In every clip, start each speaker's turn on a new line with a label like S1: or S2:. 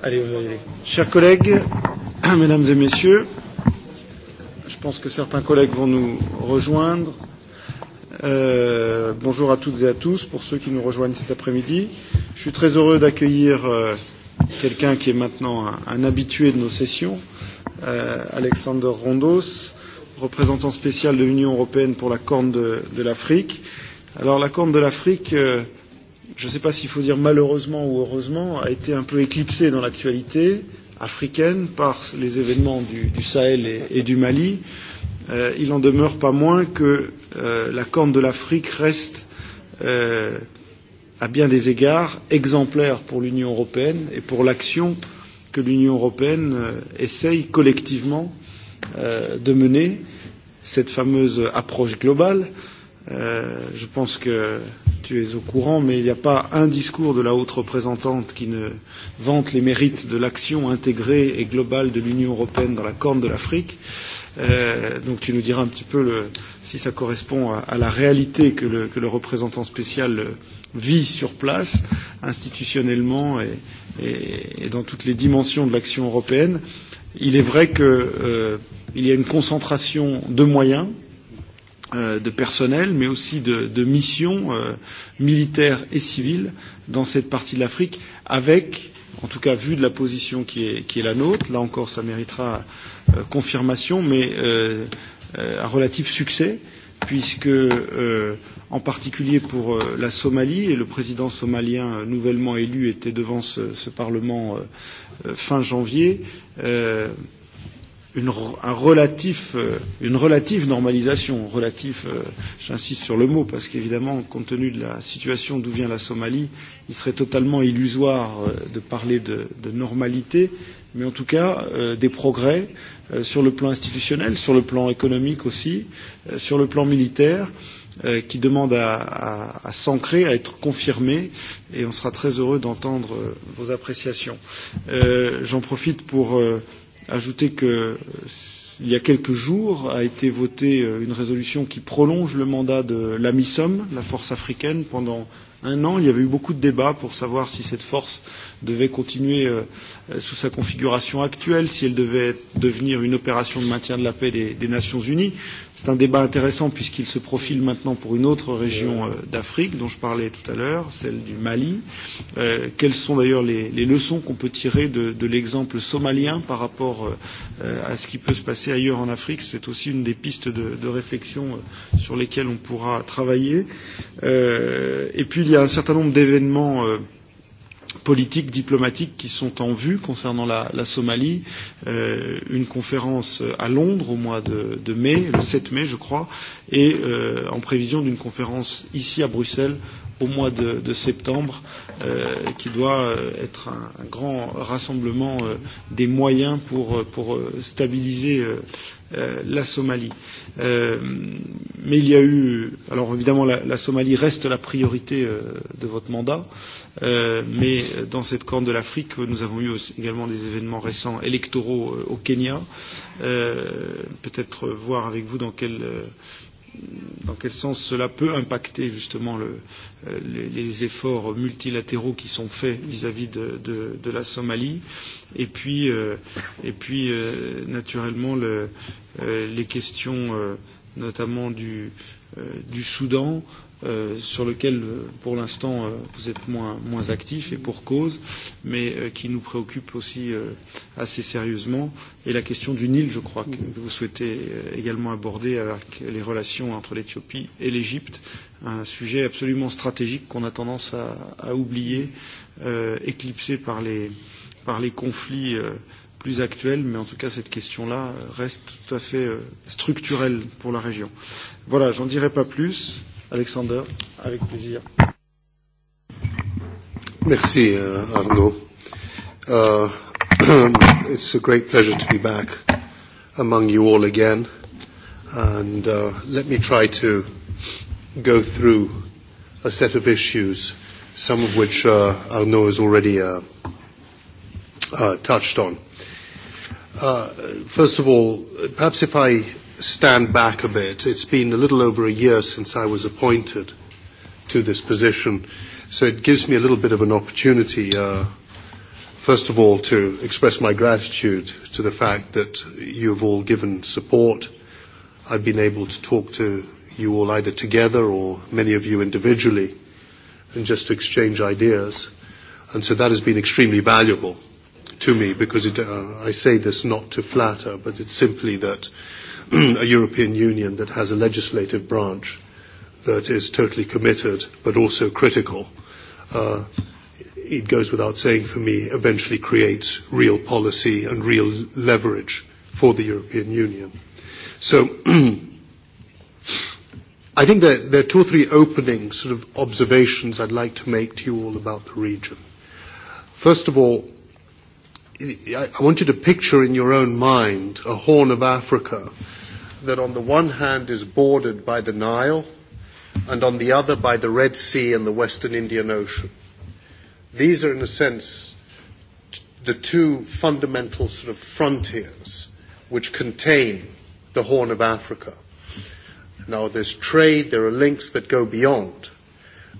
S1: Allez, on va y aller. Chers collègues, mesdames et messieurs, je pense que certains collègues vont nous rejoindre. Euh, bonjour à toutes et à tous pour ceux qui nous rejoignent cet après-midi. Je suis très heureux d'accueillir euh, quelqu'un qui est maintenant un, un habitué de nos sessions, euh, Alexander Rondos, représentant spécial de l'Union européenne pour la Corne de, de l'Afrique. Alors la Corne de l'Afrique, euh, je ne sais pas s'il faut dire malheureusement ou heureusement, a été un peu éclipsé dans l'actualité africaine par les événements du, du Sahel et, et du Mali. Euh, il n'en demeure pas moins que euh, la Corne de l'Afrique reste euh, à bien des égards exemplaire pour l'Union européenne et pour l'action que l'Union européenne euh, essaye collectivement euh, de mener, cette fameuse approche globale. Euh, je pense que tu es au courant, mais il n'y a pas un discours de la haute représentante qui ne vante les mérites de l'action intégrée et globale de l'Union européenne dans la Corne de l'Afrique. Euh, donc tu nous diras un petit peu le, si ça correspond à, à la réalité que le, que le représentant spécial euh, vit sur place, institutionnellement et, et, et dans toutes les dimensions de l'action européenne. Il est vrai qu'il euh, y a une concentration de moyens Euh, de personnel, mais aussi de, de missions euh, militaires et civiles dans cette partie de l'Afrique, avec, en tout cas vu de la position qui est, qui est la nôtre, là encore ça méritera euh, confirmation, mais euh, euh, un relatif succès, puisque euh, en particulier pour euh, la Somalie, et le président somalien euh, nouvellement élu était devant ce, ce Parlement euh, euh, fin janvier, euh, une, un relatif, euh, une relative normalisation, relatif, euh, j'insiste sur le mot, parce qu'évidemment, compte tenu de la situation d'où vient la Somalie, il serait totalement illusoire euh, de parler de, de normalité, mais en tout cas des progrès sur le plan institutionnel, sur le plan économique aussi, sur le plan militaire, qui demande à, à, à s'ancrer, à être confirmé, et on sera très heureux d'entendre vos appréciations. Euh, J'en profite pour euh, Ajoutez que euh, il y a quelques jours a été votée euh, une résolution qui prolonge le mandat de la MISOM, la force africaine, pendant un an. Il y avait eu beaucoup de débats pour savoir si cette force euh, devait continuer euh, sous sa configuration actuelle, si elle devait devenir une opération de maintien de la paix des, des Nations Unies. C'est un débat intéressant puisqu'il se profile maintenant pour une autre région euh, d'Afrique dont je parlais tout à l'heure, celle du Mali. Euh, quelles sont d'ailleurs les, les leçons qu'on peut tirer de, de l'exemple somalien par rapport euh, à ce qui peut se passer ailleurs en Afrique C'est aussi une des pistes de, de réflexion euh, sur lesquelles on pourra travailler. Euh, et puis il y a un certain nombre d'événements euh, politiques diplomatiques qui sont en vue concernant la, la Somalie. Euh, une conférence à Londres au mois de, de mai, le 7 mai je crois, et euh, en prévision d'une conférence ici à Bruxelles au mois de, de septembre Euh, qui doit euh, être un, un grand rassemblement euh, des moyens pour, euh, pour euh, stabiliser euh, euh, la Somalie. Euh, mais il y a eu, alors évidemment la, la Somalie reste la priorité euh, de votre mandat, euh, mais dans cette corne de l'Afrique, nous avons eu aussi, également des événements récents électoraux euh, au Kenya. Euh, Peut-être voir avec vous dans quelle euh, dans quel sens cela peut impacter justement le, euh, les, les efforts multilatéraux qui sont faits vis-à-vis -vis de, de, de la Somalie. Et puis, euh, et puis euh, naturellement, le, euh, les questions euh, notamment du, euh, du Soudan. Euh, Euh, sur lequel, euh, pour l'instant, euh, vous êtes moins, moins actif et pour cause, mais euh, qui nous préoccupe aussi euh, assez sérieusement, et la question du Nil, je crois, que vous souhaitez euh, également aborder avec les relations entre l'Éthiopie et l'Égypte, un sujet absolument stratégique qu'on a tendance à, à oublier, euh, éclipsé par les, par les conflits. Euh, plus actuelle, mais en tout cas cette question-là reste tout à fait euh, structurelle pour la région. Voilà, j'en dirai pas plus. Alexander, avec plaisir.
S2: Merci, uh, Arnaud. Uh, it's a great pleasure to be back among you all again. And uh, let me try to go through a set of issues, some of which uh, Arnaud has already uh, uh, touched on. Uh, first of all, perhaps if I stand back a bit. It's been a little over a year since I was appointed to this position, so it gives me a little bit of an opportunity, uh, first of all, to express my gratitude to the fact that you've all given support. I've been able to talk to you all either together or many of you individually and just to exchange ideas. And so that has been extremely valuable to me because it, uh, I say this not to flatter, but it's simply that a European Union that has a legislative branch that is totally committed but also critical, uh, it goes without saying for me, eventually creates real policy and real leverage for the European Union. So I think that there are two or three opening sort of observations I'd like to make to you all about the region. First of all, I want you to picture in your own mind a Horn of Africa that on the one hand is bordered by the Nile and on the other by the Red Sea and the Western Indian Ocean. These are, in a sense, the two fundamental sort of frontiers which contain the Horn of Africa. Now, there's trade, there are links that go beyond,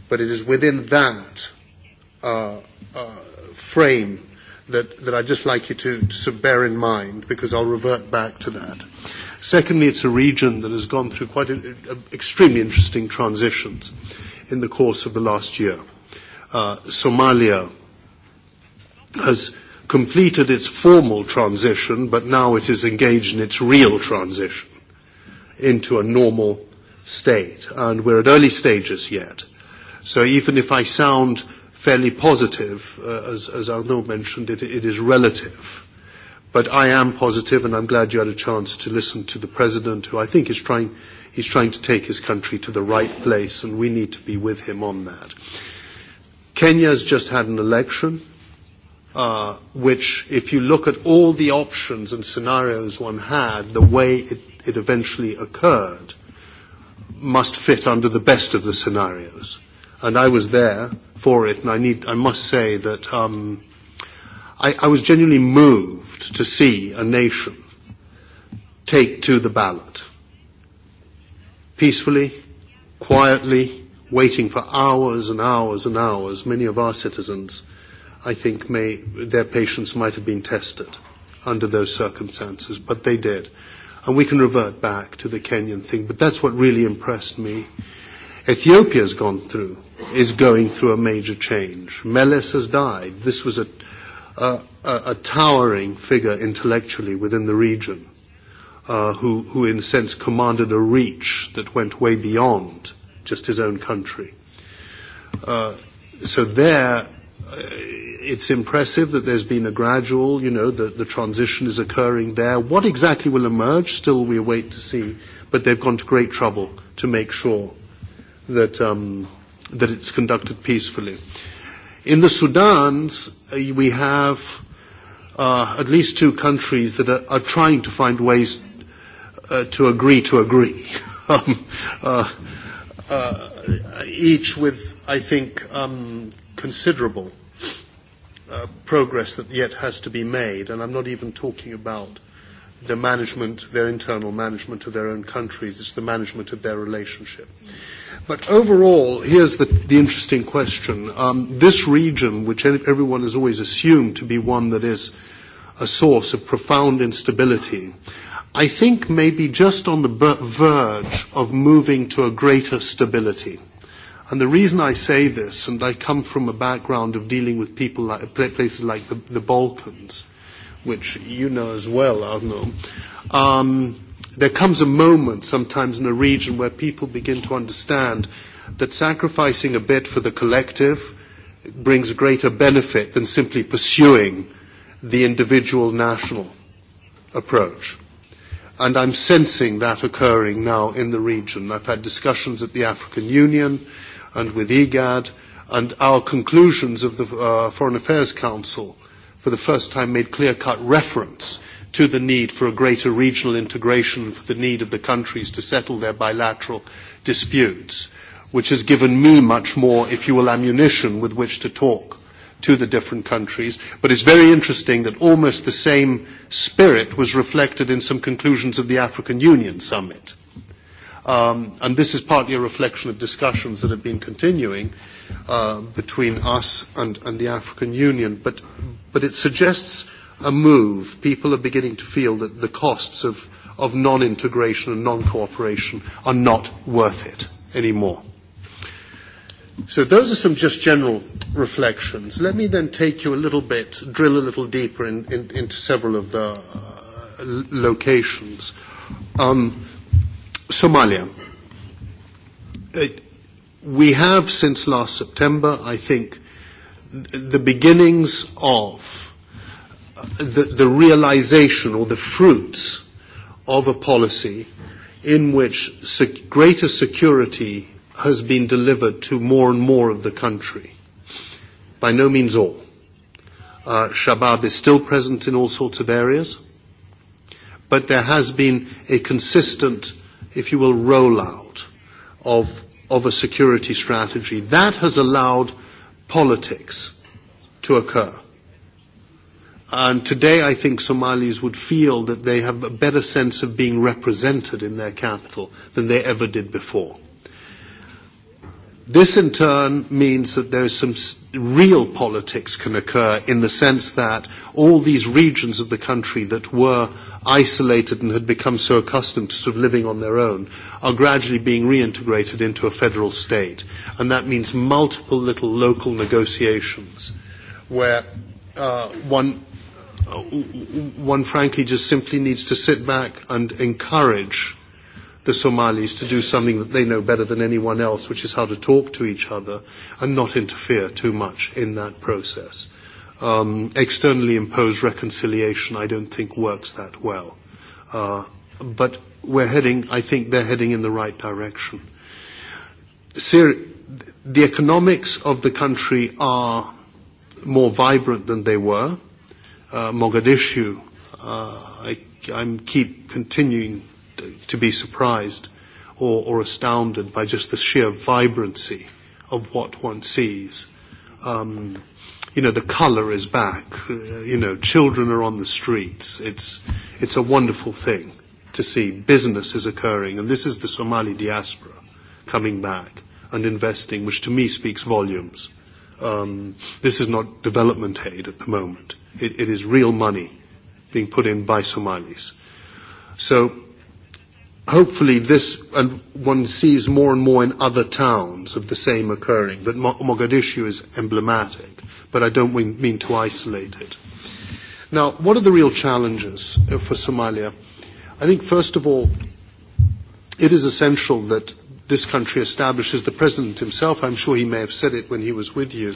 S2: but it is within that uh, uh, frame that, that I'd just like you to, to bear in mind because I'll revert back to that. Secondly, it's a region that has gone through quite an extremely interesting transitions in the course of the last year. Uh, Somalia has completed its formal transition, but now it is engaged in its real transition into a normal state. And we're at early stages yet. So even if I sound fairly positive, uh, as, as Arnaud mentioned, it, it is relative. But I am positive, and I'm glad you had a chance to listen to the president, who I think is trying, he's trying to take his country to the right place, and we need to be with him on that. Kenya has just had an election, uh, which, if you look at all the options and scenarios one had, the way it, it eventually occurred must fit under the best of the scenarios. And I was there for it, and I, need, I must say that um, I, I was genuinely moved moved to see a nation take to the ballot peacefully, quietly, waiting for hours and hours and hours. Many of our citizens, I think, may, their patience might have been tested under those circumstances, but they did. And we can revert back to the Kenyan thing, but that's what really impressed me. Ethiopia's gone through, is going through a major change. Meles has died. This was a a, a, a towering figure intellectually within the region, uh, who, who in a sense commanded a reach that went way beyond just his own country. Uh, so there, uh, it's impressive that there's been a gradual, you know, the, the transition is occurring there. What exactly will emerge, still we await to see, but they've gone to great trouble to make sure that, um, that it's conducted peacefully. Uh, In the Sudan, uh, we have uh, at least two countries that are, are trying to find ways uh, to agree to agree, um, uh, uh, each with, I think, um, considerable uh, progress that yet has to be made. And I'm not even talking about the management, their internal management of their own countries, it's the management of their relationship. But overall, here's the, the interesting question. Um, this region, which everyone has always assumed to be one that is a source of profound instability, I think may be just on the verge of moving to a greater stability. And the reason I say this, and I come from a background of dealing with people like, places like the, the Balkans, uh, which you know as well, Arnaud, um, there comes a moment sometimes in a region where people begin to understand that sacrificing a bit for the collective brings greater benefit than simply pursuing the individual national approach. And I'm sensing that occurring now in the region. I've had discussions at the African Union and with IGAD, e and our conclusions of the uh, Foreign Affairs Council for the first time made clear-cut reference to the need for a greater regional integration, for the need of the countries to settle their bilateral disputes, which has given me much more, if you will, ammunition with which to talk to the different countries. But it's very interesting that almost the same spirit was reflected in some conclusions of the African Union summit Um, and this is partly a reflection of discussions that have been continuing uh, between us and, and the African Union. But, but it suggests a move. People are beginning to feel that the costs of, of non-integration and non-cooperation are not worth it anymore. So those are some just general reflections. Let me then take you a little bit, drill a little deeper in, in, into several of the uh, locations. Um, Somalia. It, uh, we have, since last September, I think, the beginnings of uh, the, the realization or the fruits of a policy in which sec- greater security has been delivered to more and more of the country. By no means all. Uh, Shabab is still present in all sorts of areas, but there has been a consistent if you will, rollout of, of a security strategy. That has allowed politics to occur. And today I think Somalis would feel that they have a better sense of being represented in their capital than they ever did before. This in turn means that there is some real politics can occur in the sense that all these regions of the country that were isolated and had become so accustomed to sort of living on their own are gradually being reintegrated into a federal state. And that means multiple little local negotiations where uh, one uh, one frankly just simply needs to sit back and encourage the Somalis to do something that they know better than anyone else, which is how to talk to each other and not interfere too much in that process. Um, externally imposed reconciliation, I don't think, works that well. Uh, but we're heading, I think they're heading in the right direction. Syri- the economics of the country are more vibrant than they were. Uh, Mogadishu, uh, I, I'm keep continuing to be surprised or, or astounded by just the sheer vibrancy of what one sees. Um, you know, the colour is back. Uh, you know, children are on the streets. It's, it's a wonderful thing to see business is occurring. And this is the Somali diaspora coming back and investing, which to me speaks volumes. Um, this is not development aid at the moment. It, it is real money being put in by Somalis. So hopefully this, and one sees more and more in other towns of the same occurring, but Mogadishu is emblematic, but I don't mean to isolate it. Now, what are the real challenges uh, for Somalia? I think, first of all, it is essential that this country establishes the president himself. I'm sure he may have said it when he was with you.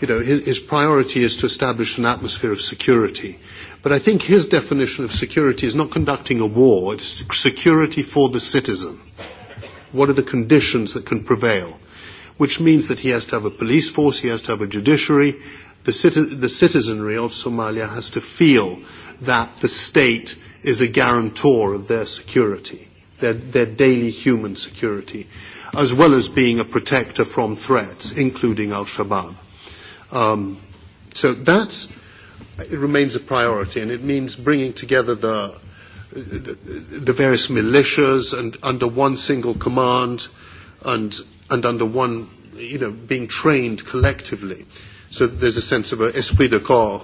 S2: You know, his, his priority is to establish an atmosphere of security But I think his definition of security is not conducting a war, it's security for the citizen. What are the conditions that can prevail? Which means that he has to have a police force, he has to have a judiciary. The, citi- the citizenry of Somalia has to feel that the state is a guarantor of their security, their, their daily human security, as well as being a protector from threats, including Al Shabaab. Um, so that's it remains a priority, and it means bringing together the, the, the various militias and under one single command and, and under one, you know, being trained collectively. So there's a sense of an esprit de corps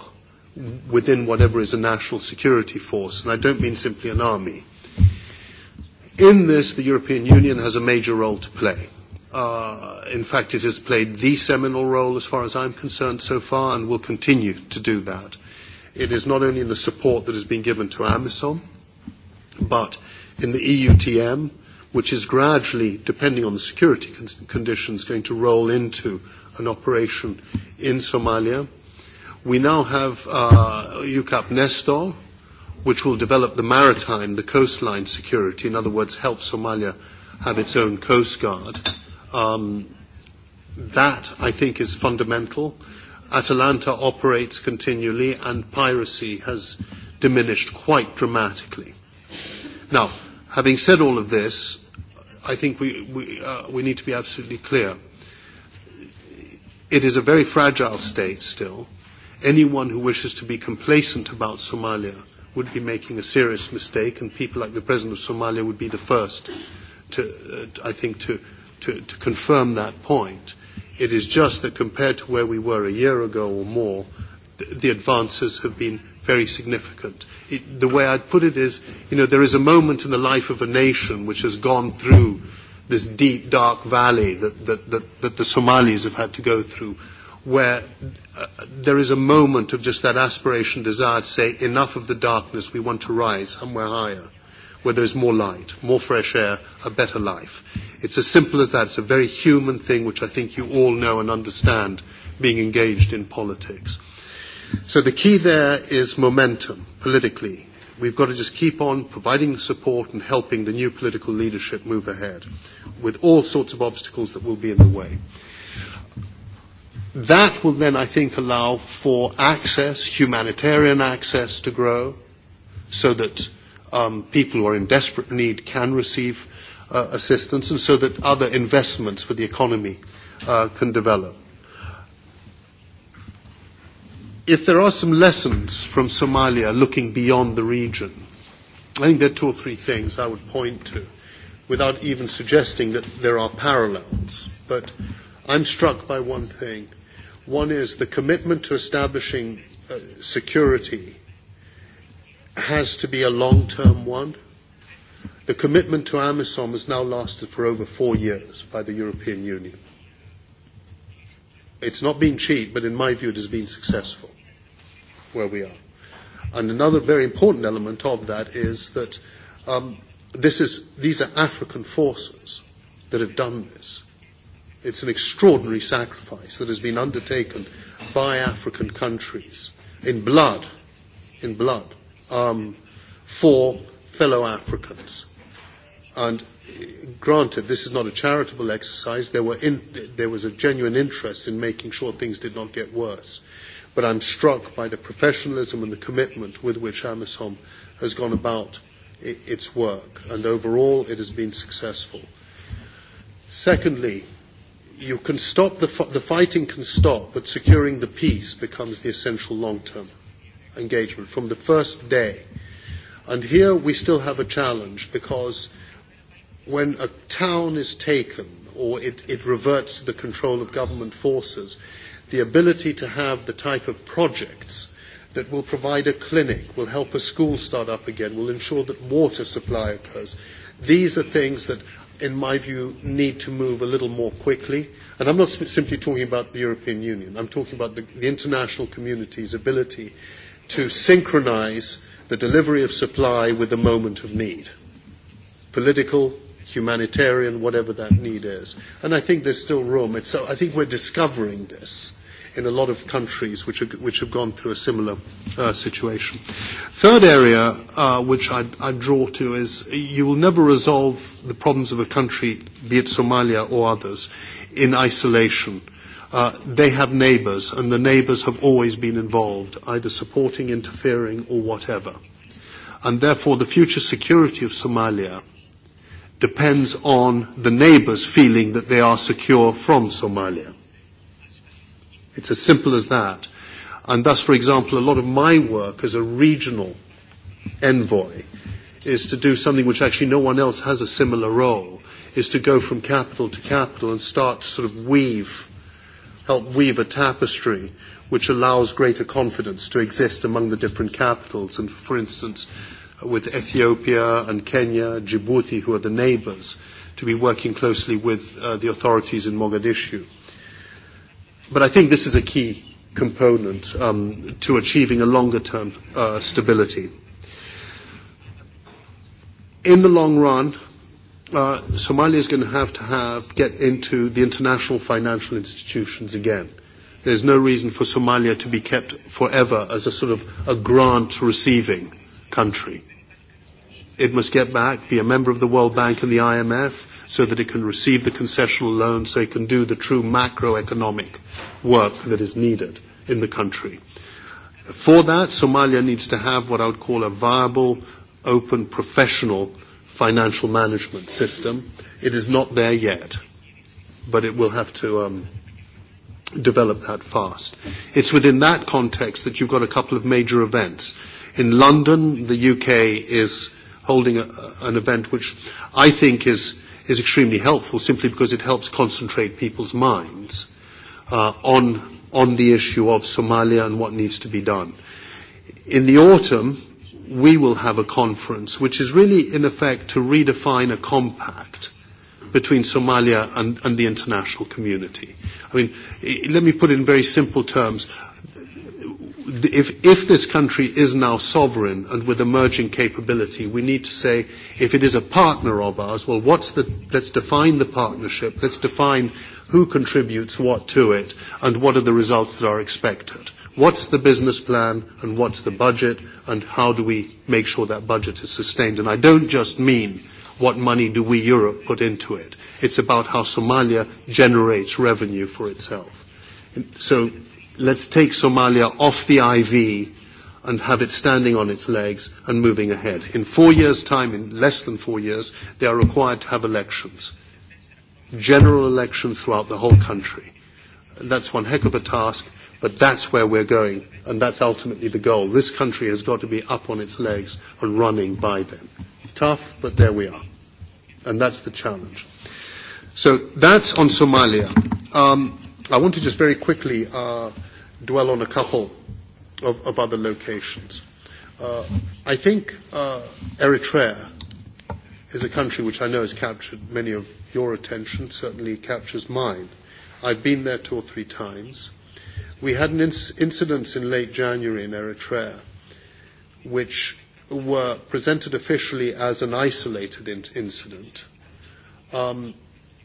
S2: within whatever is a national security force, and I don't mean simply an army. In this, the European Union has a major role to play. Uh, in fact, it has played the seminal role, as far as I'm concerned, so far, and will continue to do that. It is not only in the support that has been given to Amisom, but in the EUTM, which is gradually, depending on the security conditions, going to roll into an operation in Somalia. We now have uh, UCAP Nestor, which will develop the maritime, the coastline security, in other words, help Somalia have its own coast guard. Um, that, I think, is fundamental. Atalanta operates continually and piracy has diminished quite dramatically. Now, having said all of this, I think we, we, uh, we need to be absolutely clear. It is a very fragile state still. Anyone who wishes to be complacent about Somalia would be making a serious mistake, and people like the President of Somalia would be the first, to, uh, I think, to, to, to confirm that point. It is just that compared to where we were a year ago or more, the advances have been very significant. It, the way I'd put it is, you know, there is a moment in the life of a nation which has gone through this deep, dark valley that, that, that, that the Somalis have had to go through, where uh, there is a moment of just that aspiration, desire to say, enough of the darkness, we want to rise somewhere higher, where there's more light, more fresh air, a better life It's as simple as that. It's a very human thing, which I think you all know and understand being engaged in politics. So the key there is momentum politically. We've got to just keep on providing the support and helping the new political leadership move ahead with all sorts of obstacles that will be in the way. That will then, I think, allow for access, humanitarian access to grow so that um, people who are in desperate need can receive uh, assistance and so that other investments for the economy uh, can develop. If there are some lessons from Somalia looking beyond the region, I think there are two or three things I would point to without even suggesting that there are parallels. But I'm struck by one thing. One is the commitment to establishing uh, security has to be a long-term one The commitment to Amisom has now lasted for over four years by the European Union. It's not been cheap, but in my view, it has been successful where we are. And another very important element of that is that um, this is, these are African forces that have done this. It's an extraordinary sacrifice that has been undertaken by African countries in blood, in blood, um, for fellow Africans And granted, this is not a charitable exercise. There, were in, there was a genuine interest in making sure things did not get worse. But I'm struck by the professionalism and the commitment with which Amisom has gone about its work. And overall, it has been successful. Secondly, you can stop the, the fighting can stop, but securing the peace becomes the essential long-term engagement from the first day. And here we still have a challenge because – when a town is taken or it, it reverts to the control of government forces, the ability to have the type of projects that will provide a clinic, will help a school start up again, will ensure that water supply occurs. These are things that, in my view, need to move a little more quickly. And I'm not simply talking about the European Union. I'm talking about the, the international community's ability to synchronize the delivery of supply with the moment of need. Political, humanitarian, whatever that need is. And I think there's still room. It's, I think we're discovering this in a lot of countries which, are, which have gone through a similar uh, situation. Third area uh, which I, I draw to is you will never resolve the problems of a country, be it Somalia or others, in isolation. Uh, they have neighbours, and the neighbours have always been involved, either supporting, interfering, or whatever. And therefore, the future security of Somalia depends on the neighbours feeling that they are secure from Somalia. It's as simple as that. And thus, for example, a lot of my work as a regional envoy is to do something which actually no one else has a similar role, is to go from capital to capital and start to sort of weave, help weave a tapestry which allows greater confidence to exist among the different capitals. And for instance, with Ethiopia and Kenya, Djibouti, who are the neighbors, to be working closely with uh, the authorities in Mogadishu. But I think this is a key component um, to achieving a longer term uh, stability. In the long run, uh, Somalia is going to have to have, get into the international financial institutions again. There's no reason for Somalia to be kept forever as a sort of a grant receiving country. It must get back, be a member of the World Bank and the IMF so that it can receive the concessional loan, so it can do the true macroeconomic work that is needed in the country. For that, Somalia needs to have what I would call a viable, open, professional financial management system. It is not there yet, but it will have to um, develop that fast. It's within that context that you've got a couple of major events in London, the UK is holding a, an event which I think is, is extremely helpful simply because it helps concentrate people's minds uh, on, on the issue of Somalia and what needs to be done. In the autumn, we will have a conference which is really, in effect, to redefine a compact between Somalia and, and the international community. I mean, let me put it in very simple terms if, if this country is now sovereign and with emerging capability, we need to say, if it is a partner of ours, well, what's the, let's define the partnership, let's define who contributes what to it, and what are the results that are expected. What's the business plan, and what's the budget, and how do we make sure that budget is sustained? And I don't just mean what money do we, Europe, put into it. It's about how Somalia generates revenue for itself. And so let's take Somalia off the IV and have it standing on its legs and moving ahead. In four years' time, in less than four years, they are required to have elections, general elections throughout the whole country. That's one heck of a task, but that's where we're going, and that's ultimately the goal. This country has got to be up on its legs and running by then. Tough, but there we are. And that's the challenge. So that's on Somalia. Um, I want to just very quickly uh, dwell on a couple of, of other locations. Uh, I think uh, Eritrea is a country which I know has captured many of your attention, certainly captures mine. I've been there two or three times. We had an inc- incidents in late January in Eritrea which were presented officially as an isolated in- incident. Um,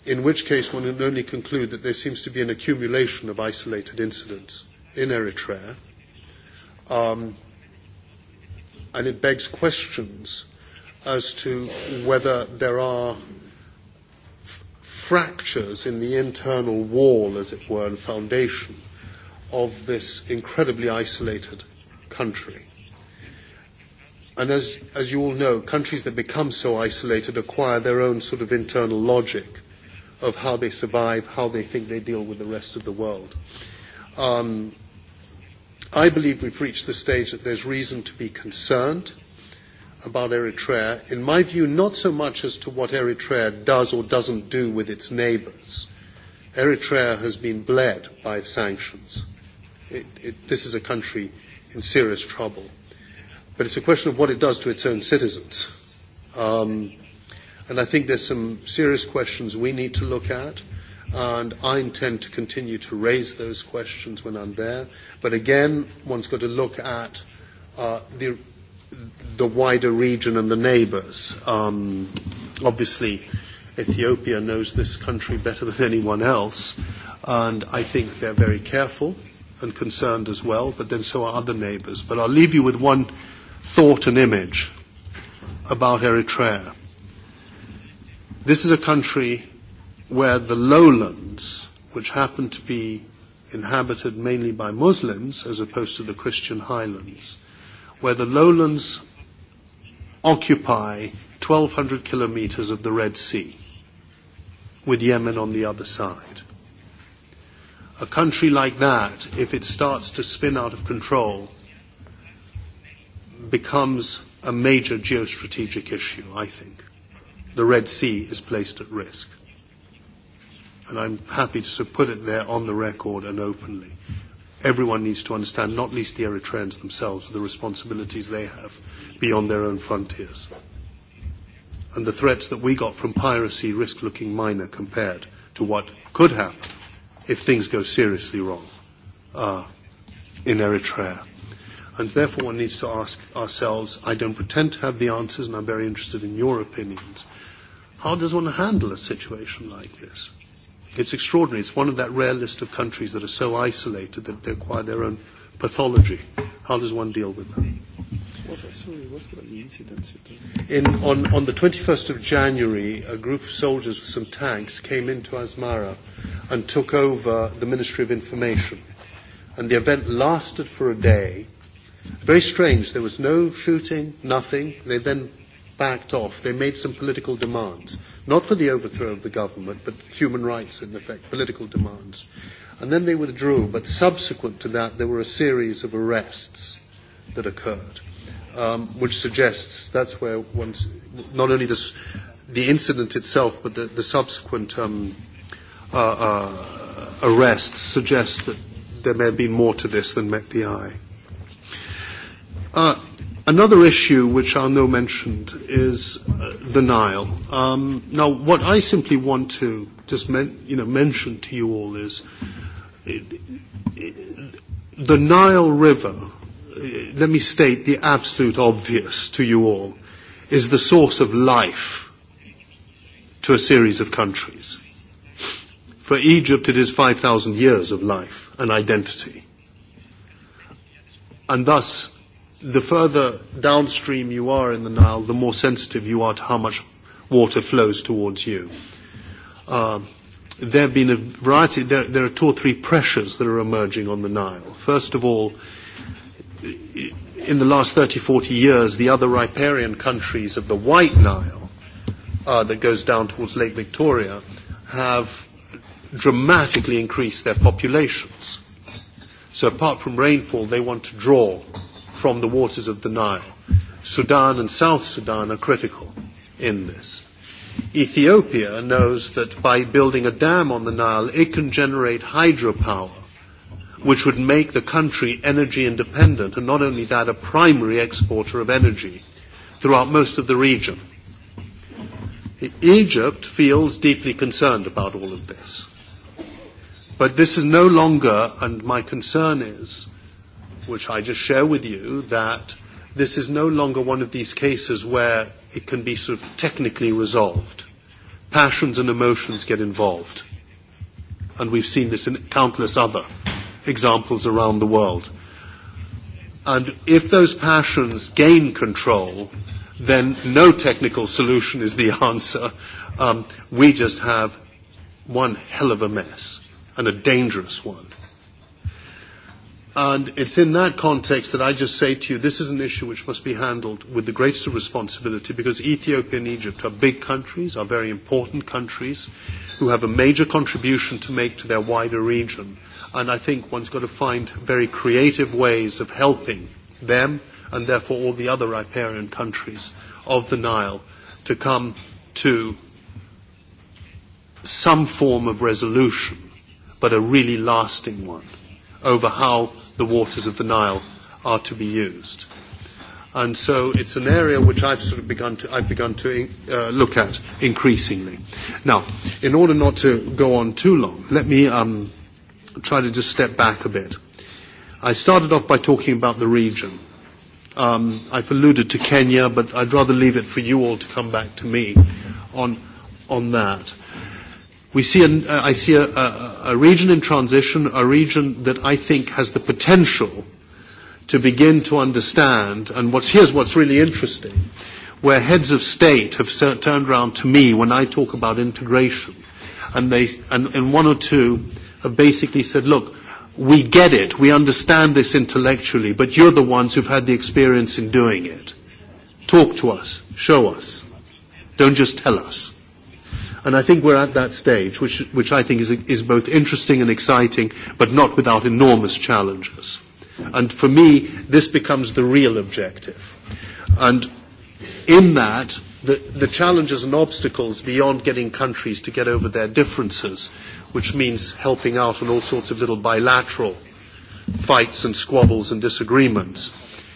S2: in which case one can only conclude that there seems to be an accumulation of isolated incidents in Eritrea. Um, and it begs questions as to whether there are fractures in the internal wall, as it were, and foundation of this incredibly isolated country. And as, as you all know, countries that become so isolated acquire their own sort of internal logic of how they survive, how they think they deal with the rest of the world. Um, I believe we've reached the stage that there's reason to be concerned about Eritrea, in my view, not so much as to what Eritrea does or doesn't do with its neighbours. Eritrea has been bled by sanctions. It, it, this is a country in serious trouble. But it's a question of what it does to its own citizens. Um, And I think there's some serious questions we need to look at. And I intend to continue to raise those questions when I'm there. But again, one's got to look at uh, the, the wider region and the neighbours. Um, obviously, Ethiopia knows this country better than anyone else, and I think they're very careful and concerned as well, but then so are other neighbours. But I'll leave you with one thought and image about Eritrea. This is a country where the lowlands, which happen to be inhabited mainly by Muslims as opposed to the Christian highlands, where the lowlands occupy 1,200 kilometers of the Red Sea, with Yemen on the other side. A country like that, if it starts to spin out of control, becomes a major geostrategic issue, I think the Red Sea is placed at risk. And I'm happy to sort of put it there on the record and openly. Everyone needs to understand, not least the Eritreans themselves, the responsibilities they have beyond their own frontiers. And the threats that we got from piracy risk looking minor compared to what could happen if things go seriously wrong uh, in Eritrea. And therefore, one needs to ask ourselves I don't pretend to have the answers, and I'm very interested in your opinions. How does one handle a situation like this? It's extraordinary. It's one of that rare list of countries that are so isolated that they acquire their own pathology. How does one deal with that? In, on, on the 21st of January, a group of soldiers with some tanks came into Asmara and took over the Ministry of Information. And the event lasted for a day. Very strange. There was no shooting, nothing. They then backed off. They made some political demands, not for the overthrow of the government, but human rights, in effect, political demands. And then they withdrew, but subsequent to that, there were a series of arrests that occurred, um, which suggests that's where one's, not only this, the incident itself, but the, the subsequent um, uh, uh, arrests suggest that there may have been more to this than met the eye. Uh, Another issue which Arnaud mentioned is uh, the Nile. Um, now, what I simply want to just men- you know, mention to you all is it, it, the Nile River, uh, let me state the absolute obvious to you all, is the source of life to a series of countries. For Egypt, it is 5,000 years of life and identity. And thus, the further downstream you are in the Nile, the more sensitive you are to how much water flows towards you. Uh, there have been a variety, there, there are two or three pressures that are emerging on the Nile. First of all, in the last 30, 40 years, the other riparian countries of the White Nile, uh, that goes down towards Lake Victoria, have dramatically increased their populations. So apart from rainfall, they want to draw from the waters of the Nile. Sudan and South Sudan are critical in this. Ethiopia knows that by building a dam on the Nile, it can generate hydropower, which would make the country energy independent, and not only that, a primary exporter of energy throughout most of the region. E-, Egypt feels deeply concerned about all of this. But this is no longer, and my concern is, which I just share with you, that this is no longer one of these cases where it can be sort of technically resolved. Passions and emotions get involved. And we've seen this in countless other examples around the world. And if those passions gain control, then no technical solution is the answer. Um, we just have one hell of a mess and a dangerous one. And it's in that context that I just say to you, this is an issue which must be handled with the greatest responsibility because Ethiopia and Egypt are big countries, are very important countries, who have a major contribution to make to their wider region. And I think one's got to find very creative ways of helping them and therefore all the other riparian countries of the Nile to come to some form of resolution, but a really lasting one over how the waters of the Nile are to be used. And so it's an area which I've sort of begun to, I've begun to uh, look at increasingly. Now, in order not to go on too long, let me um, try to just step back a bit. I started off by talking about the region. Um, I've alluded to Kenya, but I'd rather leave it for you all to come back to me on, on that we see an, uh, I see a, a, a region in transition, a region that I think has the potential to begin to understand, and what's, here's what's really interesting, where heads of state have ser- turned around to me when I talk about integration, and, they, and, and one or two have basically said, look, we get it, we understand this intellectually, but you're the ones who've had the experience in doing it. Talk to us, show us, don't just tell us. And I think we're at that stage, which, which I think is, is both interesting and exciting, but not without enormous challenges. And for me, this becomes the real objective. And in that, the, the challenges and obstacles beyond getting countries to get over their differences, which means helping out on all sorts of little bilateral fights and squabbles and disagreements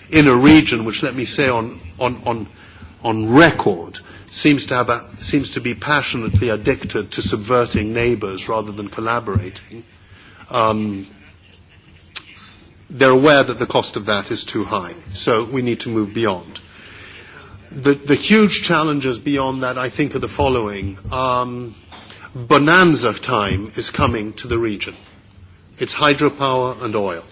S2: in a region which, let me say on, on, on, on record, seems to, have a, seems to be passionately addicted to subverting neighbors rather than collaborating. Um, they're aware that the cost of that is too high, so we need to move beyond. The, the huge challenges beyond that, I think, are the following. Um, bonanza time is coming to the region. It's hydropower and oil.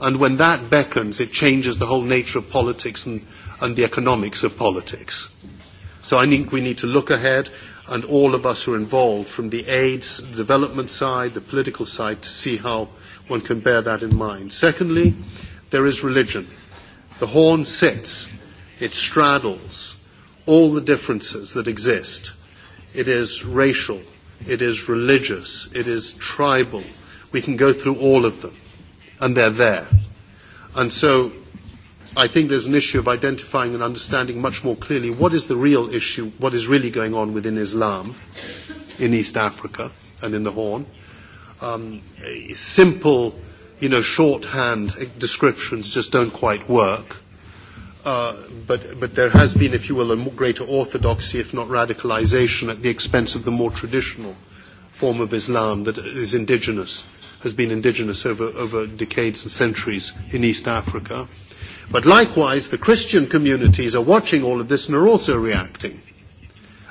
S2: And when that beckons, it changes the whole nature of politics and and the economics of politics. So I think we need to look ahead and all of us who are involved from the aids, the development side, the political side to see how one can bear that in mind. Secondly, there is religion. The horn sits, it straddles all the differences that exist. It is racial, it is religious, it is tribal. We can go through all of them, and they're there. And so I think there's an issue of identifying and understanding much more clearly what is the real issue, what is really going on within Islam in East Africa and in the Horn. Um, simple, you know, shorthand descriptions just don't quite work. Uh, but, but there has been, if you will, a greater orthodoxy, if not radicalization, at the expense of the more traditional form of Islam that is indigenous, has been indigenous over, over decades and centuries in East Africa. But likewise, the Christian communities are watching all of this and are also reacting.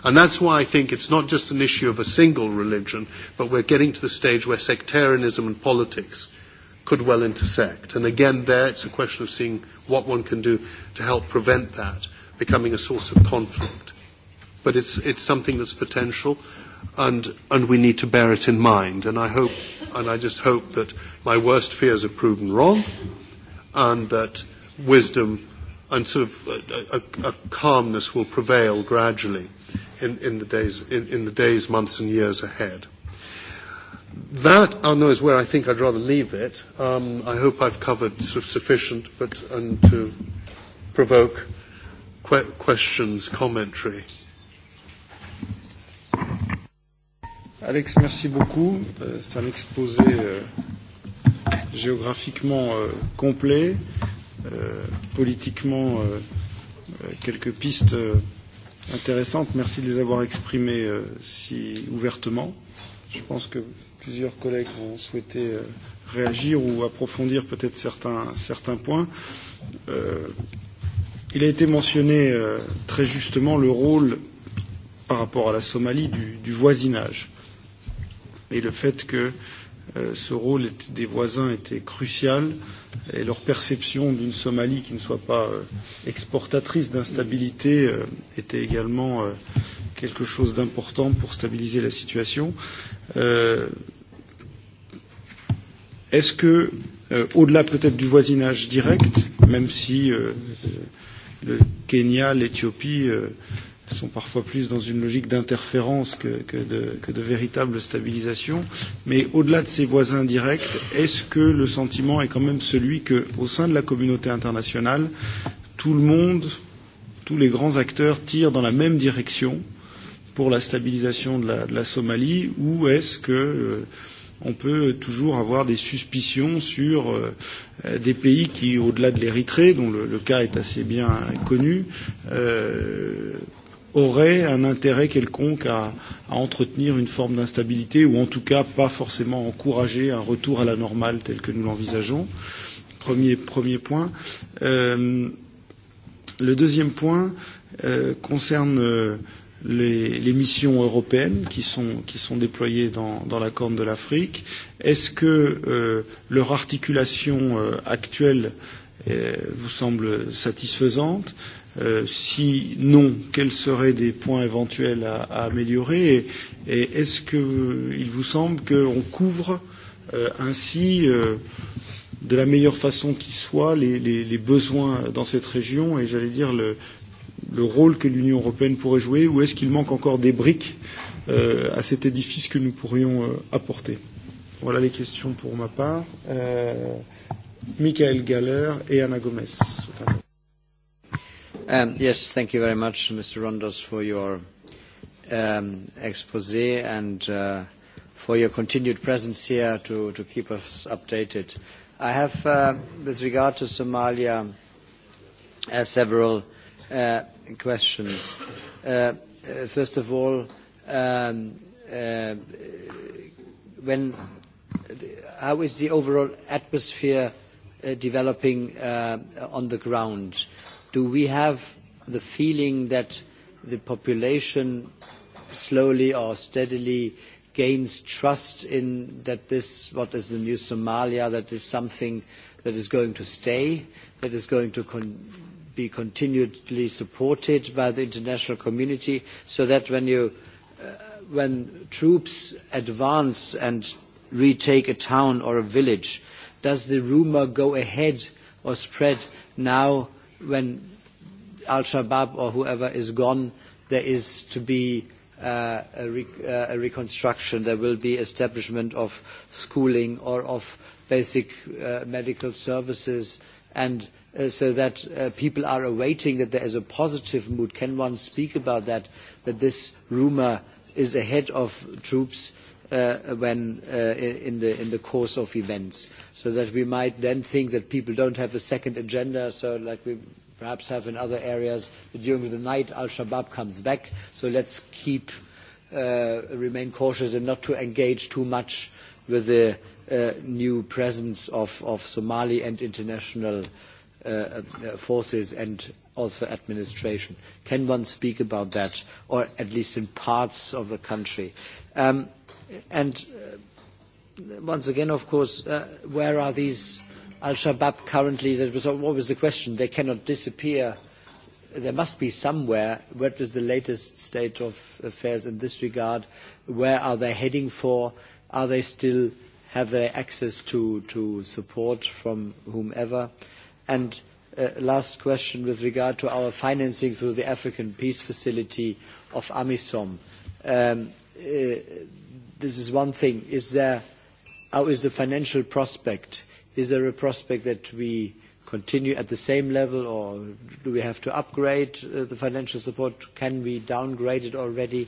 S2: And that's why I think it's not just an issue of a single religion, but we're getting to the stage where sectarianism and politics could well intersect. And again, there it's a question of seeing what one can do to help prevent that becoming a source of conflict. But it's, it's something that's potential, and, and we need to bear it in mind. And I hope, and I just hope that my worst fears are proven wrong, and that wisdom and sort of a, a, a calmness will prevail gradually in, in, the days, in, in the days, months and years ahead. That, I know, is where I think I'd rather leave it. Um, I hope I've covered sort of sufficient, but and to provoke que- questions, commentary.
S1: Alex, merci beaucoup. Euh, C'est un exposé euh, géographiquement euh, complet. Euh, politiquement euh, euh, quelques pistes intéressantes. Merci de les avoir exprimées si ouvertement. Je pense que plusieurs collègues ont souhaité réagir ou approfondir peut-être certains, certains points. Euh, il a été mentionné euh, très justement le rôle par rapport à la Somalie du, du voisinage et le fait que euh, ce rôle des voisins était crucial euh, et leur perception d'une Somalie qui ne soit pas euh, exportatrice d'instabilité euh, était également euh, quelque chose d'important pour stabiliser la situation. Euh, Est-ce que, euh, au-delà peut-être du voisinage direct, même si euh, euh le Kenya, l'Éthiopie euh, sont parfois plus dans une logique d'interférence que, que, de, que de véritable stabilisation. Mais au-delà de ces voisins directs, est-ce que le sentiment est quand même celui qu'au sein de la communauté internationale, tout le monde, tous les grands acteurs tirent dans la même direction pour la stabilisation de la, de la Somalie ou est-ce que euh, on peut toujours avoir des suspicions sur euh, des pays qui, au-delà de l'Érythrée, dont le, le cas est assez bien connu, euh, aurait un intérêt quelconque à, à entretenir une forme d'instabilité ou en tout cas pas forcément encourager un retour à la normale tel que nous l'envisageons. Premier, premier point. Euh, le deuxième point euh, concerne euh, les, les missions européennes qui sont, qui sont déployées dans, dans la Corne de l'Afrique. Est-ce que euh, leur articulation euh, actuelle euh, vous semble satisfaisante euh, Euh, si non, quels seraient des points éventuels à, à améliorer Et, et est-ce qu'il vous semble qu'on couvre euh, ainsi, euh, de la meilleure façon qui soit, les, les, les besoins dans cette région et, j'allais dire, le, le rôle que l'Union européenne pourrait jouer Ou est-ce qu'il manque encore des briques euh, à cet édifice que nous pourrions euh, apporter Voilà les questions pour ma part. Euh, Michael Galler et Anna Gomez.
S3: Um, yes, thank you very much, Mr. Rondos, for your um, expose and uh, for your continued presence here to, to keep us updated. I have, uh, with regard to Somalia, uh, several uh, questions. Uh, uh first of all, um, uh, when, how is the overall atmosphere uh, developing uh, on the ground? do we have the feeling that the population slowly or steadily gains trust in that this, what is the new Somalia, that is something that is going to stay, that is going to con be continually supported by the international community, so that when, you, uh, when troops advance and retake a town or a village, does the rumor go ahead or spread now when Al-Shabaab or whoever is gone, there is to be uh, a, re uh, a, reconstruction. There will be establishment of schooling or of basic uh, medical services and uh, so that uh, people are awaiting that there is a positive mood. Can one speak about that, that this rumor is ahead of troops uh, when uh, in the in the course of events, so that we might then think that people don't have a second agenda. So, like we perhaps have in other areas, that during the night Al Shabaab comes back. So let's keep uh, remain cautious and not to engage too much with the uh, new presence of, of Somali and international uh, uh forces and also administration. Can one speak about that, or at least in parts of the country? Um, And uh, once again, of course, uh, where are these al-Shabaab currently? That was always the question. They cannot disappear. There must be somewhere. What is the latest state of affairs in this regard? Where are they heading for? Are they still have they access to, to support from whomever? And uh, last question with regard to our financing through the African Peace Facility of AMISOM. Um, uh, this is one thing. Is there, how is the financial prospect? Is there a prospect that we continue at the same level, or do we have to upgrade uh, the financial support? Can we downgrade it already?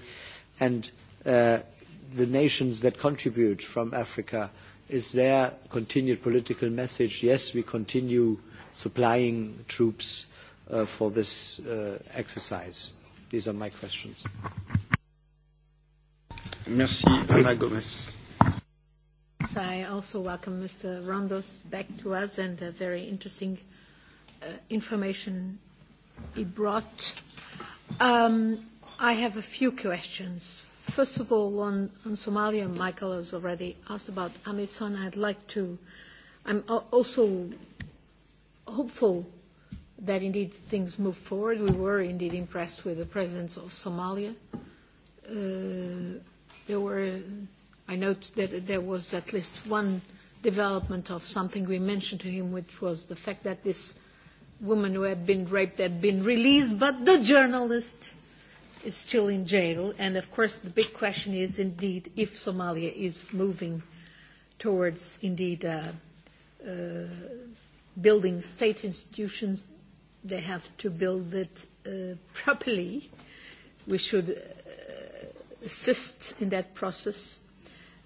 S3: And uh, the nations that contribute from Africa, is there continued political message? Yes, we continue supplying troops uh, for this uh, exercise.
S4: These are my questions. Merci, Anna Gomez.
S5: I also welcome Mr. Rondos back to us and the very interesting uh, information he brought. Um, I have a few questions. First of all, on, on Somalia, Michael has already asked about Amazon. I'd like to, I'm also hopeful that indeed things move forward. We were indeed impressed with the presence of Somalia. Uh, There were, I note that there was at least one development of something we mentioned to him, which was the fact that this woman who had been raped had been released, but the journalist is still in jail. And of course, the big question is indeed if Somalia is moving towards indeed uh, uh, building state institutions, they have to build it uh, properly. We should assist in that process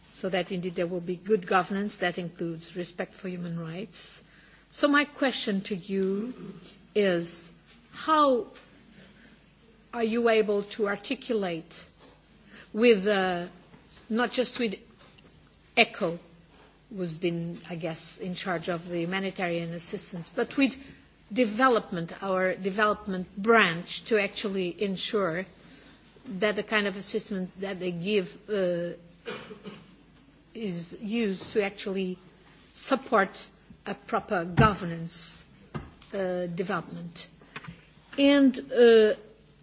S5: so that indeed there will be good governance that includes respect for human rights. So my question to you is how are you able to articulate with uh, not just with ECHO, who's been, I guess, in charge of the humanitarian assistance, but with development, our development branch, to actually ensure that the kind of assistance that they give uh, is used to actually support a proper governance uh, development. And uh,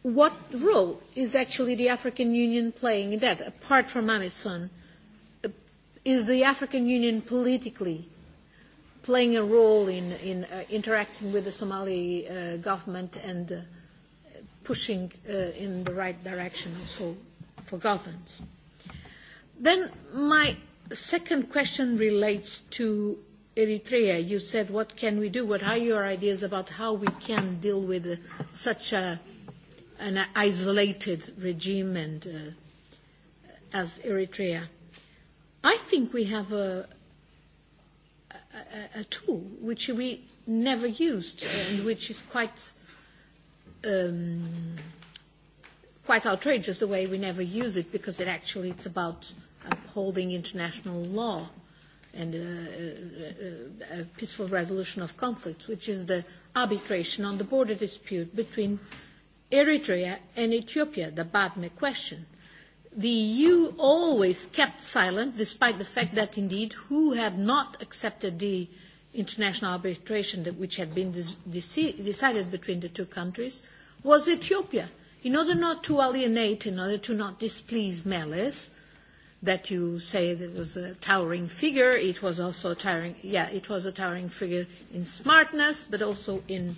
S5: what role is actually the African Union playing in that, apart from Amazon? Uh, is the African Union politically playing a role in, in uh, interacting with the Somali uh, government and uh, pushing uh, in the right direction also for governance. Then my second question relates to Eritrea. You said, what can we do? What are your ideas about how we can deal with uh, such a, an isolated regime and uh, as Eritrea? I think we have a, a, a tool which we never used and which is quite um, quite outrageous the way we never use it because it actually it's about upholding uh, international law and uh, a, uh, uh, a peaceful resolution of conflicts, which is the arbitration on the border dispute between Eritrea and Ethiopia, the Badme question. The EU always kept silent, despite the fact that indeed who had not accepted the uh, international arbitration that, which had been dec decided between the two countries was Ethiopia. In order not to alienate, in order to not displease Meles, that you say that was a towering figure, it was also a towering, yeah, it was a towering figure in smartness, but also in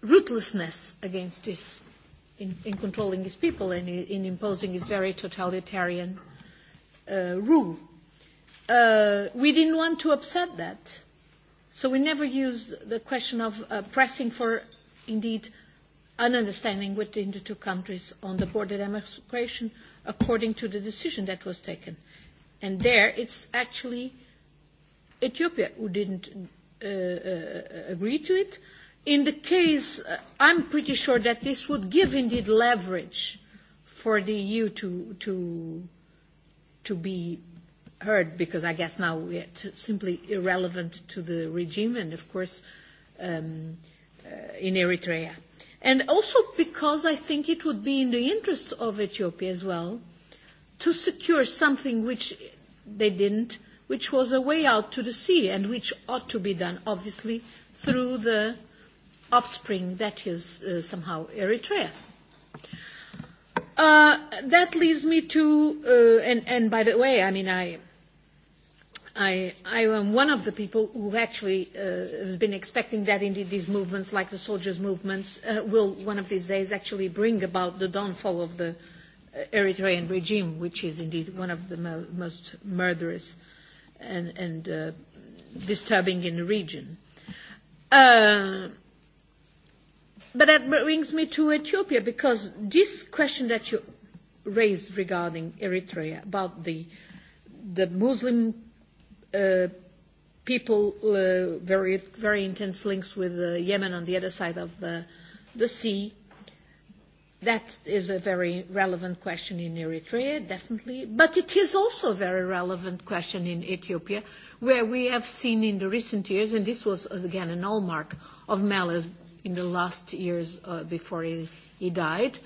S5: ruthlessness against his, in, in controlling his people and in imposing his very totalitarian uh, rule. Uh, we didn't want to upset that So we never use the question of uh, pressing for, indeed, an understanding between the two countries on the border demarcation according to the decision that was taken. And there it's actually Ethiopia who didn't uh, uh, agree to it. In the case, uh, I'm pretty sure that this would give indeed leverage for the EU to, to, to be heard because I guess now it's simply irrelevant to the regime and, of course, um, uh, in Eritrea. And also because I think it would be in the interests of Ethiopia as well to secure something which they didn't, which was a way out to the sea and which ought to be done, obviously, through the offspring that is uh, somehow Eritrea. Uh, that leads me to, uh, and, and by the way, I mean, I, I, I am one of the people who actually uh, has been expecting that indeed these movements, like the soldiers' movements, uh, will one of these days actually bring about the downfall of the uh, Eritrean regime, which is indeed one of the mo- most murderous and, and uh, disturbing in the region. Uh, but that brings me to Ethiopia, because this question that you raised regarding Eritrea about the the Muslim Uh, people, uh, very, very intense links with uh, Yemen on the other side of the, the sea. That is a very relevant question in Eritrea, definitely, but it is also a very relevant question in Ethiopia, where we have seen in the recent years, and this was again an hallmark of Meles in the last years uh, before he, he died,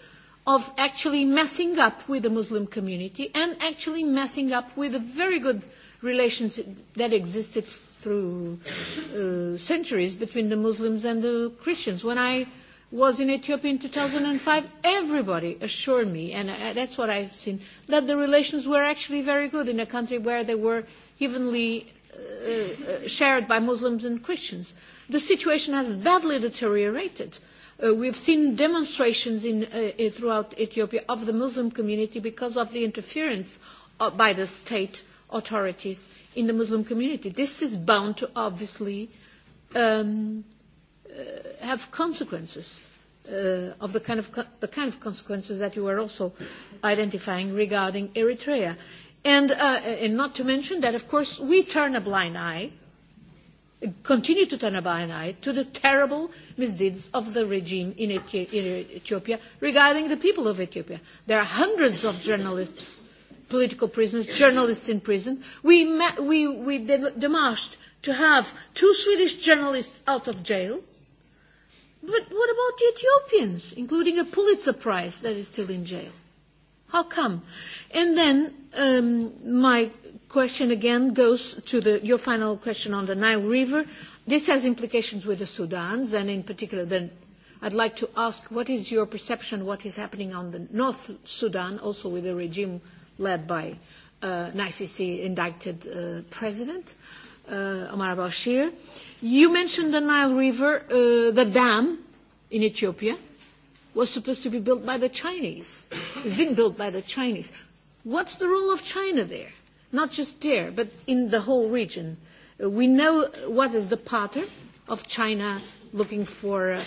S5: of actually messing up with the Muslim community and actually messing up with a very good relations that existed through uh, centuries between the Muslims and the Christians. When I was in Ethiopia in 2005, everybody assured me, and uh, that's what I've seen, that the relations were actually very good in a country where they were evenly uh, uh, shared by Muslims and Christians. The situation has badly deteriorated. Uh, we've seen demonstrations in, uh, uh throughout Ethiopia of the Muslim community because of the interference uh, by the state uh, authorities in the Muslim community. This is bound to obviously um, uh, have consequences uh, of the kind of, co the kind of consequences that you are also identifying regarding Eritrea. And, uh, and not to mention that, of course, we turn a blind eye, continue to turn a blind eye to the terrible misdeeds of the regime in, Ethi- in Ethiopia regarding the people of Ethiopia. There are hundreds of journalists political prisoners, journalists in prison. We, met, we, we demarched to have two Swedish journalists out of jail. But what about the Ethiopians, including a Pulitzer Prize that is still in jail? How come? And then um, my question again goes to the, your final question on the Nile River. This has implications with the Sudans, and in particular, then I'd like to ask what is your perception of what is happening on the North Sudan, also with the regime led by uh, an ICC indicted uh, president, uh, Omar al-Bashir. You mentioned the Nile River, uh, the dam in Ethiopia was supposed to be built by the Chinese. It's been built by the Chinese. What's the role of China there? Not just there, but in the whole region. Uh, we know what is the pattern of China looking for uh,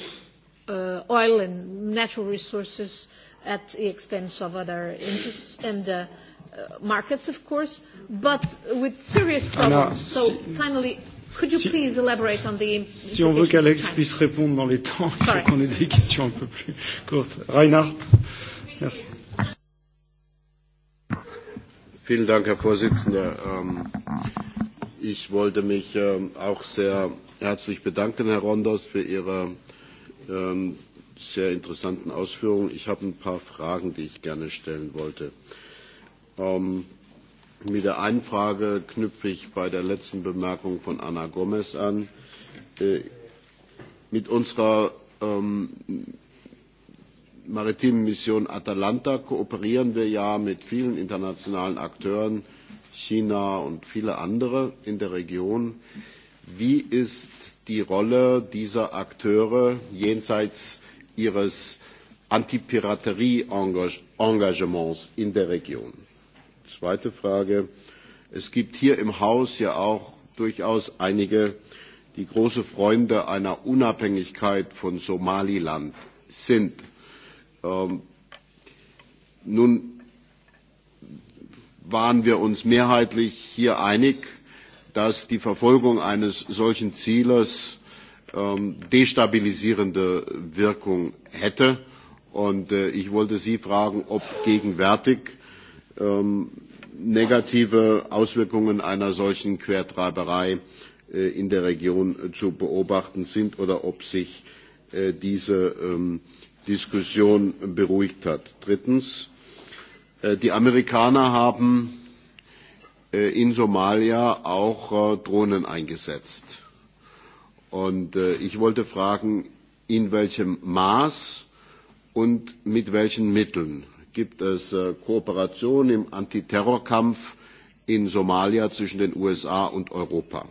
S5: uh, oil and natural resources at the expense of other interests and uh, uh markets, of course, but with serious ah, problems. So finally, could you si, please elaborate on the Si on veut
S1: qu'Alex puisse répondre dans les temps, il faut qu'on ait des questions un peu plus courtes. Reinhardt, merci.
S6: Vielen Dank, Herr Vorsitzender. Ähm, ich wollte mich ähm, auch sehr herzlich bedanken, Herr Rondos, für Ihre ähm, sehr interessanten Ausführungen. Ich habe ein paar Fragen, die ich gerne stellen wollte. Ähm, mit der einen Frage knüpfe ich bei der letzten Bemerkung von Anna Gomez an. Äh, mit unserer ähm, maritimen Mission Atalanta kooperieren wir ja mit vielen internationalen Akteuren, China und viele andere in der Region. Wie ist die Rolle dieser Akteure jenseits ihres Antipiraterie-Engagements in der Region? Zweite Frage. Es gibt hier im Haus ja auch durchaus einige, die große Freunde einer Unabhängigkeit von Somaliland sind. Ähm, nun waren wir uns mehrheitlich hier einig, dass die Verfolgung eines solchen Zieles Ähm, destabilisierende Wirkung hätte. Und äh, ich wollte Sie fragen, ob gegenwärtig ähm, negative Auswirkungen einer solchen Quertreiberei äh, in der Region äh, zu beobachten sind oder ob sich diese ähm, Diskussion beruhigt hat. Drittens. Die Amerikaner haben in Somalia auch Drohnen eingesetzt Und äh, ich wollte fragen, in welchem Maß und mit welchen Mitteln gibt es äh, Kooperation im Antiterrorkampf in Somalia zwischen den USA und Europa?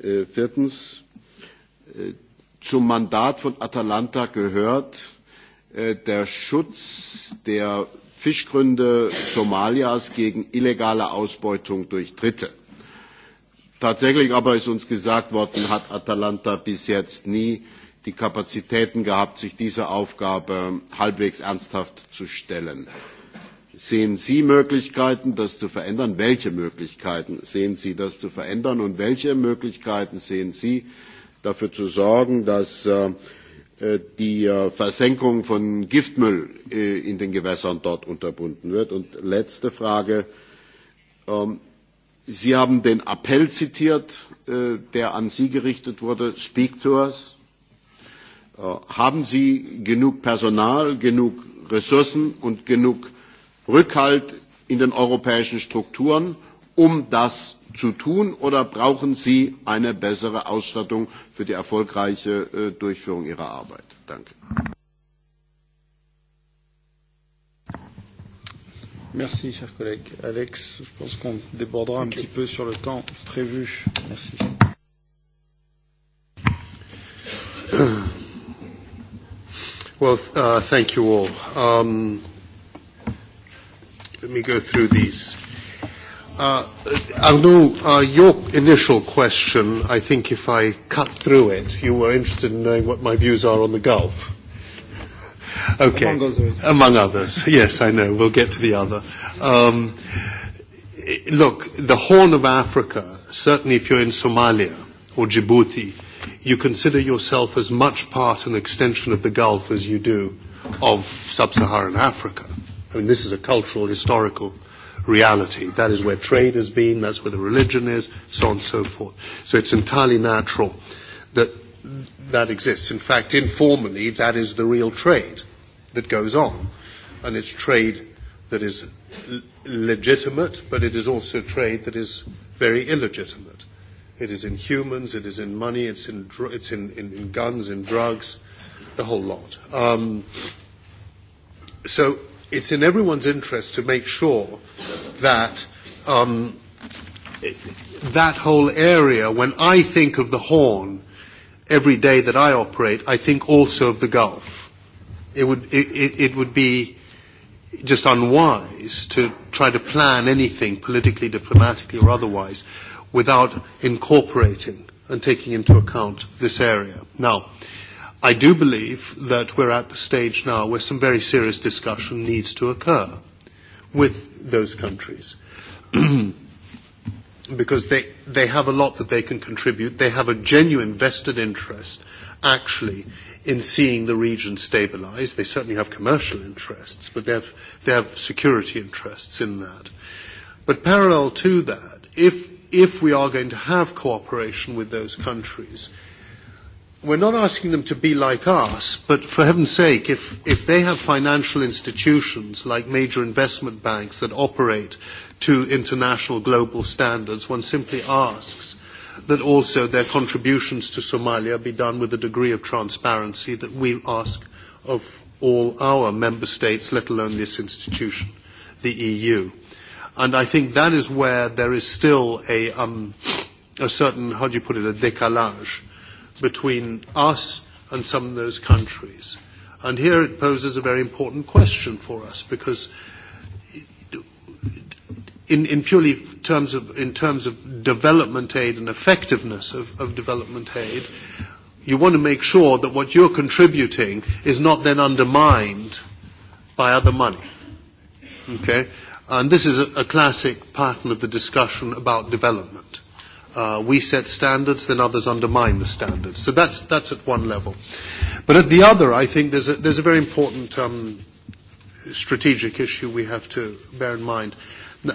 S6: Äh, viertens, äh, zum Mandat von Atalanta gehört äh, der Schutz der Fischgründe Somalias gegen illegale Ausbeutung durch Dritte. Tatsächlich aber ist uns gesagt worden, hat Atalanta bis jetzt nie die Kapazitäten gehabt, sich dieser Aufgabe halbwegs ernsthaft zu stellen. Sehen Sie Möglichkeiten, das zu verändern? Welche Möglichkeiten sehen Sie, das zu verändern? Und welche Möglichkeiten sehen Sie, dafür zu sorgen, dass äh, die äh, Versenkung von Giftmüll äh, in den Gewässern dort unterbunden wird? Und letzte Frage. Ähm, Sie haben den Appell zitiert, äh, der an Sie gerichtet wurde, Speak to us. Äh, haben Sie genug Personal, genug Ressourcen und genug Rückhalt in den europäischen Strukturen, um das zu tun, oder brauchen Sie eine bessere Ausstattung für die erfolgreiche äh, Durchführung Ihrer Arbeit? Danke.
S1: Merci, cher collègue. Alex, je pense qu'on débordera okay. un petit peu sur le temps prévu. Merci.
S2: Well, uh, thank you all. Um, let me go through these. Uh, Arnaud, uh, your initial question, I think if I cut through it, you were interested in knowing what my views are on the Gulf. Okay. Among others. Among others. Yes, I know. We'll get to the other. Um, look, the Horn of Africa, certainly if you're in Somalia or Djibouti, you consider yourself as much part and extension of the Gulf as you do of sub-Saharan Africa. I mean, this is a cultural, historical reality. That is where trade has been, that's where the religion is, so on and so forth. So it's entirely natural that that exists. In fact, informally, that is the real trade that goes on. And it's trade that is legitimate, but it is also trade that is very illegitimate. It is in humans, it is in money, it's in, dr- it's in, in, in guns, in drugs, the whole lot. Um, so it's in everyone's interest to make sure that um, that whole area, when I think of the Horn every day that I operate, I think also of the Gulf it would, it, it would be just unwise to try to plan anything politically, diplomatically or otherwise without incorporating and taking into account this area. Now, I do believe that we're at the stage now where some very serious discussion needs to occur with those countries. because they, they have a lot that they can contribute. They have a genuine vested interest, actually, in seeing the region stabilized. They certainly have commercial interests, but they have, they have security interests in that. But parallel to that, if, if we are going to have cooperation with those countries, we're not asking them to be like us, but for heaven's sake, if, if they have financial institutions like major investment banks that operate to international global standards, one simply asks, that also their contributions to Somalia be done with a degree of transparency that we ask of all our member states, let alone this institution, the EU. And I think that is where there is still a, um, a certain, how do you put it, a décalage between us and some of those countries. And here it poses a very important question for us because in, in purely terms of, in terms of development aid and effectiveness of, of development aid, you want to make sure that what you're contributing is not then undermined by other money. Okay? And this is a, a classic pattern of the discussion about development. Uh, we set standards, then others undermine the standards. So that's, that's at one level. But at the other, I think there's a, there's a very important um, strategic issue we have to bear in mind.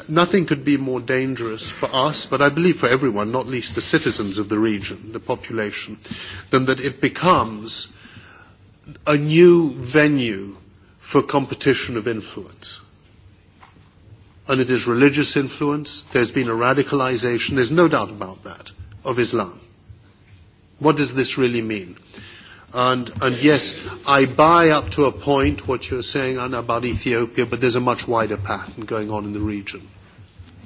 S2: Nothing could be more dangerous for us, but I believe for everyone, not least the citizens of the region, the population, than that it becomes a new venue for competition of influence. And it is religious influence. There's been a radicalization. There's no doubt about that of Islam. What does this really mean? And, and yes, I buy up to a point what you're saying Anna, about Ethiopia, but there's a much wider pattern going on in the region.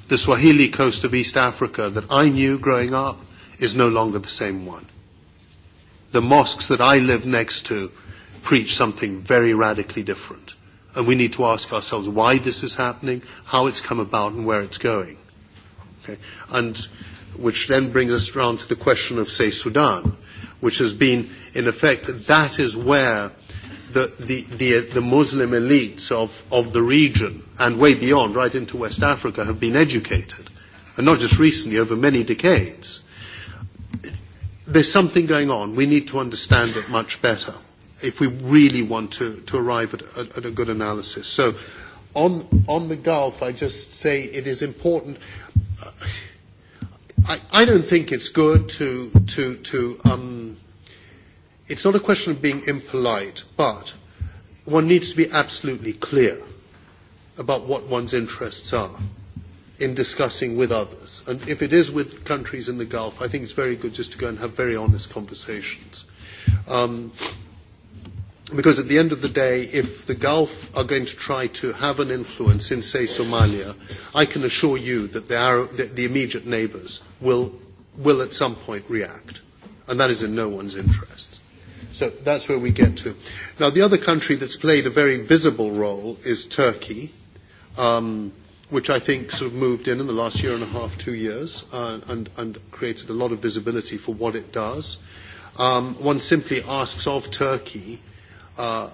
S2: The Swahili coast of East Africa that I knew growing up is no longer the same one. The mosques that I live next to preach something very radically different. And we need to ask ourselves why this is happening, how it's come about, and where it's going. Okay? And which then brings us round to the question of, say, Sudan, which has been in effect, that is where the, the, the, the Muslim elites of, of the region and way beyond, right into West Africa, have been educated. And not just recently, over many decades. There's something going on. We need to understand it much better if we really want to, to arrive at, at, at a good analysis. So on, on the Gulf, I just say it is important. I, I don't think it's good to, to, to um, it's not a question of being impolite, but one needs to be absolutely clear about what one's interests are in discussing with others. And if it is with countries in the Gulf, I think it's very good just to go and have very honest conversations. Um, because at the end of the day, if the Gulf are going to try to have an influence in, say, Somalia, I can assure you that the, Arab, the, the immediate neighbours will, will at some point react. And that is in no one's interest. So that's where we get to. Now, the other country that's played a very visible role is Turkey, um, which I think sort of moved in in the last year and a half, two years, uh, and, and created a lot of visibility for what it does. Um, one simply asks of Turkey, uh,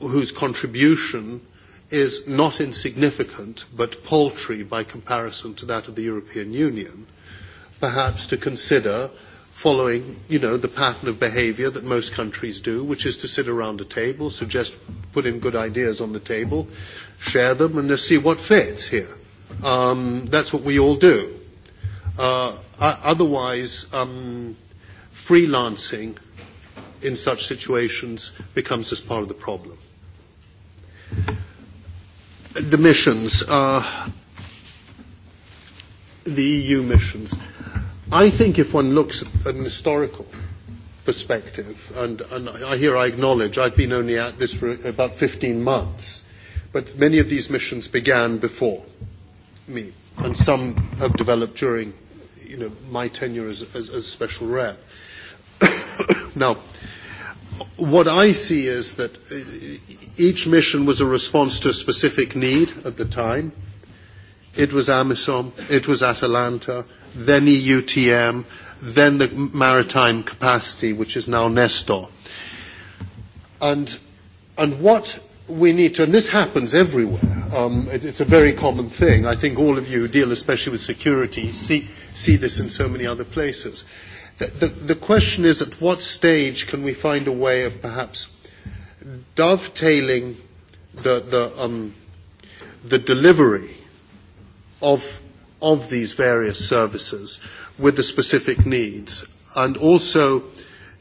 S2: whose contribution is not insignificant but paltry by comparison to that of the European Union, perhaps to consider following, you know, the pattern of behaviour that most countries do, which is to sit around a table, suggest, put in good ideas on the table, share them, and see what fits here. Um, that's what we all do. Uh, otherwise, um, freelancing in such situations becomes just part of the problem. The missions, uh, the EU missions. I think if one looks at an historical perspective, and, and I, here I acknowledge I've been only at this for about 15 months, but many of these missions began before me, and some have developed during you know, my tenure as, as, as special rep. now, what I see is that uh, each mission was a response to a specific need at the time. It was AMISOM, it was Atalanta, then EUTM, then the maritime capacity, which is now Nestor. And, and what we need to, and this happens everywhere, um, it, it's a very common thing. I think all of you who deal especially with security see, see this in so many other places. The, the, the question is at what stage can we find a way of perhaps dovetailing the, the, um, the delivery of of these various services with the specific needs. And also,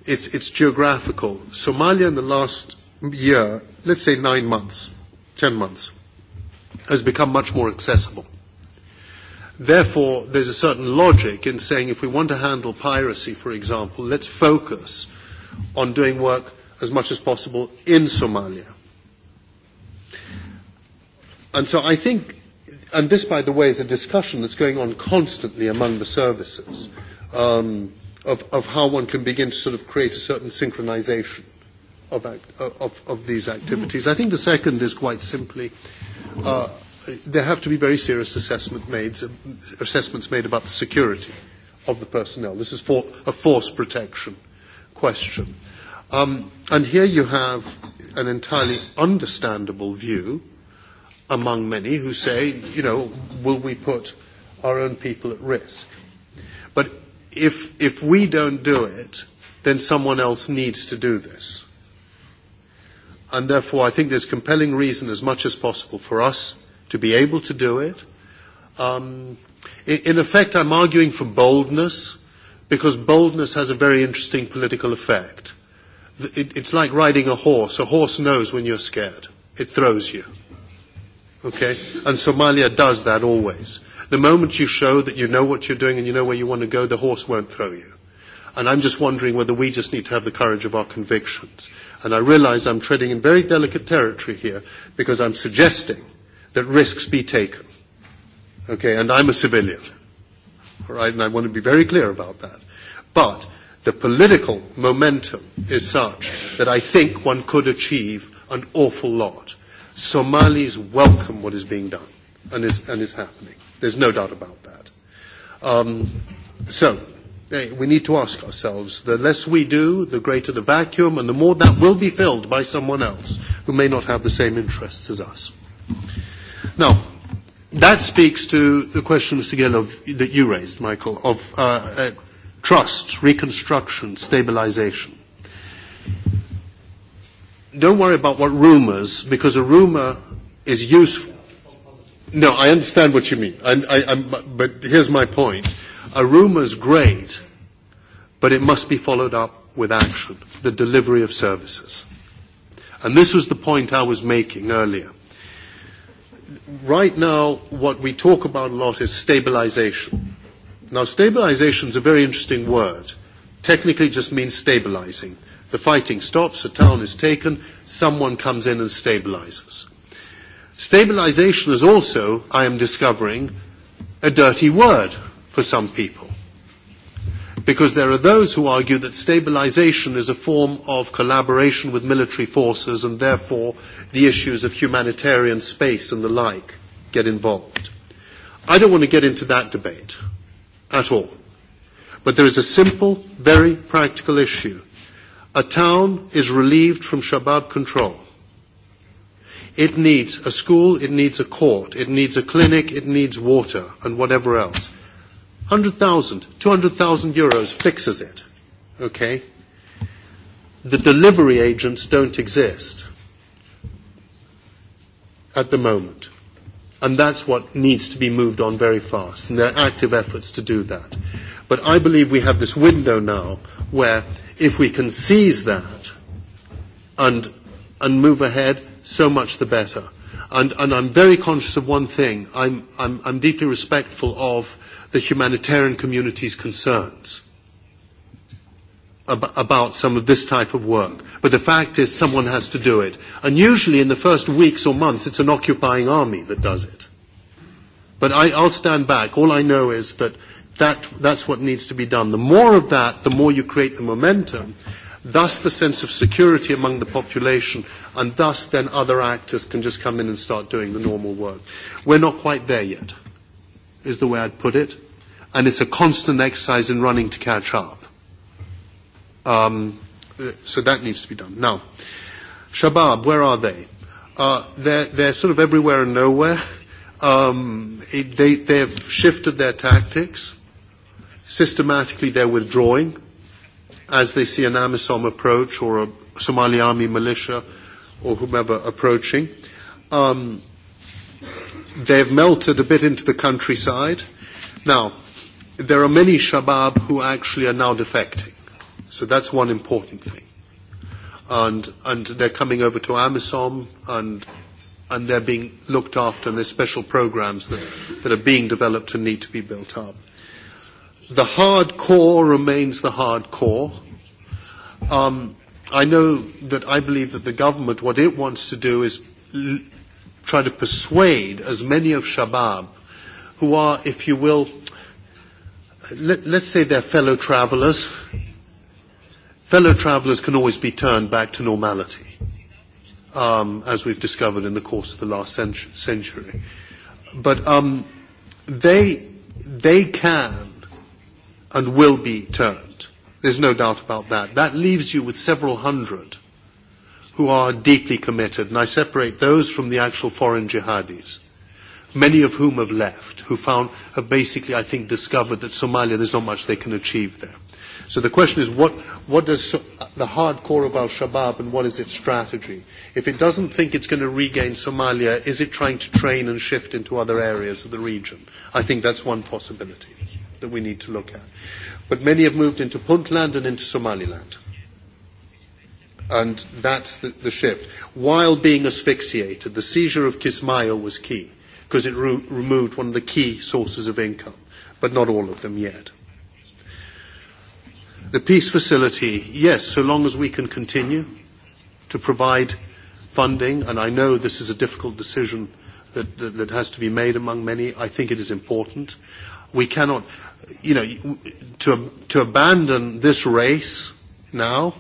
S2: it's, it's geographical. Somalia in the last year, let's say nine months, ten months, has become much more accessible. Therefore, there's a certain logic in saying if we want to handle piracy, for example, let's focus on doing work as much as possible in Somalia. And so I think and this, by the way, is a discussion that's going on constantly among the services um, of, of how one can begin to sort of create a certain synchronization of, act, uh, of, of these activities. I think the second is quite simply uh, there have to be very serious assessment made, assessments made about the security of the personnel. This is for a force protection question. Um, and here you have an entirely understandable view among many who say, you know, will we put our own people at risk? But if, if we don't do it, then someone else needs to do this. And therefore, I think there's compelling reason as much as possible for us to be able to do it. Um, in effect, I'm arguing for boldness because boldness has a very interesting political effect. It's like riding a horse. A horse knows when you're scared. It throws you. Okay? And Somalia does that always. The moment you show that you know what you're doing and you know where you want to go, the horse won't throw you. And I'm just wondering whether we just need to have the courage of our convictions. And I realize I'm treading in very delicate territory here because I'm suggesting that risks be taken. Okay, and I'm a civilian. All right, and I want to be very clear about that. But the political momentum is such that I think one could achieve an awful lot Somalis welcome what is being done and is, and is happening. There's no doubt about that. Um, so, hey, eh, we need to ask ourselves the less we do, the greater the vacuum, and the more that will be filled by someone else who may not have the same interests as us. Now, that speaks to the question, Mr. Gill, of, that you raised, Michael, of uh, uh, trust, reconstruction, stabilization don't worry about what rumours, because a rumour is useful. No, I understand what you mean. I, I, I'm, but here's my point. A is great, but it must be followed up with action, the delivery of services. And this was the point I was making earlier. Right now, what we talk about a lot is stabilization. Now, stabilization is a very interesting word. Technically, it just means stabilizing. The fighting stops, a town is taken, someone comes in and stabilizes. Stabilization is also, I am discovering, a dirty word for some people. Because there are those who argue that stabilization is a form of collaboration with military forces and therefore the issues of humanitarian space and the like get involved. I don't want to get into that debate at all. But there is a simple, very practical issue a town is relieved from Shabab control. It needs a school, it needs a court, it needs a clinic, it needs water, and whatever else. 100,000, 200,000 euros fixes it. Okay? The delivery agents don't exist at the moment. And that's what needs to be moved on very fast. And there are active efforts to do that. But I believe we have this window now where if we can seize that and, and move ahead, so much the better. And, and I'm very conscious of one thing. I'm, I'm, I'm deeply respectful of the humanitarian community's concerns ab- about some of this type of work. But the fact is someone has to do it. And usually in the first weeks or months, it's an occupying army that does it. But I, I'll stand back. All I know is that That, that's what needs to be done. The more of that, the more you create the momentum, thus the sense of security among the population, and thus then other actors can just come in and start doing the normal work. We're not quite there yet, is the way I'd put it. And it's a constant exercise in running to catch up. Um, uh, so that needs to be done. Now, Shabab, where are they? Uh, they're, they're sort of everywhere and nowhere. Um, it, they, they've shifted their tactics. Systematically, they're withdrawing as they see an AMISOM approach or a Somali army militia or whomever approaching. Um, they've melted a bit into the countryside. Now, there are many Shabab who actually are now defecting. So that's one important thing. And, and they're coming over to AMISOM and, and they're being looked after and there's special programs that, that are being developed and need to be built up the hard core remains the hard core. Um, I know that I believe that the government, what it wants to do is l- try to persuade as many of Shabab who are, if you will, let, let's say they're fellow travelers. Fellow travelers can always be turned back to normality, um, as we've discovered in the course of the last century. But um, they, they can and will be turned. There's no doubt about that. That leaves you with several hundred who are deeply committed, and I separate those from the actual foreign jihadis, many of whom have left, who found, have basically, I think, discovered that Somalia, there's not much they can achieve there. So the question is, what, what does the hardcore of al-Shabaab and what is its strategy? If it doesn't think it's going to regain Somalia, is it trying to train and shift into other areas of the region? I think that's one possibility that we need to look at. But many have moved into Puntland and into Somaliland. And that's the, the shift. While being asphyxiated, the seizure of Kismayo was key because it re- removed one of the key sources of income, but not all of them yet. The peace facility, yes, so long as we can continue to provide funding, and I know this is a difficult decision that, that, that has to be made among many, I think it is important. We cannot, you know, to, to abandon this race now,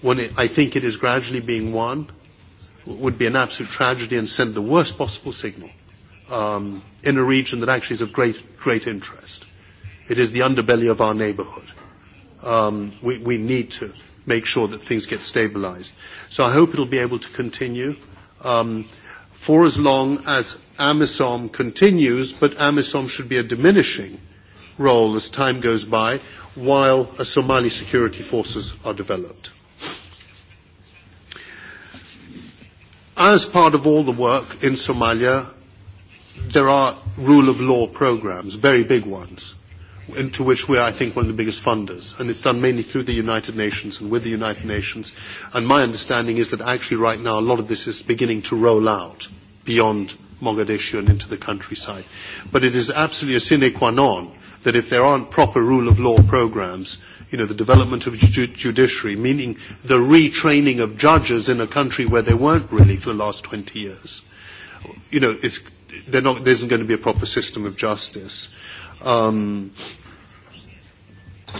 S2: when it, I think it is gradually being won, would be an absolute tragedy and send the worst possible signal um, in a region that actually is of great, great interest. It is the underbelly of our neighborhood. Um, we, we need to make sure that things get stabilized. So I hope it'll be able to continue um, for as long as AMISOM continues, but AMISOM should be a diminishing – role as time goes by while Somali security forces are developed. As part of all the work in Somalia, there are rule of law programs, very big ones, into which we are, I think, one of the biggest funders. And it's done mainly through the United Nations and with the United Nations. And my understanding is that actually right now a lot of this is beginning to roll out beyond Mogadishu and into the countryside. But it is absolutely a sine qua non that if there aren't proper rule of law programs, you know, the development of ju- judiciary, meaning the retraining of judges in a country where they weren't really for the last 20 years, you know, it's, they're not, there isn't going to be a proper system of justice. Um,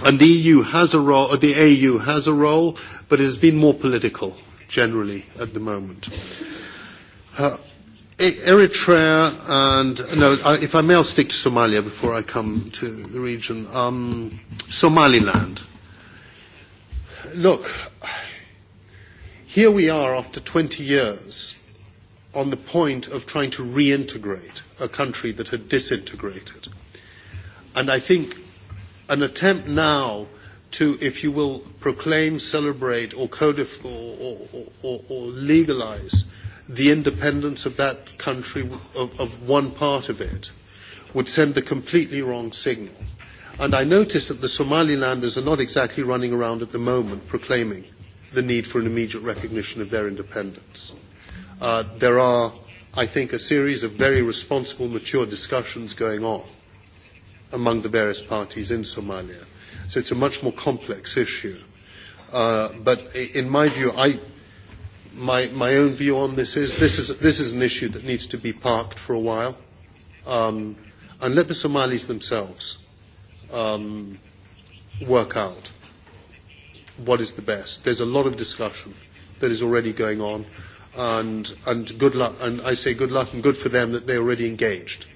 S2: and the EU has a role, or the AU has a role, but it has been more political generally at the moment. Uh, E-, Eritrea and no, if I may, I'll stick to Somalia before I come to the region. Um, Somaliland. Look, here we are after 20 years on the point of trying to reintegrate a country that had disintegrated. And I think an attempt now to, if you will, proclaim, celebrate, or codify, or, or, or, or legalize the independence of that country, of, of one part of it, would send the completely wrong signal. And I notice that the Somalilanders are not exactly running around at the moment proclaiming the need for an immediate recognition of their independence. Uh, there are, I think, a series of very responsible, mature discussions going on among the various parties in Somalia. So it's a much more complex issue. Uh, but in my view, I, my, my own view on this is this is this is an issue that needs to be parked for a while, um, and let the Somalis themselves um, work out what is the best. There's a lot of discussion that is already going on, and and good luck. And I say good luck and good for them that they're already engaged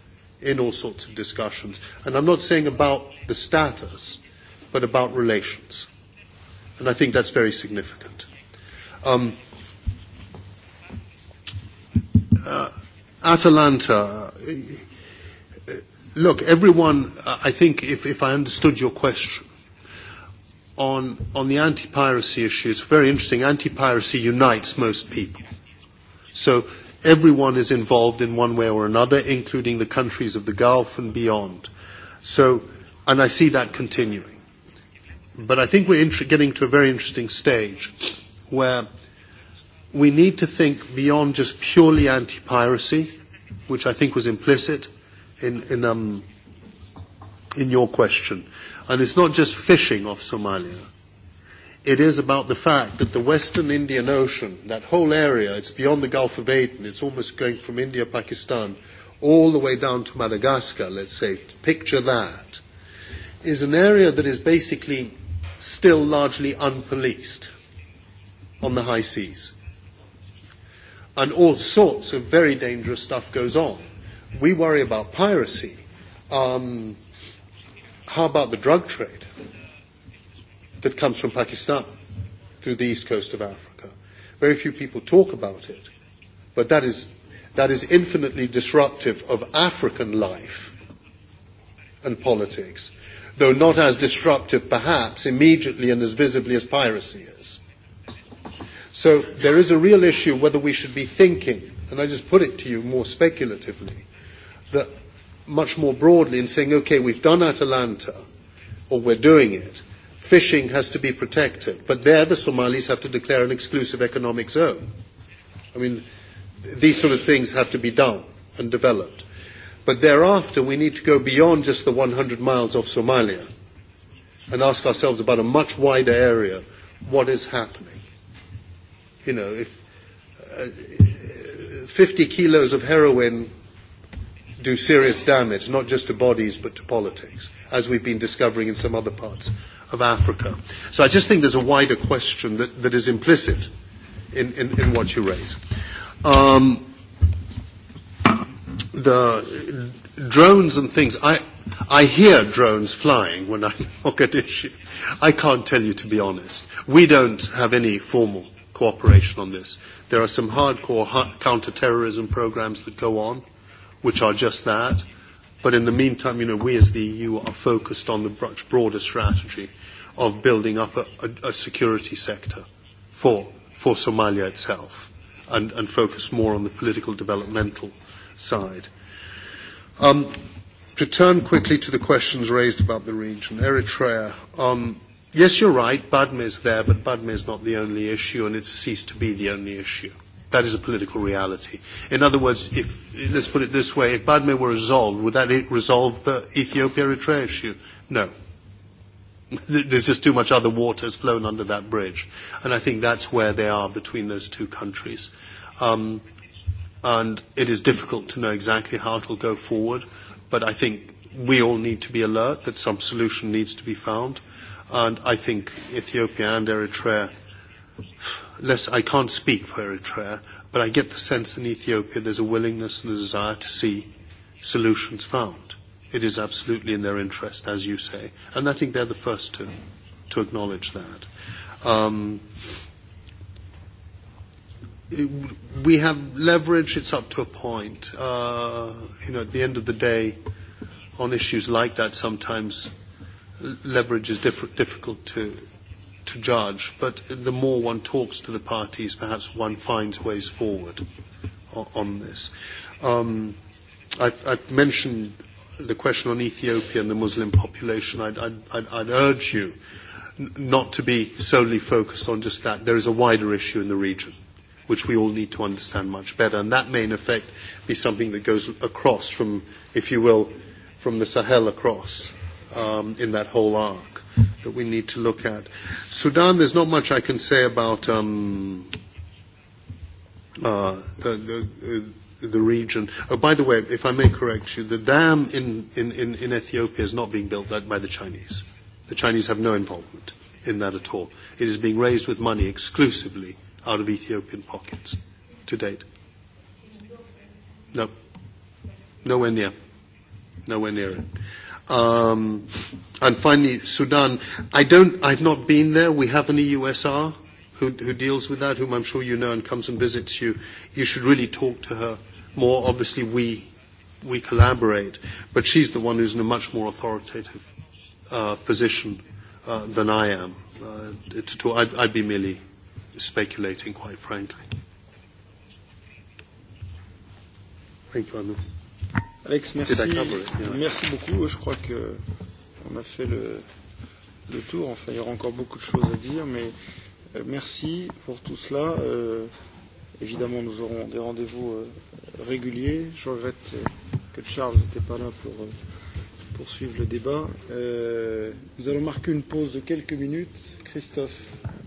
S2: in all sorts of discussions. And I'm not saying about the status, but about relations, and I think that's very significant. Um, uh, Atalanta. Uh, look, everyone, uh, I think, if, if I understood your question on, on the anti-piracy issue, it's very interesting. Anti-piracy unites most people. So everyone is involved in one way or another, including the countries of the Gulf and beyond. So, and I see that continuing. But I think we're getting to a very interesting stage where we need to think beyond just purely anti-piracy, which I think was implicit in, in, um, in your question. And it's not just fishing off Somalia. It is about the fact that the Western Indian Ocean, that whole area, it's beyond the Gulf of Aden, it's almost going from India, Pakistan, all the way down to Madagascar, let's say, picture that, is an area that is basically still largely unpoliced on the high seas and all sorts of very dangerous stuff goes on. We worry about piracy. Um, how about the drug trade that comes from Pakistan through the east coast of Africa? Very few people talk about it, but that is, that is infinitely disruptive of African life and politics, though not as disruptive perhaps immediately and as visibly as piracy is. So there is a real issue whether we should be thinking, and I just put it to you more speculatively, that much more broadly in saying, okay, we've done Atalanta, or we're doing it, fishing has to be protected. But there the Somalis have to declare an exclusive economic zone. I mean, these sort of things have to be done and developed. But thereafter, we need to go beyond just the 100 miles of Somalia and ask ourselves about a much wider area what is happening you know, if uh, 50 kilos of heroin do serious damage, not just to bodies but to politics, as we've been discovering in some other parts of Africa. So I just think there's a wider question that, that is implicit in, in, in what you raise. Um, the drones and things, I, I hear drones flying when I'm in Mogadishu. I can't tell you, to be honest. We don't have any formal cooperation on this. There are some hardcore ha- counter-terrorism programs that go on, which are just that. But in the meantime, you know, we as the EU are focused on the much broader strategy of building up a, a, a security sector for, for Somalia itself and, and focus more on the political developmental side. Um, to turn quickly to the questions raised about the region, Eritrea. Um, Yes, you're right, Badme is there, but Badme is not the only issue, and it's ceased to be the only issue. That is a political reality. In other words, if, let's put it this way, if Badme were resolved, would that resolve the Ethiopia-Eritrea issue? No. There's just too much other water has flown under that bridge. And I think that's where they are between those two countries. Um, and it is difficult to know exactly how it will go forward, but I think we all need to be alert that some solution needs to be found. And I think Ethiopia and Eritrea, less, I can't speak for Eritrea, but I get the sense in Ethiopia there's a willingness and a desire to see solutions found. It is absolutely in their interest, as you say. And I think they're the first to, to acknowledge that. Um, we have leverage, it's up to a point. Uh, you know, at the end of the day, on issues like that, sometimes leverage is diff- difficult to, to judge, but the more one talks to the parties, perhaps one finds ways forward on, on this. Um, I've, I've mentioned the question on Ethiopia and the Muslim population. I'd, I'd, I'd, I'd urge you not to be solely focused on just that. There is a wider issue in the region, which we all need to understand much better, and that may in effect be something that goes across from, if you will, from the Sahel across um, in that whole arc that we need to look at. Sudan, there's not much I can say about um, uh, the, the, uh, the region. Oh, by the way, if I may correct you, the dam in, in, in, in Ethiopia is not being built by the Chinese. The Chinese have no involvement in that at all. It is being raised with money exclusively out of Ethiopian pockets to date. No. Nowhere near. Nowhere near it. Um, and finally, Sudan. I don't, I've not been there. We have an EUSR who, who deals with that, whom I'm sure you know and comes and visits you. You should really talk to her more. Obviously, we, we collaborate, but she's the one who's in a much more authoritative uh, position uh, than I am. Uh, to talk, I'd, I'd be merely speculating, quite frankly. Thank you, Anna.
S1: Alex, merci. Merci beaucoup. Je crois que on a fait le, le tour. Enfin, il y aura encore beaucoup de choses à dire, mais euh, merci pour tout cela. Euh, évidemment, nous aurons des rendez-vous euh, réguliers. Je regrette euh, que Charles n'était pas là pour euh, poursuivre le débat.
S2: Euh,
S1: nous allons marquer une pause de quelques minutes. Christophe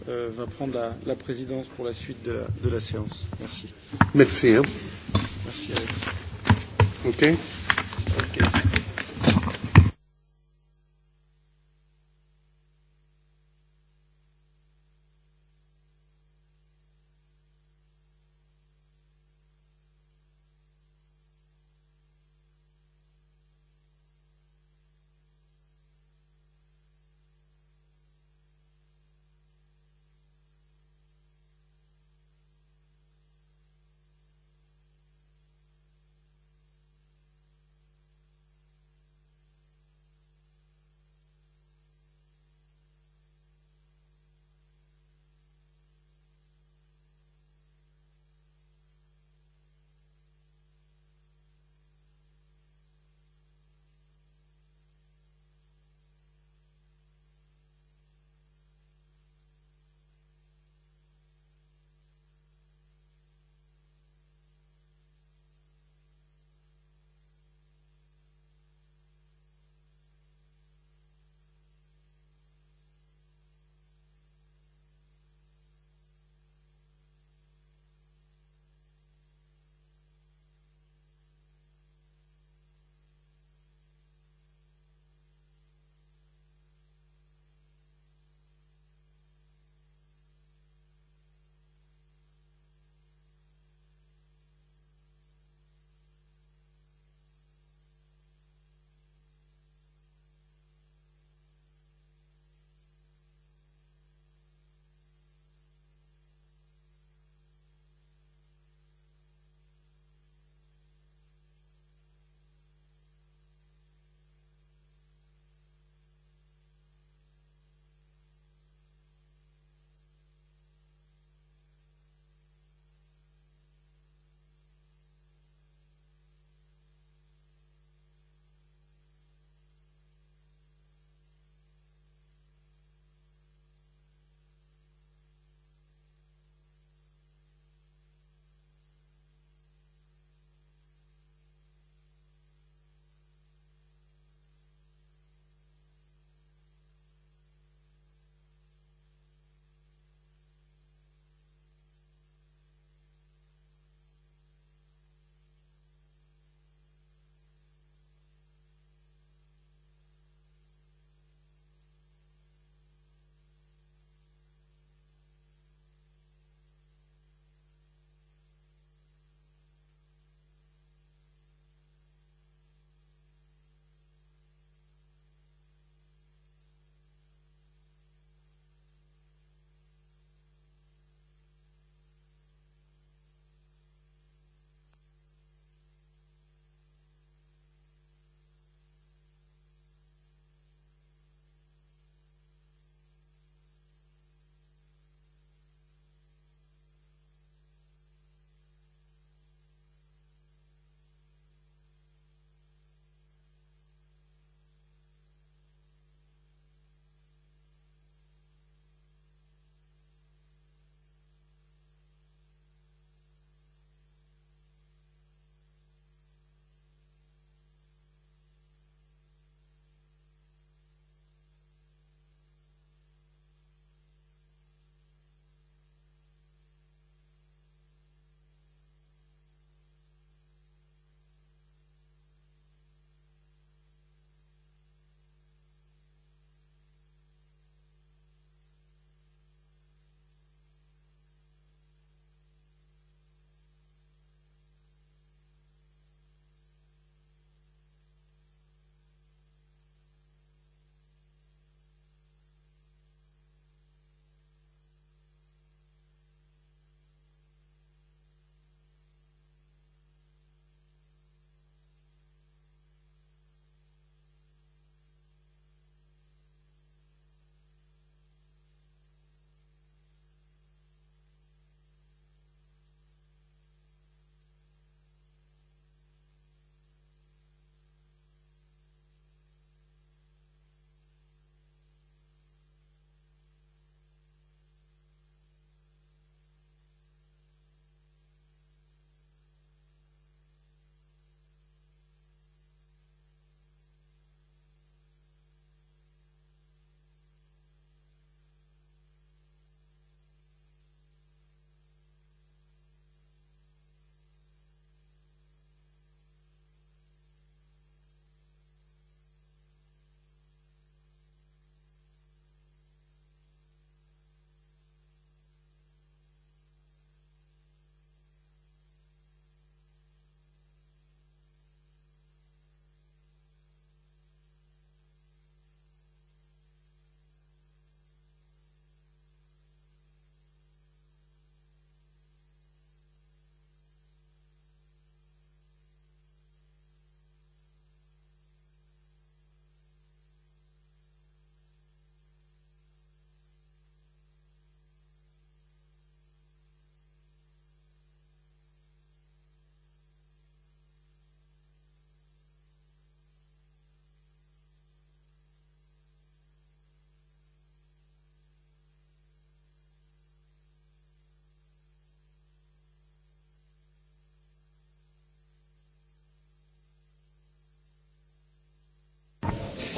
S1: euh, va prendre la, la présidence pour la suite de la, de la séance. Merci. Merci. Hein. Merci Alex.
S7: Okay? Okay.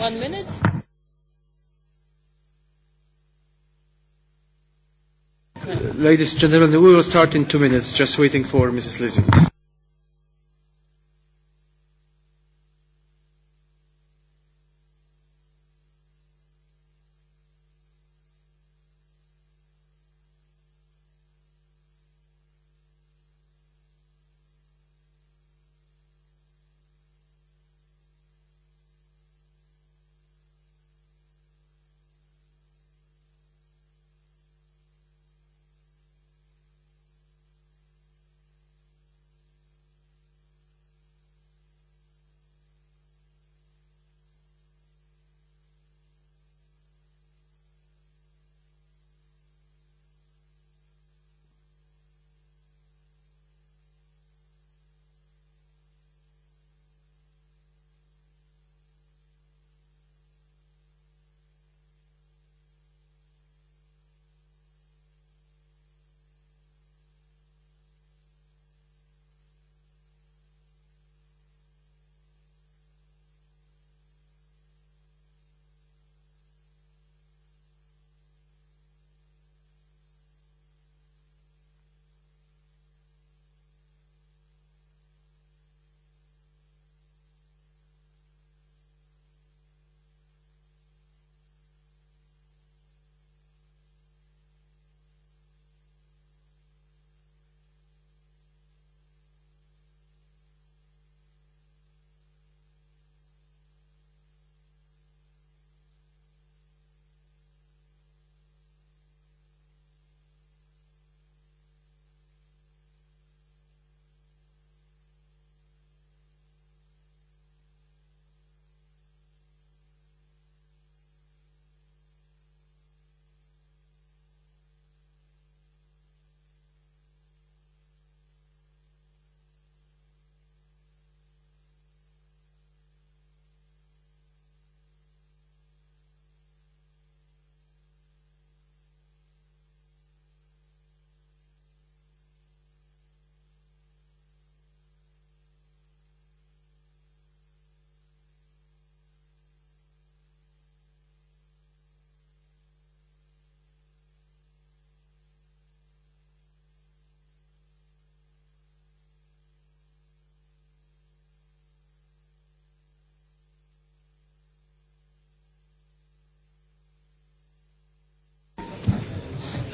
S5: One minute.
S4: Ladies and gentlemen, we will start in two minutes, just waiting for Mrs. Lizzie.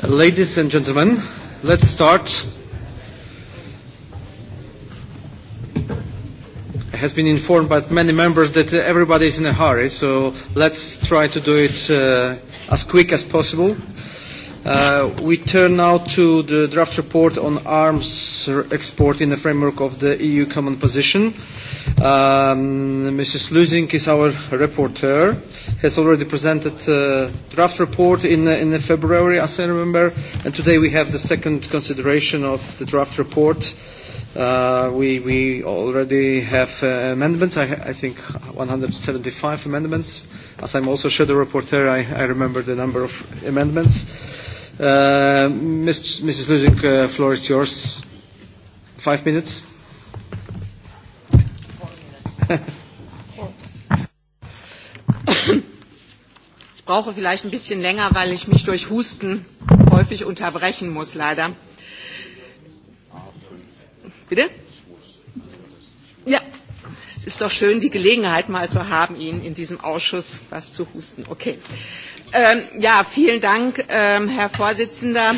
S4: Ladies and gentlemen, let's start. Has been informed by many members that everybody is in a hurry, so let's try to do it uh, as quick as possible. Uh, we turn now to the draft report on arms export in the framework of the EU common position. Um, Mrs. Lusing is our rapporteur, has already presented a uh, draft report in, uh, in February, as I remember, and today we have the second consideration of the draft report. Uh, we, we already have uh, amendments, I, I think 175 amendments. As I'm also shadow rapporteur, I, I remember the number of amendments. Uh, Mrs. Lusing, uh, floor is yours. Five minutes.
S8: ich brauche vielleicht ein bisschen länger, weil ich mich durch Husten häufig unterbrechen muss, leider. Bitte? Ja, es ist doch schön, die Gelegenheit mal zu haben, Ihnen in diesem Ausschuss was zu husten. Okay. Äh, Ähm, ja, vielen Dank, ähm, Herr Vorsitzender.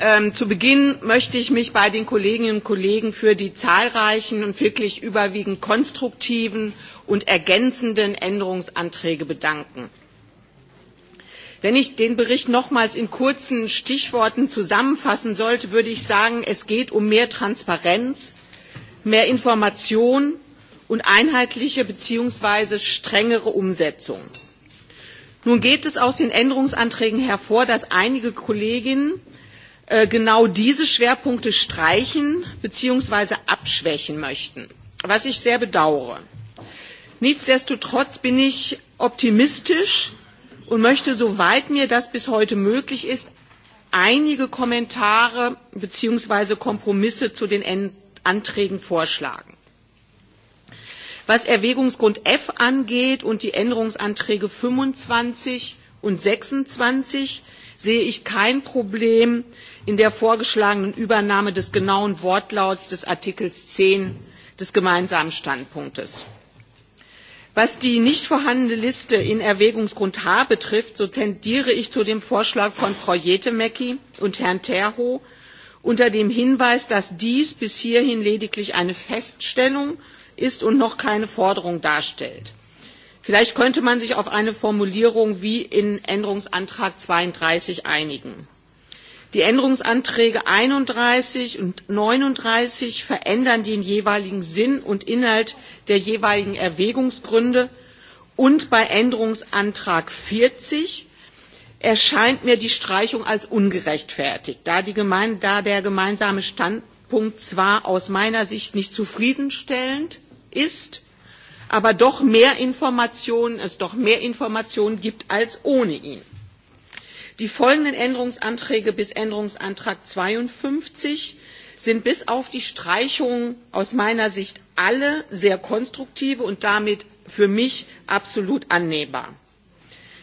S8: Ähm, zu Beginn möchte ich mich bei den Kolleginnen und Kollegen für die zahlreichen und wirklich überwiegend konstruktiven und ergänzenden Änderungsanträge bedanken. Wenn ich den Bericht nochmals in kurzen Stichworten zusammenfassen sollte, würde ich sagen, es geht um mehr Transparenz, mehr Information und einheitliche bzw. strengere Umsetzung. Nun geht es aus den Änderungsanträgen hervor, dass einige Kolleginnen äh, genau diese Schwerpunkte streichen bzw. abschwächen möchten, was ich sehr bedauere. Nichtsdestotrotz bin ich optimistisch und möchte, soweit mir das bis heute möglich ist, einige Kommentare bzw. Kompromisse zu den Anträgen vorschlagen. Was Erwägungsgrund F angeht und die Änderungsanträge 25 und 26 sehe ich kein Problem in der vorgeschlagenen Übernahme des genauen Wortlauts des Artikels 10 des gemeinsamen Standpunktes. Was die nicht vorhandene Liste in Erwägungsgrund H betrifft, so tendiere ich zu dem Vorschlag von Frau Jetemecki und Herrn Terho unter dem Hinweis, dass dies bis hierhin lediglich eine Feststellung ist und noch keine Forderung darstellt. Vielleicht könnte man sich auf eine Formulierung wie in Änderungsantrag 32 einigen. Die Änderungsanträge 31 und 39 verändern den jeweiligen Sinn und Inhalt der jeweiligen Erwägungsgründe. Und bei Änderungsantrag 40 erscheint mir die Streichung als ungerechtfertigt, da, die Gemeinde, da der gemeinsame Standpunkt zwar aus meiner Sicht nicht zufriedenstellend, ist, aber doch mehr Informationen, es doch mehr Informationen gibt als ohne ihn. Die folgenden Änderungsanträge bis Änderungsantrag 52 sind bis auf die Streichung aus meiner Sicht alle sehr konstruktive und damit für mich absolut annehmbar.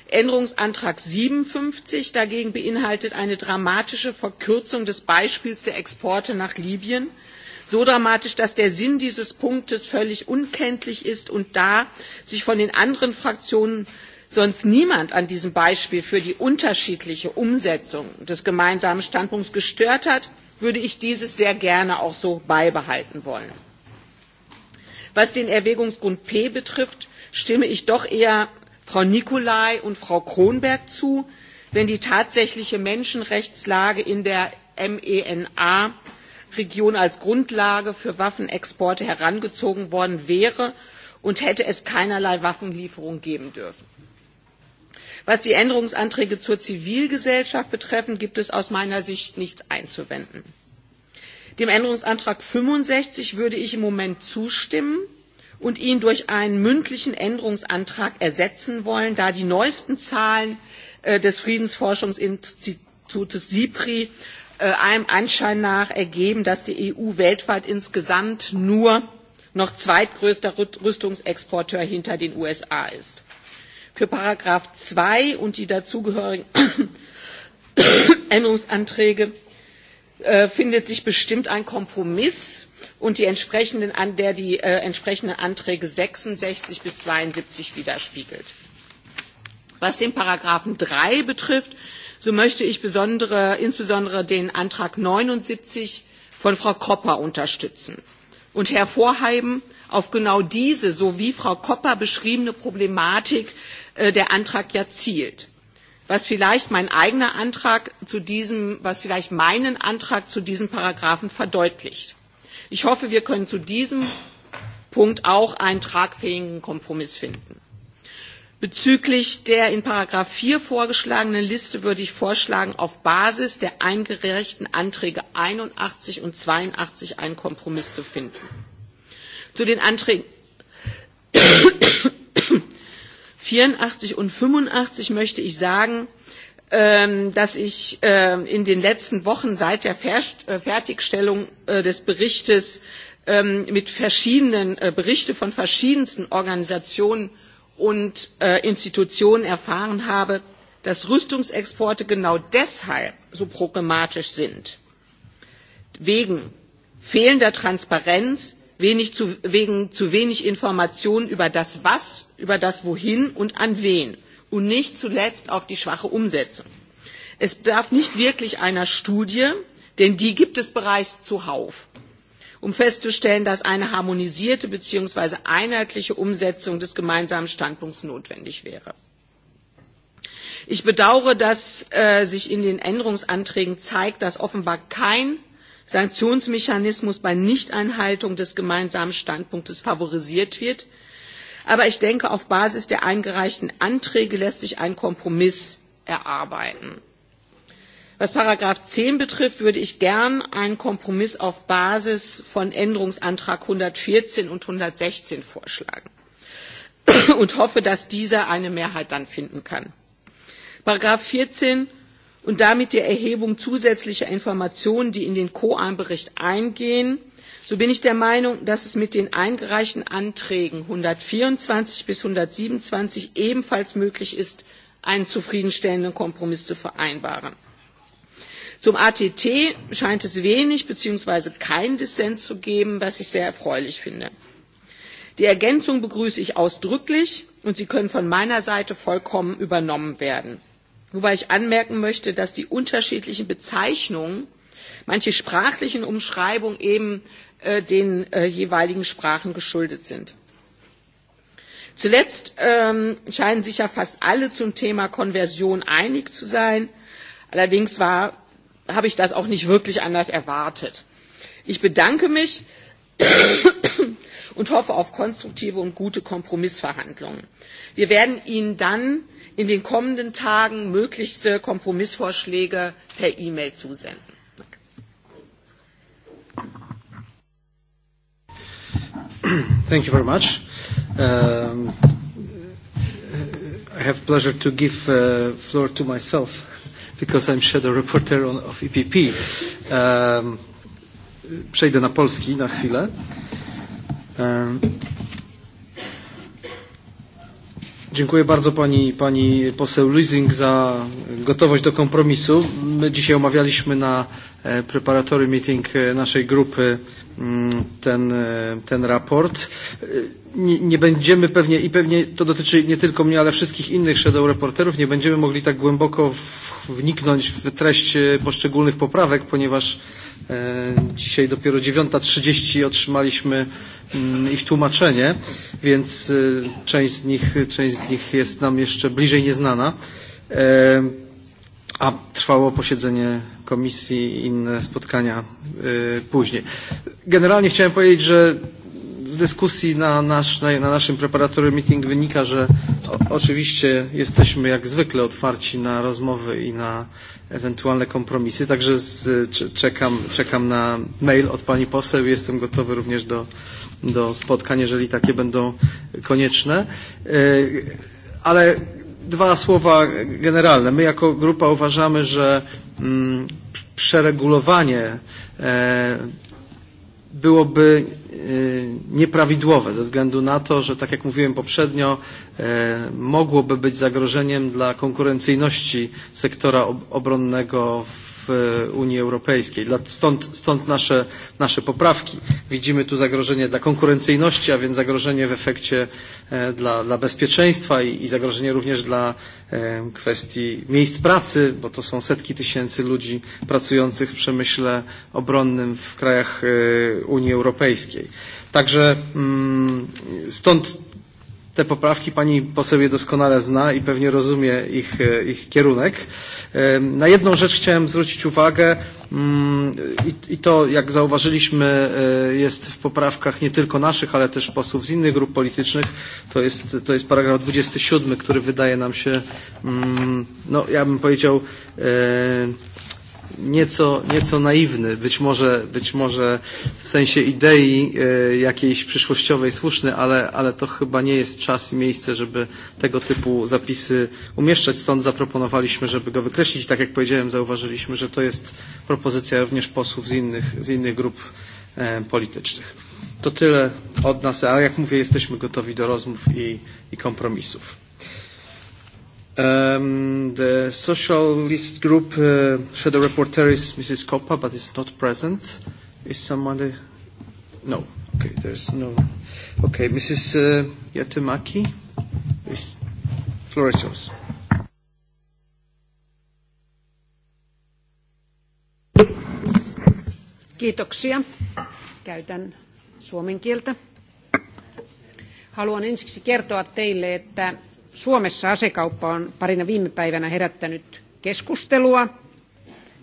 S8: Änderungsantrag 57 dagegen beinhaltet eine dramatische Verkürzung des Beispiels der Exporte nach Libyen so dramatisch, dass der Sinn dieses Punktes völlig unkenntlich ist und da sich von den anderen Fraktionen sonst niemand an diesem Beispiel für die unterschiedliche Umsetzung des gemeinsamen Standpunkts gestört hat, würde ich dieses sehr gerne auch so beibehalten wollen. Was den Erwägungsgrund P betrifft, stimme ich doch eher Frau Nikolai und Frau Kronberg zu, wenn die tatsächliche Menschenrechtslage in der MENA region als grundlage für waffenexporte herangezogen worden wäre und hätte es keinerlei waffenlieferungen geben dürfen. was die änderungsanträge zur zivilgesellschaft betreffen gibt es aus meiner sicht nichts einzuwenden. dem änderungsantrag fünfundsechzig würde ich im moment zustimmen und ihn durch einen mündlichen änderungsantrag ersetzen wollen da die neuesten zahlen äh, des friedensforschungsinstituts sipri allem äh, Anschein nach ergeben, dass die EU weltweit insgesamt nur noch zweitgrößter Rüstungsexporteur hinter den USA ist. Für Paragraph 2 und die dazugehörigen Änderungsanträge äh, findet sich bestimmt ein Kompromiss und die entsprechenden, an der die äh, entsprechenden Anträge 66 bis 72 widerspiegelt. Was den Paragraphen 3 betrifft, so möchte ich insbesondere den Antrag neunundsiebzig von Frau koppa unterstützen und hervorheben, auf genau diese, so wie Frau koppa beschriebene Problematik äh, der Antrag ja zielt. Was vielleicht mein eigener Antrag zu diesem, was vielleicht meinen Antrag zu diesem Paragraphen verdeutlicht. Ich hoffe, wir können zu diesem Punkt auch einen tragfähigen Kompromiss finden. Bezüglich der in Paragraph 4 vorgeschlagenen Liste würde ich vorschlagen, auf Basis der eingereichten Anträge 81 und 82 einen Kompromiss zu finden. Zu den Anträgen 84 und 85 möchte ich sagen, ähm, dass ich ähm, in den letzten Wochen seit der äh, Fertigstellung äh, des Berichtes ähm, mit verschiedenen äh, Berichten von verschiedensten Organisationen und äh, Institutionen erfahren habe, dass Rüstungsexporte genau deshalb so problematisch sind. Wegen fehlender Transparenz, wenig zu, wegen zu wenig Informationen über das Was, über das Wohin und an wen und nicht zuletzt auf die schwache Umsetzung. Es bedarf nicht wirklich einer Studie, denn die gibt es bereits zuhauf um festzustellen, dass eine harmonisierte beziehungsweise einheitliche Umsetzung des gemeinsamen Standpunkts notwendig wäre. Ich bedaure dass äh, sich in den Änderungsanträgen zeigt, dass offenbar kein Sanktionsmechanismus bei Nichteinhaltung des gemeinsamen standpunkts favorisiert wird. Aber ich denke, auf Basis der eingereichten Anträge lässt sich ein Kompromiss erarbeiten was paragraph zehn betrifft würde ich gern einen kompromiss auf basis von änderungsantrag einhundertvierzehn und einhundertsechzehn vorschlagen und hoffe dass dieser eine mehrheit dann finden kann. paragraph vierzehn und damit die erhebung zusätzlicher informationen die in den coarm bericht eingehen so bin ich der meinung dass es mit den eingereichten anträgen einhundertvierundzwanzig bis einhundertsiebenundzwanzig ebenfalls möglich ist einen zufriedenstellenden kompromiss zu vereinbaren. Zum ATT scheint es wenig bzw. keinen Dissens zu geben, was ich sehr erfreulich finde. Die Ergänzung begrüße ich ausdrücklich und sie können von meiner Seite vollkommen übernommen werden. Wobei ich anmerken möchte, dass die unterschiedlichen Bezeichnungen, manche sprachlichen Umschreibungen eben äh, den äh, jeweiligen Sprachen geschuldet sind. Zuletzt ähm, scheinen sich ja fast alle zum Thema Konversion einig zu sein. Allerdings war habe ich das auch nicht wirklich anders erwartet. Ich bedanke mich und hoffe auf konstruktive und gute Kompromissverhandlungen. Wir werden Ihnen dann in den kommenden Tagen möglichste Kompromissvorschläge per E-Mail zusenden.
S4: Thank you very much. Uh, I have pleasure to give uh, floor to myself because I'm shadow reporter on, of EPP. Um, przejdę na polski na chwilę. Um, Dziękuję bardzo pani, pani poseł Lusing za gotowość do kompromisu. My dzisiaj omawialiśmy na E, preparatory meeting e, naszej grupy mm, ten, e, ten raport. Nie, nie będziemy pewnie, i pewnie to dotyczy nie tylko mnie, ale wszystkich innych shadow reporterów, nie będziemy mogli tak głęboko w, wniknąć w treść poszczególnych poprawek, ponieważ Dzisiaj dopiero 9.30 otrzymaliśmy mm, ich tłumaczenie, więc część z nich, część z nich jest nam jeszcze bliżej nieznana a trwało posiedzenie komisji i inne spotkania y, później. Generalnie chciałem powiedzieć, że z dyskusji na, nasz, na, na naszym preparatory meeting wynika, że o, oczywiście jesteśmy jak zwykle otwarci na rozmowy i na ewentualne kompromisy, także z, czekam, czekam na mail od pani poseł. Jestem gotowy również do, do spotkań, jeżeli takie będą konieczne. Y, ale Dwa słowa generalne. My jako grupa uważamy, że mm, przeregulowanie e, byłoby e, nieprawidłowe ze względu na to, że tak jak mówiłem poprzednio, e, mogłoby być zagrożeniem dla konkurencyjności sektora obronnego w E, Unii Europejskiej. Stąd, stąd nasze, nasze poprawki. Widzimy tu zagrożenie dla konkurencyjności, a więc zagrożenie w efekcie e, dla, dla bezpieczeństwa i, i zagrożenie również dla e, kwestii miejsc pracy, bo to są setki tysięcy ludzi pracujących w przemyśle obronnym w krajach Unii Europejskiej. Także mm, stąd te poprawki pani poseł je doskonale zna i pewnie rozumie ich, e, ich kierunek. Na jedną rzecz chciałem zwrócić uwagę mm, i, to, jak zauważyliśmy, e, jest w poprawkach nie tylko naszych, ale też posłów z innych grup politycznych. To jest, to jest paragraf 27, który wydaje nam się, mm, no, ja bym powiedział, e, nieco, nieco naiwny, być może, być może w sensie idei e, jakiejś przyszłościowej słuszny, ale, ale to chyba nie jest czas i miejsce, żeby tego typu zapisy umieszczać. Stąd zaproponowaliśmy, żeby go wykreślić. Tak jak powiedziałem, zauważyliśmy, że to jest propozycja również posłów z innych, z innych grup e, politycznych. To tyle od nas, ale jak mówię, jesteśmy gotowi do rozmów i, i kompromisów. Um, the Socialist Group uh, Shadow Reporter is Mrs. Coppa, but is not present. Is someone? Uh, no. Okay, there's no. Okay, Mrs. Uh, Yatemaki, is Floor is yours.
S9: Kiitoksia. Käytän suomen kieltä. Haluan ensiksi kertoa teille, että Suomessa asekauppa on parina viime päivänä herättänyt keskustelua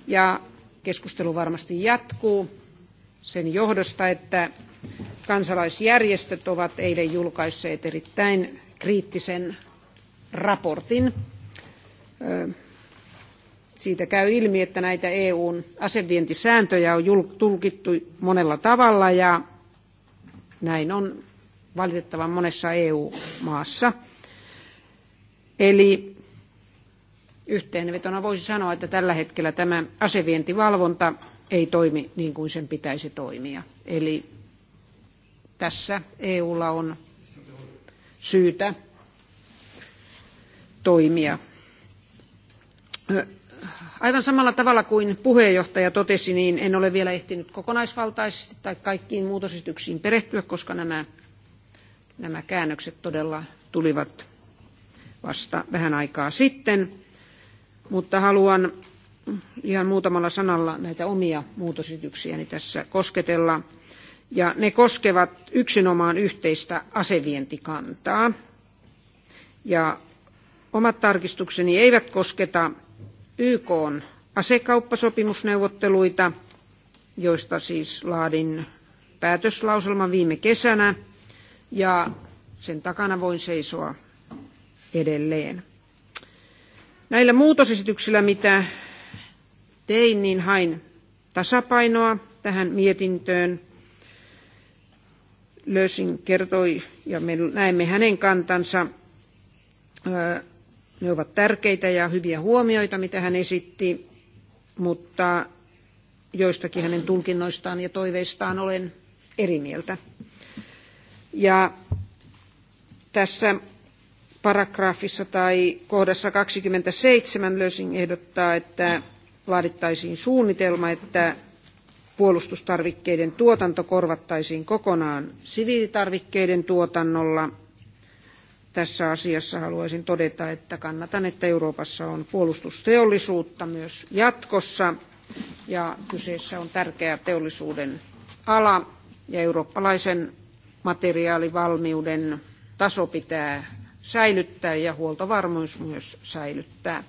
S9: ja keskustelu varmasti jatkuu sen johdosta, että kansalaisjärjestöt ovat eilen julkaisseet erittäin kriittisen raportin. Siitä käy ilmi, että näitä EUn asevientisääntöjä on tulkittu monella tavalla ja näin on valitettavan monessa EU-maassa. Eli yhteenvetona voisi sanoa, että tällä hetkellä tämä asevientivalvonta ei toimi niin kuin sen pitäisi toimia. Eli tässä EUlla on syytä toimia. Aivan samalla tavalla kuin puheenjohtaja totesi, niin en ole vielä ehtinyt kokonaisvaltaisesti tai kaikkiin muutosesityksiin perehtyä, koska nämä, nämä käännökset todella tulivat vasta vähän aikaa sitten, mutta haluan ihan muutamalla sanalla näitä omia muutosytyksiäni tässä kosketella. Ja ne koskevat yksinomaan yhteistä asevientikantaa. Ja omat tarkistukseni eivät kosketa YK :n asekauppasopimusneuvotteluita, joista siis laadin päätöslauselman viime kesänä, ja sen takana voin seisoa edelleen. Näillä muutosesityksillä, mitä tein, niin hain tasapainoa tähän mietintöön. Löysin kertoi, ja me näemme hänen kantansa, ne ovat tärkeitä ja hyviä huomioita, mitä hän esitti, mutta joistakin hänen tulkinnoistaan ja toiveistaan olen eri mieltä. Ja tässä paragraafissa tai kohdassa kaksikymmentäseitsemän lösing ehdottaa että laadittaisiin suunnitelma että puolustustarvikkeiden tuotanto korvattaisiin kokonaan siviilitarvikkeiden tuotannolla. Tässä asiassa haluaisin todeta, että kannatan, että Euroopassa on puolustusteollisuutta myös jatkossa ja kyseessä on tärkeä teollisuuden ala ja eurooppalaisen materiaalivalmiuden taso pitää säilyttää ja huoltovarmuus myös säilyttää.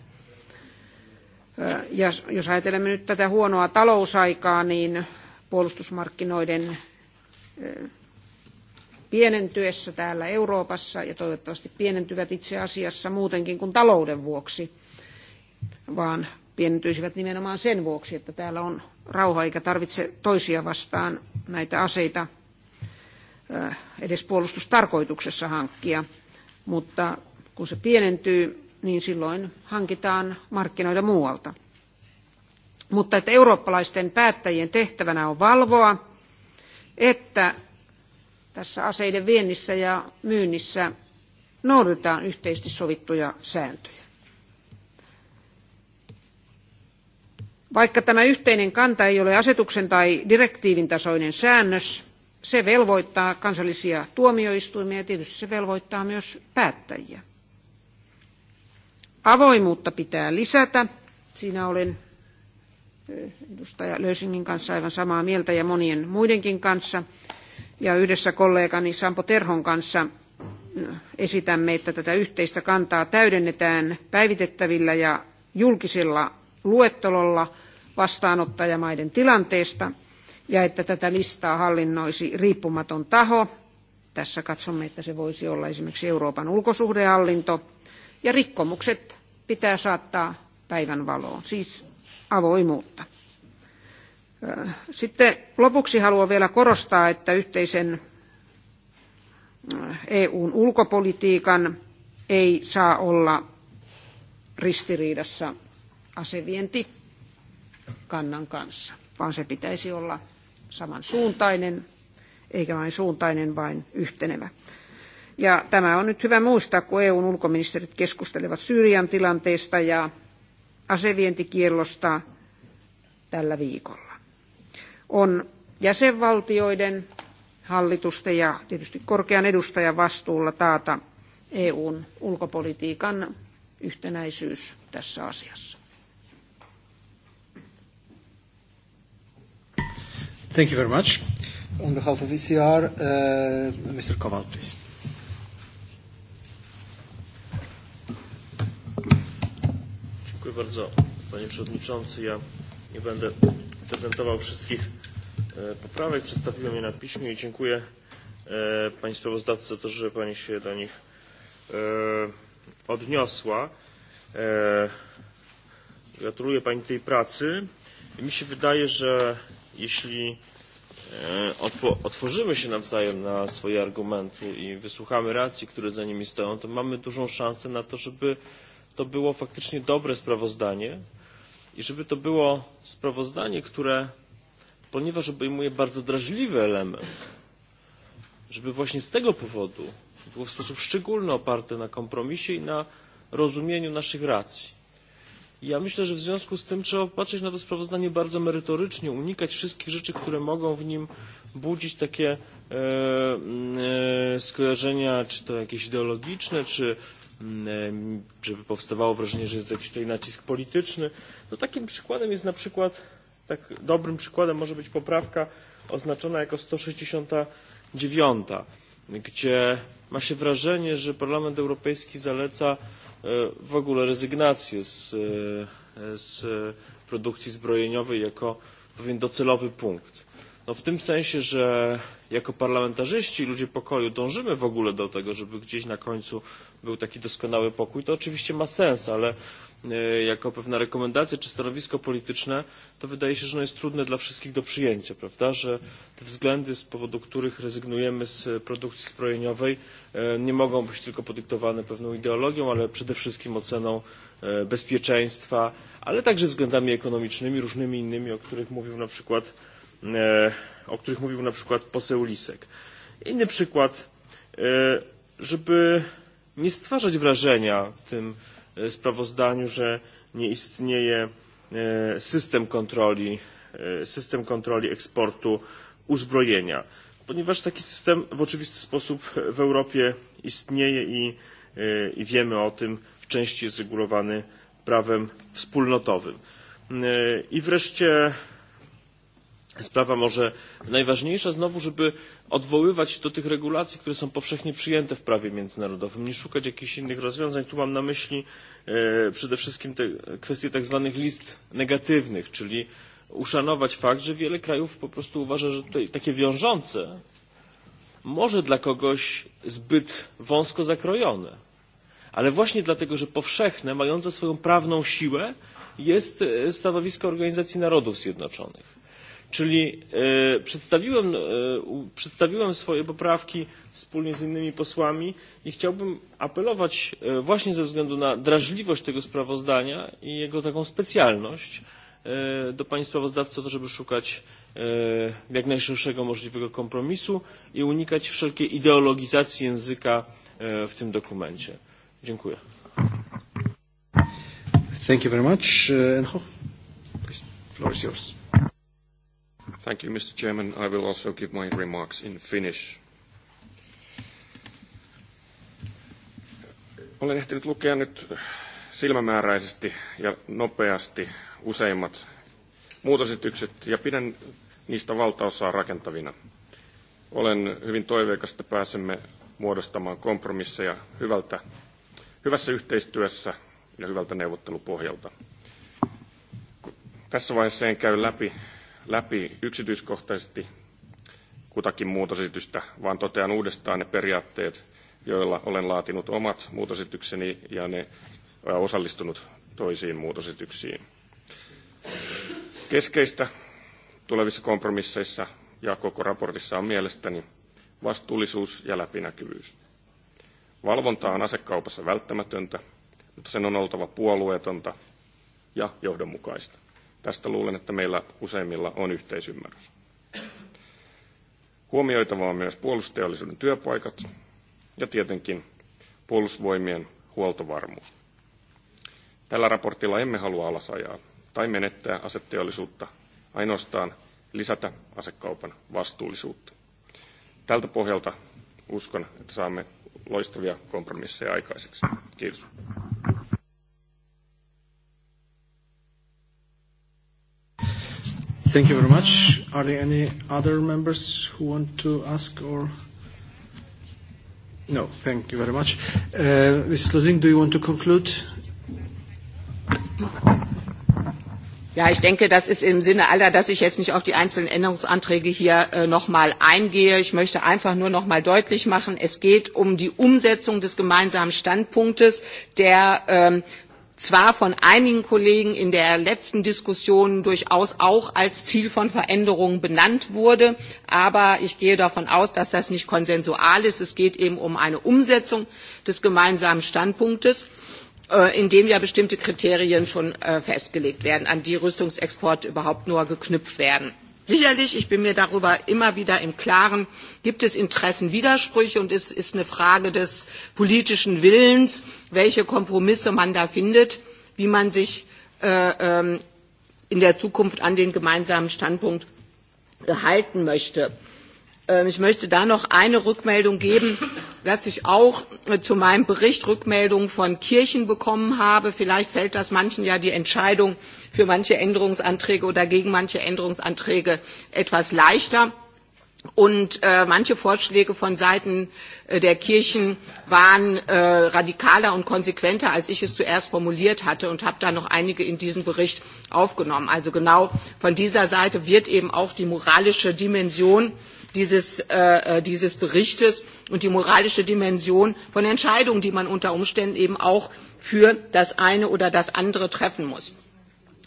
S9: Ja jos ajatelemme nyt tätä huonoa talousaikaa, niin puolustusmarkkinoiden pienentyessä täällä Euroopassa ja toivottavasti pienentyvät itse asiassa muutenkin kuin talouden vuoksi, vaan pienentyisivät nimenomaan sen vuoksi, että täällä on rauha eikä tarvitse toisia vastaan näitä aseita edes puolustustarkoituksessa hankkia mutta kun se pienentyy, niin silloin hankitaan markkinoita muualta. Mutta että eurooppalaisten päättäjien tehtävänä on valvoa, että tässä aseiden viennissä ja myynnissä noudatetaan yhteisesti sovittuja sääntöjä. Vaikka tämä yhteinen kanta ei ole asetuksen tai direktiivin tasoinen säännös, se velvoittaa kansallisia tuomioistuimia ja tietysti se velvoittaa myös päättäjiä. Avoimuutta pitää lisätä. Siinä olen edustaja Lösingin kanssa aivan samaa mieltä ja monien muidenkin kanssa. Ja yhdessä kollegani Sampo Terhon kanssa esitämme, että tätä yhteistä kantaa täydennetään päivitettävillä ja julkisella luettelolla vastaanottajamaiden tilanteesta – ja että tätä listaa hallinnoisi riippumaton taho. Tässä katsomme, että se voisi olla esimerkiksi Euroopan ulkosuhdehallinto. Ja rikkomukset pitää saattaa päivän valoon, siis avoimuutta. Sitten lopuksi haluan vielä korostaa, että yhteisen EUn ulkopolitiikan ei saa olla ristiriidassa asevientikannan kanssa, vaan se pitäisi olla samansuuntainen, eikä vain suuntainen, vaan yhtenevä. Ja tämä on nyt hyvä muistaa, kun EUn ulkoministerit keskustelevat Syyrian tilanteesta ja asevientikiellosta tällä viikolla. On jäsenvaltioiden, hallitusten ja tietysti korkean edustajan vastuulla taata EUn ulkopolitiikan yhtenäisyys tässä asiassa.
S4: Thank you very much. On behalf of ECR, uh, Mr. Koval, please.
S10: Dziękuję bardzo, panie przewodniczący. Ja nie będę prezentował wszystkich e, poprawek. Przedstawiłem je na piśmie i dziękuję e, pani sprawozdawcy za to, że pani się do nich e, odniosła. Gratuluję pani tej pracy. Mi się wydaje, że jeśli e, otworzymy się nawzajem na swoje argumenty i wysłuchamy racji, które za nimi stoją, to mamy dużą szansę na to, żeby to było faktycznie dobre sprawozdanie i żeby to było sprawozdanie, które, ponieważ obejmuje bardzo drażliwy element, żeby właśnie z tego powodu było w sposób szczególny oparte na kompromisie i na rozumieniu naszych racji. Ja myślę, że w związku z tym trzeba patrzeć na to sprawozdanie bardzo merytorycznie, unikać wszystkich rzeczy, które mogą w nim budzić takie e, mm, e, skojarzenia, czy to jakieś ideologiczne, czy mm, e, żeby powstawało wrażenie, że jest jakiś tutaj nacisk polityczny. No takim przykładem jest na przykład, tak dobrym przykładem może być poprawka oznaczona jako 169 gdzie ma się wrażenie, że Parlament Europejski zaleca e, w ogóle rezygnację z, e, z produkcji zbrojeniowej jako pewien docelowy punkt. No w tym sensie, że jako parlamentarzyści i ludzie pokoju dążymy w ogóle do tego, żeby gdzieś na końcu był taki doskonały pokój, to oczywiście ma sens, ale E, jako pewna rekomendacja czy stanowisko polityczne, to wydaje się, że ono jest trudne dla wszystkich do przyjęcia, prawda? Że te względy, z powodu których rezygnujemy z produkcji zbrojeniowej, e, nie mogą być tylko podyktowane pewną ideologią, ale przede wszystkim oceną e, bezpieczeństwa, ale także względami ekonomicznymi, różnymi innymi, o których mówił na przykład, o których mówił na przykład poseł Lisek. Inny przykład, żeby nie stwarzać wrażenia tym E, sprawozdaniu, że nie istnieje e, system kontroli, e, system kontroli eksportu uzbrojenia, ponieważ taki system w oczywisty sposób w Europie istnieje i, i wiemy o tym, w części jest regulowany prawem wspólnotowym. I wreszcie sprawa może najważniejsza znowu, żeby odwoływać się do tych regulacji, które są powszechnie przyjęte w prawie międzynarodowym, nie szukać jakichś innych rozwiązań. Tu mam na myśli e, przede wszystkim te kwestie tak zwanych list negatywnych, czyli uszanować fakt, że wiele krajów po prostu uważa, że tutaj takie wiążące może dla kogoś zbyt wąsko zakrojone, ale właśnie dlatego, że powszechne, mające swoją prawną siłę, jest e, stanowisko Organizacji Narodów Zjednoczonych Czyli y, e, przedstawiłem, y, e, przedstawiłem swoje poprawki wspólnie z innymi posłami i chciałbym apelować y, e, właśnie ze względu na drażliwość tego sprawozdania i jego taką specjalność do pani sprawozdawcy o to, żeby szukać jak najszerszego możliwego kompromisu i unikać wszelkiej ideologizacji języka w tym dokumencie. Dziękuję.
S4: Thank you very much. Uh, and, oh, floor is yours.
S11: Thank you, Mr. Chairman. I will also give my remarks in Finnish. Olen ehtinyt lukea nyt silmämääräisesti ja nopeasti useimmat muutosesitykset ja pidän niistä valtaosaa rakentavina. Olen hyvin toiveikas, että pääsemme muodostamaan kompromisseja hyvältä, hyvässä yhteistyössä ja hyvältä neuvottelupohjalta. Tässä vaiheessa en käy läpi läpi yksityiskohtaisesti kutakin muutosesitystä, vaan totean uudestaan ne periaatteet, joilla olen laatinut omat muutosesitykseni ja ne osallistunut toisiin muutosesityksiin. Keskeistä tulevissa kompromisseissa ja koko raportissa on mielestäni vastuullisuus ja läpinäkyvyys. Valvonta on asekaupassa välttämätöntä, mutta sen on oltava puolueetonta ja johdonmukaista. Tästä luulen, että meillä useimmilla on yhteisymmärrys. Huomioitavaa on myös puolusteollisuuden työpaikat ja tietenkin puolusvoimien huoltovarmuus. Tällä raportilla emme halua alasajaa tai menettää asetteollisuutta, ainoastaan lisätä asekaupan vastuullisuutta. Tältä pohjalta uskon, että saamme loistavia kompromisseja aikaiseksi. Kiitos.
S4: Thank you very much. Are there any other members who want to ask or? No, thank you very much. Uh, Mrs. Losing, do you want to conclude?
S8: Ja, ich denke, das ist im Sinne aller, dass ich jetzt nicht auf die einzelnen Änderungsanträge hier äh, mal eingehe. Ich möchte einfach nur noch mal deutlich machen, es geht um die Umsetzung des gemeinsamen Standpunktes, der ähm, zwar von einigen Kollegen in der letzten Diskussion durchaus auch als Ziel von Veränderungen benannt wurde, aber ich gehe davon aus, dass das nicht konsensual ist. Es geht eben um eine Umsetzung des gemeinsamen Standpunktes äh, in dem ja bestimmte Kriterien schon äh, festgelegt werden, an die Rüstungsexporte überhaupt nur geknüpft werden. Sicherlich, ich bin mir darüber immer wieder im Klaren, gibt es Interessenwidersprüche und es ist eine Frage des politischen Willens, welche Kompromisse man da findet, wie man sich äh, ähm, in der Zukunft an den gemeinsamen Standpunkt halten möchte. Ähm, ich möchte da noch eine Rückmeldung geben, dass ich auch äh, zu meinem Bericht Rückmeldungen von Kirchen bekommen habe. Vielleicht fällt das manchen ja die Entscheidung für manche Änderungsanträge oder gegen manche Änderungsanträge etwas leichter. Und äh, manche Vorschläge von Seiten äh, der Kirchen waren äh, radikaler und konsequenter, als ich es zuerst formuliert hatte und habe da noch einige in diesen Bericht aufgenommen. Also genau von dieser Seite wird eben auch die moralische Dimension dieses, äh, äh Berichtes und die moralische Dimension von Entscheidungen, die man unter Umständen eben auch für das eine oder das andere treffen muss.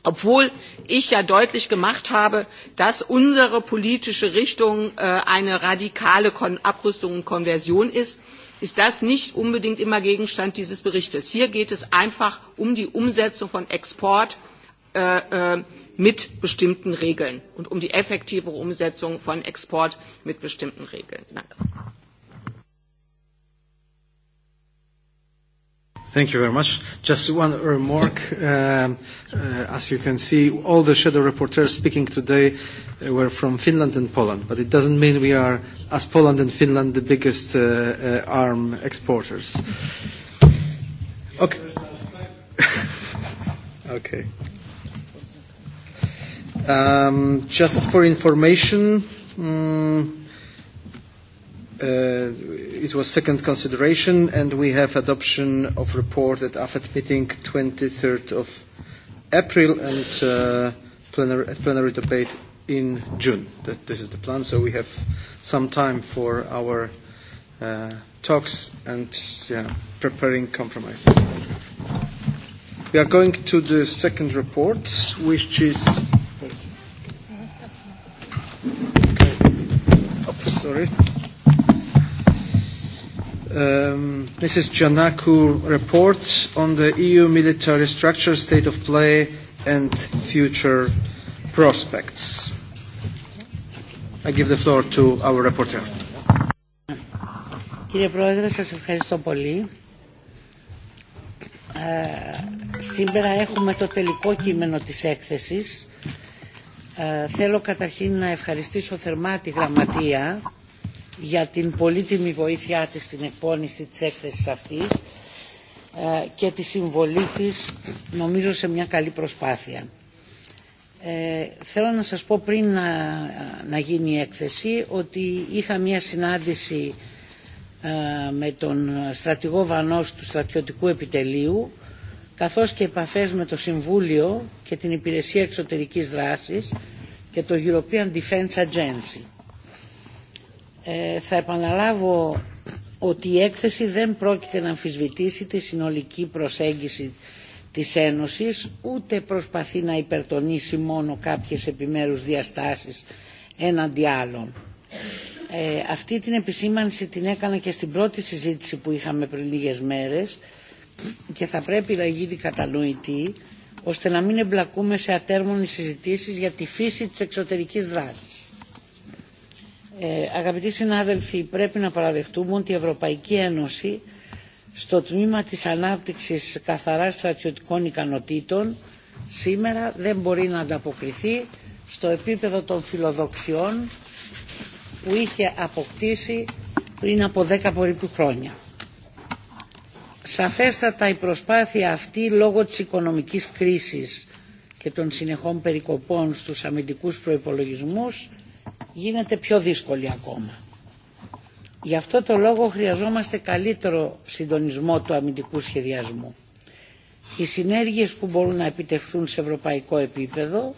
S8: Obwohl ich ja deutlich gemacht habe, dass unsere politische Richtung äh, eine radikale Abrüstung und Konversion ist, ist das nicht unbedingt immer Gegenstand dieses Berichtes. Hier geht es einfach um die Umsetzung von Export- Äh, äh, mit bestimmten Regeln und um die effektive Umsetzung von Export mit bestimmten Regeln. Danke.
S4: Thank you very much. Just one remark. Um, uh, as you can see, all the shadow reporters speaking today uh, were from Finland and Poland, but it doesn't mean we are, as Poland and Finland, the biggest uh, uh, arm exporters. Okay. okay. Um, just for information, um, uh, it was second consideration, and we have adoption of report at AFET meeting 23rd of April and uh, plenary, plenary debate in June. That this is the plan. So we have some time for our uh, talks and yeah, preparing compromise. We are going to the second report, which is Sorry. Um, this is Janaku report on the EU military structure, state of play, and future prospects. I give the floor to our reporter.
S7: Κύριε Πρόεδρε, σας ευχαριστώ πολύ. Ε, σήμερα έχουμε το τελικό κείμενο της έκθεσης θέλω καταρχήν να ευχαριστήσω θερμά τη Γραμματεία για την πολύτιμη βοήθειά της στην εκπόνηση της έκθεσης αυτής και τη συμβολή της νομίζω σε μια καλή προσπάθεια. Ε, θέλω να σας πω πριν να, να γίνει η έκθεση ότι είχα μια συνάντηση ε, με τον στρατηγό Βανός του στρατιωτικού επιτελείου καθώς και επαφές με το Συμβούλιο και την Υπηρεσία Εξωτερικής Δράσης και το European Defense Agency. Ε, θα επαναλάβω ότι η έκθεση δεν πρόκειται να αμφισβητήσει τη συνολική προσέγγιση της Ένωσης, ούτε προσπαθεί να υπερτονίσει μόνο κάποιες επιμέρους διαστάσεις έναντι άλλων. Ε, αυτή την επισήμανση την έκανα και στην πρώτη συζήτηση που είχαμε πριν λίγες μέρες, και θα πρέπει να γίνει κατανοητή ώστε να μην εμπλακούμε σε ατέρμονες συζητήσεις για τη φύση της εξωτερικής δράσης. Ε, αγαπητοί συνάδελφοι, πρέπει να παραδεχτούμε ότι η Ευρωπαϊκή Ένωση στο τμήμα της ανάπτυξης καθαρά στρατιωτικών ικανοτήτων σήμερα δεν μπορεί να ανταποκριθεί στο επίπεδο των φιλοδοξιών που είχε αποκτήσει πριν από δέκα περίπου χρόνια. Σαφέστατα η προσπάθεια αυτή λόγω της οικονομικής κρίσης και των συνεχών περικοπών στους αμυντικούς προϋπολογισμούς γίνεται πιο δύσκολη ακόμα. Γι' αυτό το λόγο χρειαζόμαστε καλύτερο συντονισμό του αμυντικού σχεδιασμού. Οι συνέργειες που μπορούν να επιτευχθούν σε ευρωπαϊκό επίπεδο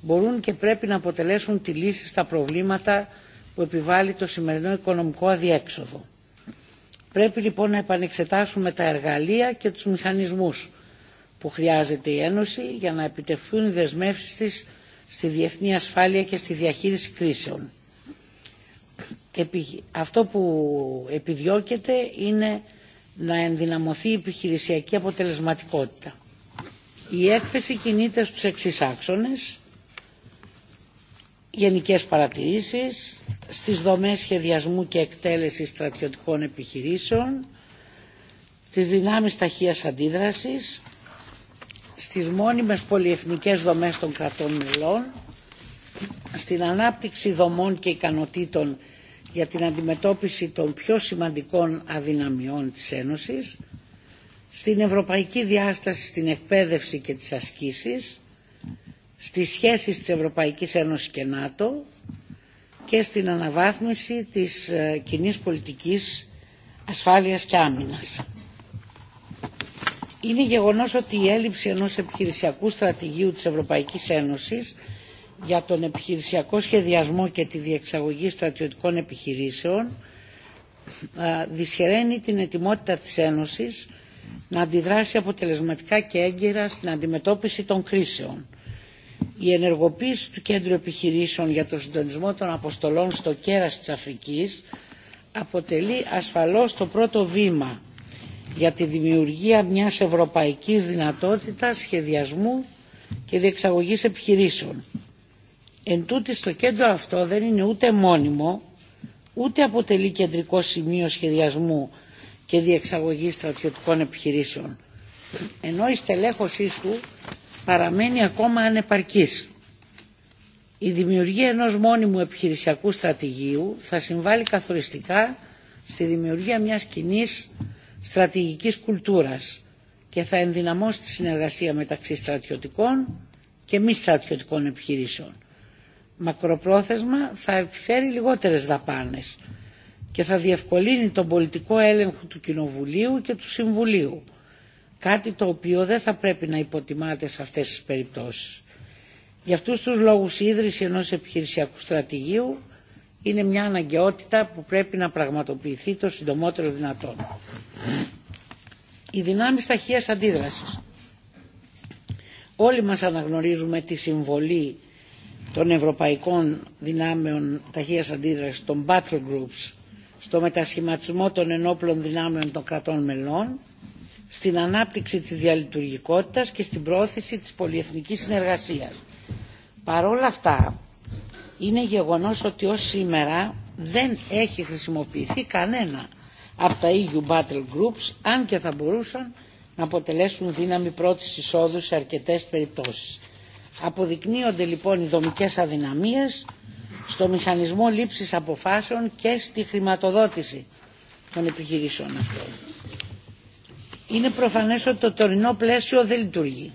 S7: μπορούν και πρέπει να αποτελέσουν τη λύση στα προβλήματα που επιβάλλει το σημερινό οικονομικό αδιέξοδο. Πρέπει λοιπόν να επανεξετάσουμε τα εργαλεία και τους μηχανισμούς που χρειάζεται η Ένωση για να επιτευχθούν οι δεσμεύσεις της στη διεθνή ασφάλεια και στη διαχείριση κρίσεων. Επι... Αυτό που επιδιώκεται είναι να ενδυναμωθεί η επιχειρησιακή αποτελεσματικότητα. Η έκθεση κινείται στους εξής άξονες – γενικές παρατηρήσεις στις δομές σχεδιασμού και εκτέλεσης στρατιωτικών επιχειρήσεων, τις δυνάμεις ταχείας αντίδρασης, στις μόνιμες πολυεθνικές δομές των κρατών μελών, στην ανάπτυξη δομών και ικανοτήτων για την αντιμετώπιση των πιο σημαντικών αδυναμιών της Ένωσης, στην ευρωπαϊκή διάσταση στην εκπαίδευση και τις ασκήσεις, στις σχέσεις της Ευρωπαϊκής Ένωσης και ΝΑΤΟ και στην αναβάθμιση της κοινή πολιτικής ασφάλειας και άμυνας. Είναι γεγονός ότι η έλλειψη ενός επιχειρησιακού στρατηγίου της Ευρωπαϊκής Ένωσης για τον επιχειρησιακό σχεδιασμό και τη διεξαγωγή στρατιωτικών επιχειρήσεων δυσχεραίνει την ετοιμότητα της Ένωσης να αντιδράσει αποτελεσματικά και έγκαιρα στην αντιμετώπιση των κρίσεων – η ενεργοποίηση του Κέντρου Επιχειρήσεων για το συντονισμό των αποστολών στο κέρας της Αφρικής αποτελεί ασφαλώς το πρώτο βήμα για τη δημιουργία μιας ευρωπαϊκής δυνατότητας σχεδιασμού και διεξαγωγής επιχειρήσεων. Εν τούτης το κέντρο αυτό δεν είναι ούτε μόνιμο, ούτε αποτελεί κεντρικό σημείο σχεδιασμού και διεξαγωγής στρατιωτικών επιχειρήσεων, ενώ η στελέχωσή του παραμένει ακόμα ανεπαρκής. Η δημιουργία ενός μόνιμου επιχειρησιακού στρατηγίου θα συμβάλλει καθοριστικά στη δημιουργία μιας κοινή στρατηγικής κουλτούρας και θα ενδυναμώσει τη συνεργασία μεταξύ στρατιωτικών και μη στρατιωτικών επιχειρήσεων. Μακροπρόθεσμα θα επιφέρει λιγότερες δαπάνες και θα διευκολύνει τον πολιτικό έλεγχο του Κοινοβουλίου και του Συμβουλίου κάτι το οποίο δεν θα πρέπει να υποτιμάται σε αυτές τις περιπτώσεις. Για αυτούς τους λόγους η ίδρυση ενός επιχειρησιακού στρατηγίου είναι μια αναγκαιότητα που πρέπει να πραγματοποιηθεί το συντομότερο δυνατόν. Οι δυνάμεις ταχείας αντίδρασης. Όλοι μας αναγνωρίζουμε τη συμβολή των ευρωπαϊκών δυνάμεων ταχείας αντίδρασης, των battle groups, στο μετασχηματισμό των ενόπλων δυνάμεων των κρατών μελών στην ανάπτυξη της διαλειτουργικότητας και στην πρόθεση της πολυεθνικής συνεργασίας. Παρ' όλα αυτά, είναι γεγονός ότι ως σήμερα δεν έχει χρησιμοποιηθεί κανένα από τα EU Battle Groups, αν και θα μπορούσαν να αποτελέσουν δύναμη πρώτης εισόδου σε αρκετές περιπτώσεις. Αποδεικνύονται λοιπόν οι δομικές αδυναμίες στο μηχανισμό λήψης αποφάσεων και στη χρηματοδότηση των επιχειρήσεων αυτών είναι προφανές ότι το τωρινό πλαίσιο δεν λειτουργεί.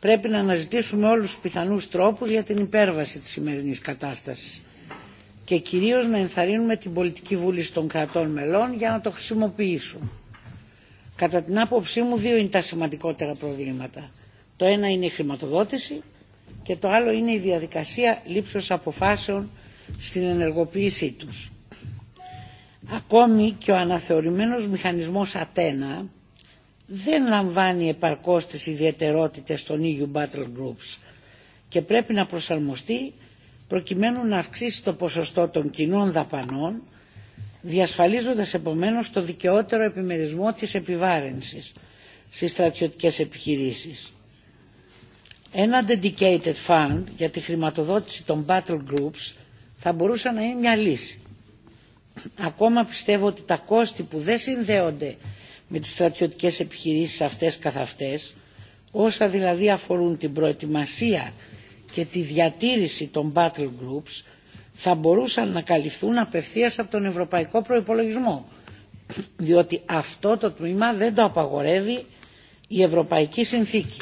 S7: Πρέπει να αναζητήσουμε όλους τους πιθανούς τρόπους για την υπέρβαση της σημερινής κατάστασης και κυρίως να ενθαρρύνουμε την πολιτική βούληση των κρατών μελών για να το χρησιμοποιήσουν. Κατά την άποψή μου δύο είναι τα σημαντικότερα προβλήματα. Το ένα είναι η χρηματοδότηση και το άλλο είναι η διαδικασία λήψεως αποφάσεων στην ενεργοποίησή τους. Ακόμη και ο αναθεωρημένος μηχανισμός Ατένα δεν λαμβάνει επαρκώς τις ιδιαιτερότητες των EU Battle Groups και πρέπει να προσαρμοστεί προκειμένου να αυξήσει το ποσοστό των κοινών δαπανών, διασφαλίζοντας επομένως το δικαιότερο επιμερισμό της επιβάρυνσης στις στρατιωτικές επιχειρήσεις. Ένα dedicated fund για τη χρηματοδότηση των battle groups θα μπορούσε να είναι μια λύση. Ακόμα πιστεύω ότι τα κόστη που δεν συνδέονται με τις στρατιωτικές επιχειρήσεις αυτές καθ' αυτές, όσα δηλαδή αφορούν την προετοιμασία και τη διατήρηση των battle groups, θα μπορούσαν να καλυφθούν απευθείας από τον Ευρωπαϊκό Προϋπολογισμό, διότι αυτό το τμήμα δεν το απαγορεύει η Ευρωπαϊκή Συνθήκη.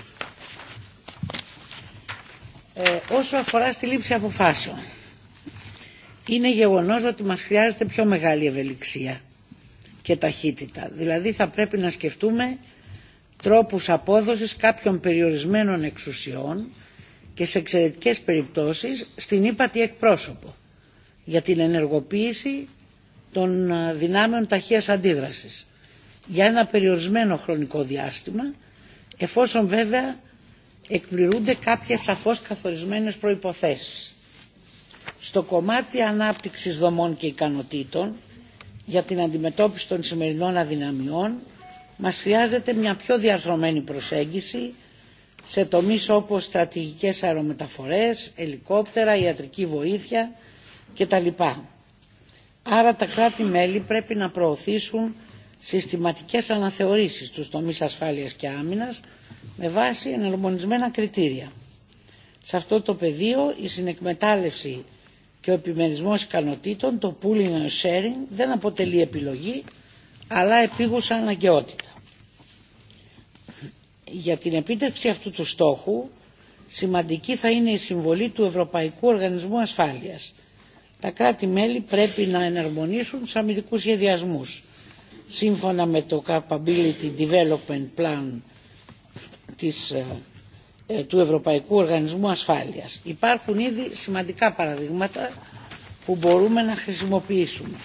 S7: Ε, όσο αφορά στη λήψη αποφάσεων, είναι γεγονός ότι μας χρειάζεται πιο μεγάλη ευελιξία και ταχύτητα. Δηλαδή θα πρέπει να σκεφτούμε τρόπους απόδοσης κάποιων περιορισμένων εξουσιών και σε εξαιρετικές περιπτώσεις στην ύπατη εκπρόσωπο για την ενεργοποίηση των δυνάμεων ταχείας αντίδρασης για ένα περιορισμένο χρονικό διάστημα εφόσον βέβαια εκπληρούνται κάποιες σαφώς καθορισμένες προϋποθέσεις στο κομμάτι ανάπτυξης δομών και ικανοτήτων για την αντιμετώπιση των σημερινών αδυναμιών μας χρειάζεται μια πιο διαρθρωμένη προσέγγιση σε τομείς όπως στρατηγικές αερομεταφορές, ελικόπτερα, ιατρική βοήθεια κτλ. Άρα τα κράτη-μέλη πρέπει να προωθήσουν συστηματικές αναθεωρήσεις στους τομείς ασφάλειας και άμυνας με βάση εναρμονισμένα κριτήρια. Σε αυτό το πεδίο η συνεκμετάλλευση και ο επιμερισμός ικανοτήτων, το pooling and sharing δεν αποτελεί επιλογή, αλλά επίγουσα αναγκαιότητα. Για την επίτευξη αυτού του στόχου, σημαντική θα είναι η συμβολή του Ευρωπαϊκού Οργανισμού Ασφάλειας. Τα κράτη-μέλη πρέπει να εναρμονίσουν τους αμυντικούς σχεδιασμούς, σύμφωνα με το Capability Development Plan της του Ευρωπαϊκού Οργανισμού Ασφάλειας. Υπάρχουν ήδη σημαντικά παραδείγματα που μπορούμε να χρησιμοποιήσουμε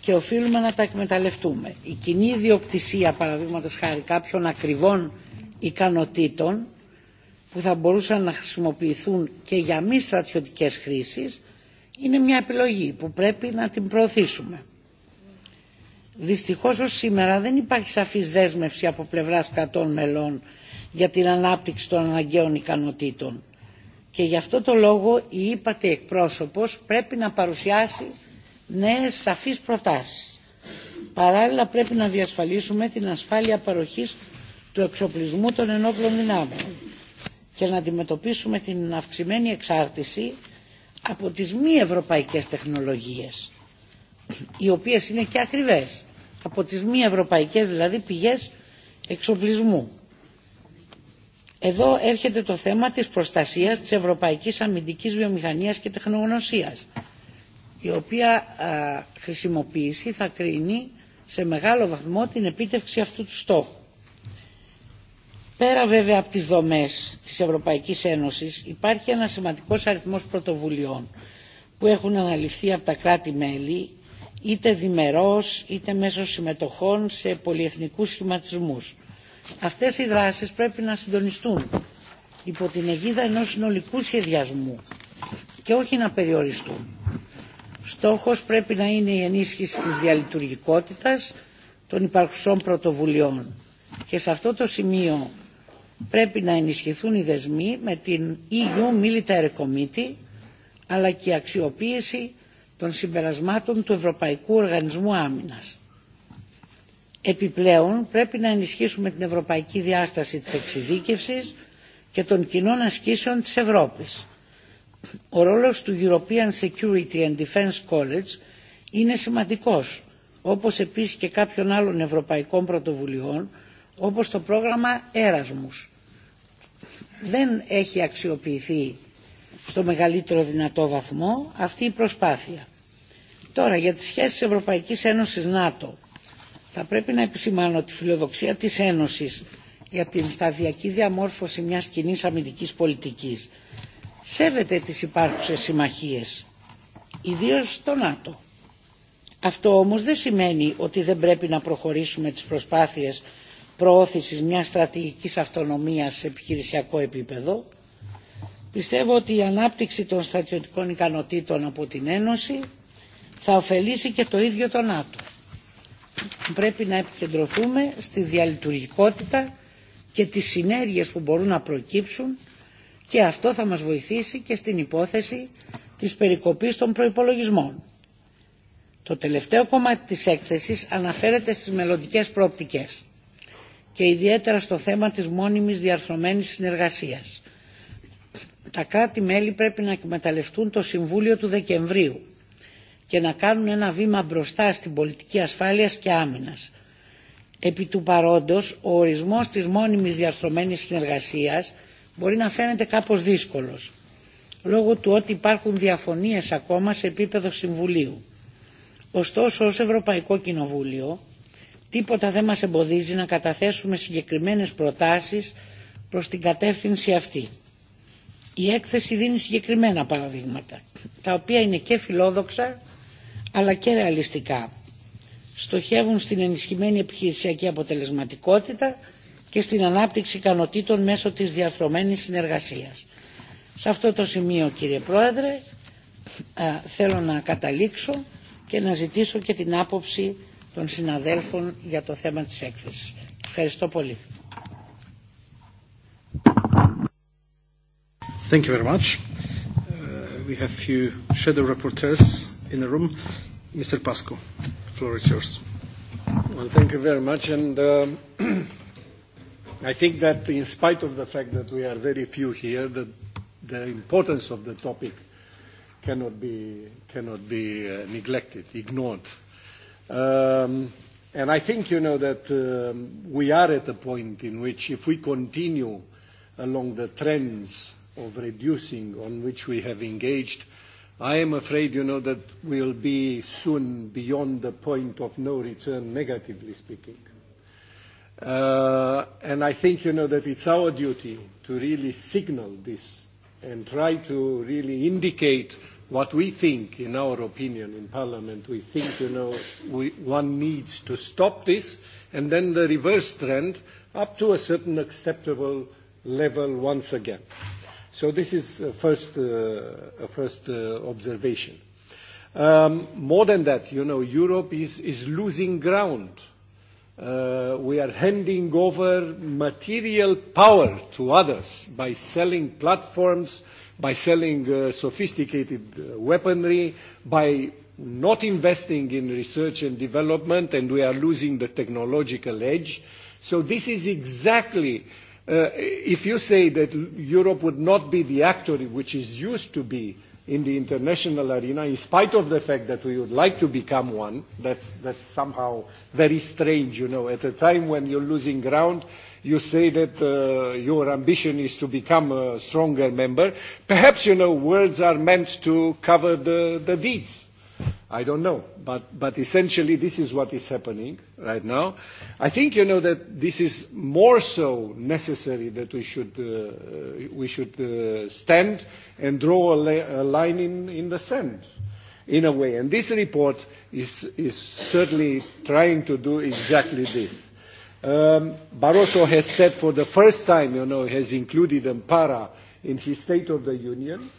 S7: και οφείλουμε να τα εκμεταλλευτούμε. Η κοινή ιδιοκτησία, παραδείγματος χάρη κάποιων ακριβών ικανοτήτων, που θα μπορούσαν να χρησιμοποιηθούν και για μη στρατιωτικές χρήσεις, είναι μια επιλογή που πρέπει να την προωθήσουμε. Δυστυχώς ως σήμερα δεν υπάρχει σαφής δέσμευση από πλευράς κρατών μελών για την ανάπτυξη των αναγκαίων ικανοτήτων. Και γι' αυτό το λόγο η ύπατη εκπρόσωπος πρέπει να παρουσιάσει νέες σαφείς προτάσεις. Παράλληλα πρέπει να διασφαλίσουμε την ασφάλεια παροχής του εξοπλισμού των ενόπλων δυνάμεων και να αντιμετωπίσουμε την αυξημένη εξάρτηση από τις μη ευρωπαϊκές τεχνολογίες, οι οποίες είναι και ακριβές, από τις μη ευρωπαϊκές δηλαδή πηγές εξοπλισμού. Εδώ έρχεται το θέμα της προστασίας της ευρωπαϊκής αμυντικής βιομηχανίας και τεχνογνωσίας, η οποία α, χρησιμοποίηση θα κρίνει σε μεγάλο βαθμό την επίτευξη αυτού του στόχου. Πέρα βέβαια από τις δομές της Ευρωπαϊκής Ένωσης υπάρχει ένα σημαντικός αριθμός πρωτοβουλειών που έχουν αναλυφθεί από τα κράτη-μέλη είτε διμερώς είτε μέσω συμμετοχών σε πολυεθνικούς σχηματισμούς Αυτές οι δράσεις πρέπει να συντονιστούν υπό την αιγίδα ενός συνολικού σχεδιασμού και όχι να περιοριστούν. Στόχος πρέπει να είναι η ενίσχυση της διαλειτουργικότητας των υπαρχουσών πρωτοβουλειών και σε αυτό το σημείο πρέπει να ενισχυθούν οι δεσμοί με την EU Military Committee αλλά και η αξιοποίηση των συμπερασμάτων του Ευρωπαϊκού Οργανισμού Άμυνας. Επιπλέον, πρέπει να ενισχύσουμε την ευρωπαϊκή διάσταση της εξειδίκευσης και των κοινών ασκήσεων της Ευρώπης. Ο ρόλος του European Security and Defence College είναι σημαντικός, όπως επίσης και κάποιων άλλων ευρωπαϊκών πρωτοβουλειών, όπως το πρόγραμμα Erasmus. Δεν έχει αξιοποιηθεί στο μεγαλύτερο δυνατό βαθμό αυτή η προσπάθεια. Τώρα, για τις σχέσεις Ευρωπαϊκής Ένωσης-ΝΑΤΟ Θα πρέπει να επισημάνω ότι η φιλοδοξία της Ένωσης για την σταδιακή διαμόρφωση μιας κοινή αμυντικής πολιτικής. Σέβεται τις υπάρχουσες συμμαχίες, ιδίως στο ΝΑΤΟ. Αυτό όμως δεν σημαίνει ότι δεν πρέπει να προχωρήσουμε τις προσπάθειες προώθησης μιας στρατηγικής αυτονομίας σε επιχειρησιακό επίπεδο. Πιστεύω ότι η ανάπτυξη των στρατιωτικών ικανοτήτων από την Ένωση θα ωφελήσει και το ίδιο το ΝΑΤΟ πρέπει να επικεντρωθούμε στη διαλειτουργικότητα και τις συνέργειες που μπορούν να προκύψουν και αυτό θα μας βοηθήσει και στην υπόθεση της περικοπής των προϋπολογισμών. Το τελευταίο κομμάτι της έκθεσης αναφέρεται στις μελλοντικέ προοπτικές και ιδιαίτερα στο θέμα της μόνιμης διαρθρωμένης συνεργασίας. Τα κράτη-μέλη πρέπει να εκμεταλλευτούν το Συμβούλιο του Δεκεμβρίου και να κάνουν ένα βήμα μπροστά στην πολιτική ασφάλειας και άμυνας. Επί του παρόντος, ο ορισμός της μόνιμης διαρθρωμένης συνεργασίας μπορεί να φαίνεται κάπως δύσκολος, λόγω του ότι υπάρχουν διαφωνίες ακόμα σε επίπεδο Συμβουλίου. Ωστόσο, ως Ευρωπαϊκό Κοινοβούλιο, τίποτα δεν μας εμποδίζει να καταθέσουμε συγκεκριμένες προτάσεις προς την κατεύθυνση αυτή. Η έκθεση δίνει συγκεκριμένα παραδείγματα, τα οποία είναι και φιλόδοξα αλλά και ρεαλιστικά. Στοχεύουν στην ενισχυμένη επιχειρησιακή αποτελεσματικότητα και στην ανάπτυξη ικανοτήτων μέσω της διαρθρωμένης συνεργασίας. Σε αυτό το σημείο, κύριε Πρόεδρε, θέλω να καταλήξω και να ζητήσω και την άποψη των συναδέλφων για το θέμα της έκθεσης. Ευχαριστώ πολύ.
S4: Thank you very much. Uh, we have
S12: few shadow reporters in the room. Mr. Pascu, the floor is yours. Well, thank you very much. And uh, I think that in spite of the fact that we are very few here, the, the importance of the topic cannot be, cannot be uh, neglected, ignored. Um, and I think, you know, that um, we are at a point in which if we continue along the trends of reducing on which we have engaged – I am afraid, you know, that we'll be soon beyond the point of no return, negatively speaking. Uh, and I think, you know, that it's our duty to really signal this and try to really indicate what we think, in our opinion, in Parliament. We think, you know, we, one needs to stop this and then the reverse trend up to a certain acceptable level once again. So this is a first, uh, a first uh, observation. Um, more than that, you know, Europe is, is losing ground. Uh, we are handing over material power to others by selling platforms, by selling uh, sophisticated uh, weaponry, by not investing in research and development, and we are losing the technological edge. So this is exactly uh, Uh, if you say that Europe would not be the actor which is used to be in the international arena, in spite of the fact that we would like to become one, that's, that's somehow very strange, you know. At a time when you're losing ground, you say that uh, your ambition is to become a stronger member. Perhaps, you know, words are meant to cover the, the deeds I don't know. But, but essentially, this is what is happening right now. I think, you know, that this is more so necessary that we should, uh, we should uh, stand and draw a, la- a line in, in the sand, in a way. And this report is, is certainly trying to do exactly this. Um, Barroso has said for the first time, you know, has included Ampara in his State of the Union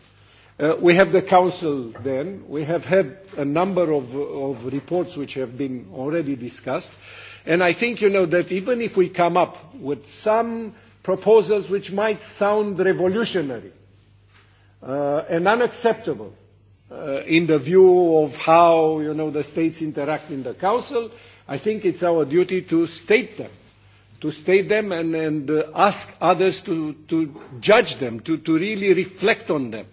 S12: Uh, we have the council then. We have had a number of, of reports which have been already discussed. And I think, you know, that even if we come up with some proposals which might sound revolutionary uh, and unacceptable uh, in the view of how, you know, the states interact in the council, I think it's our duty to state them to state them and, and uh, ask others to, to judge them, to, to really reflect on them.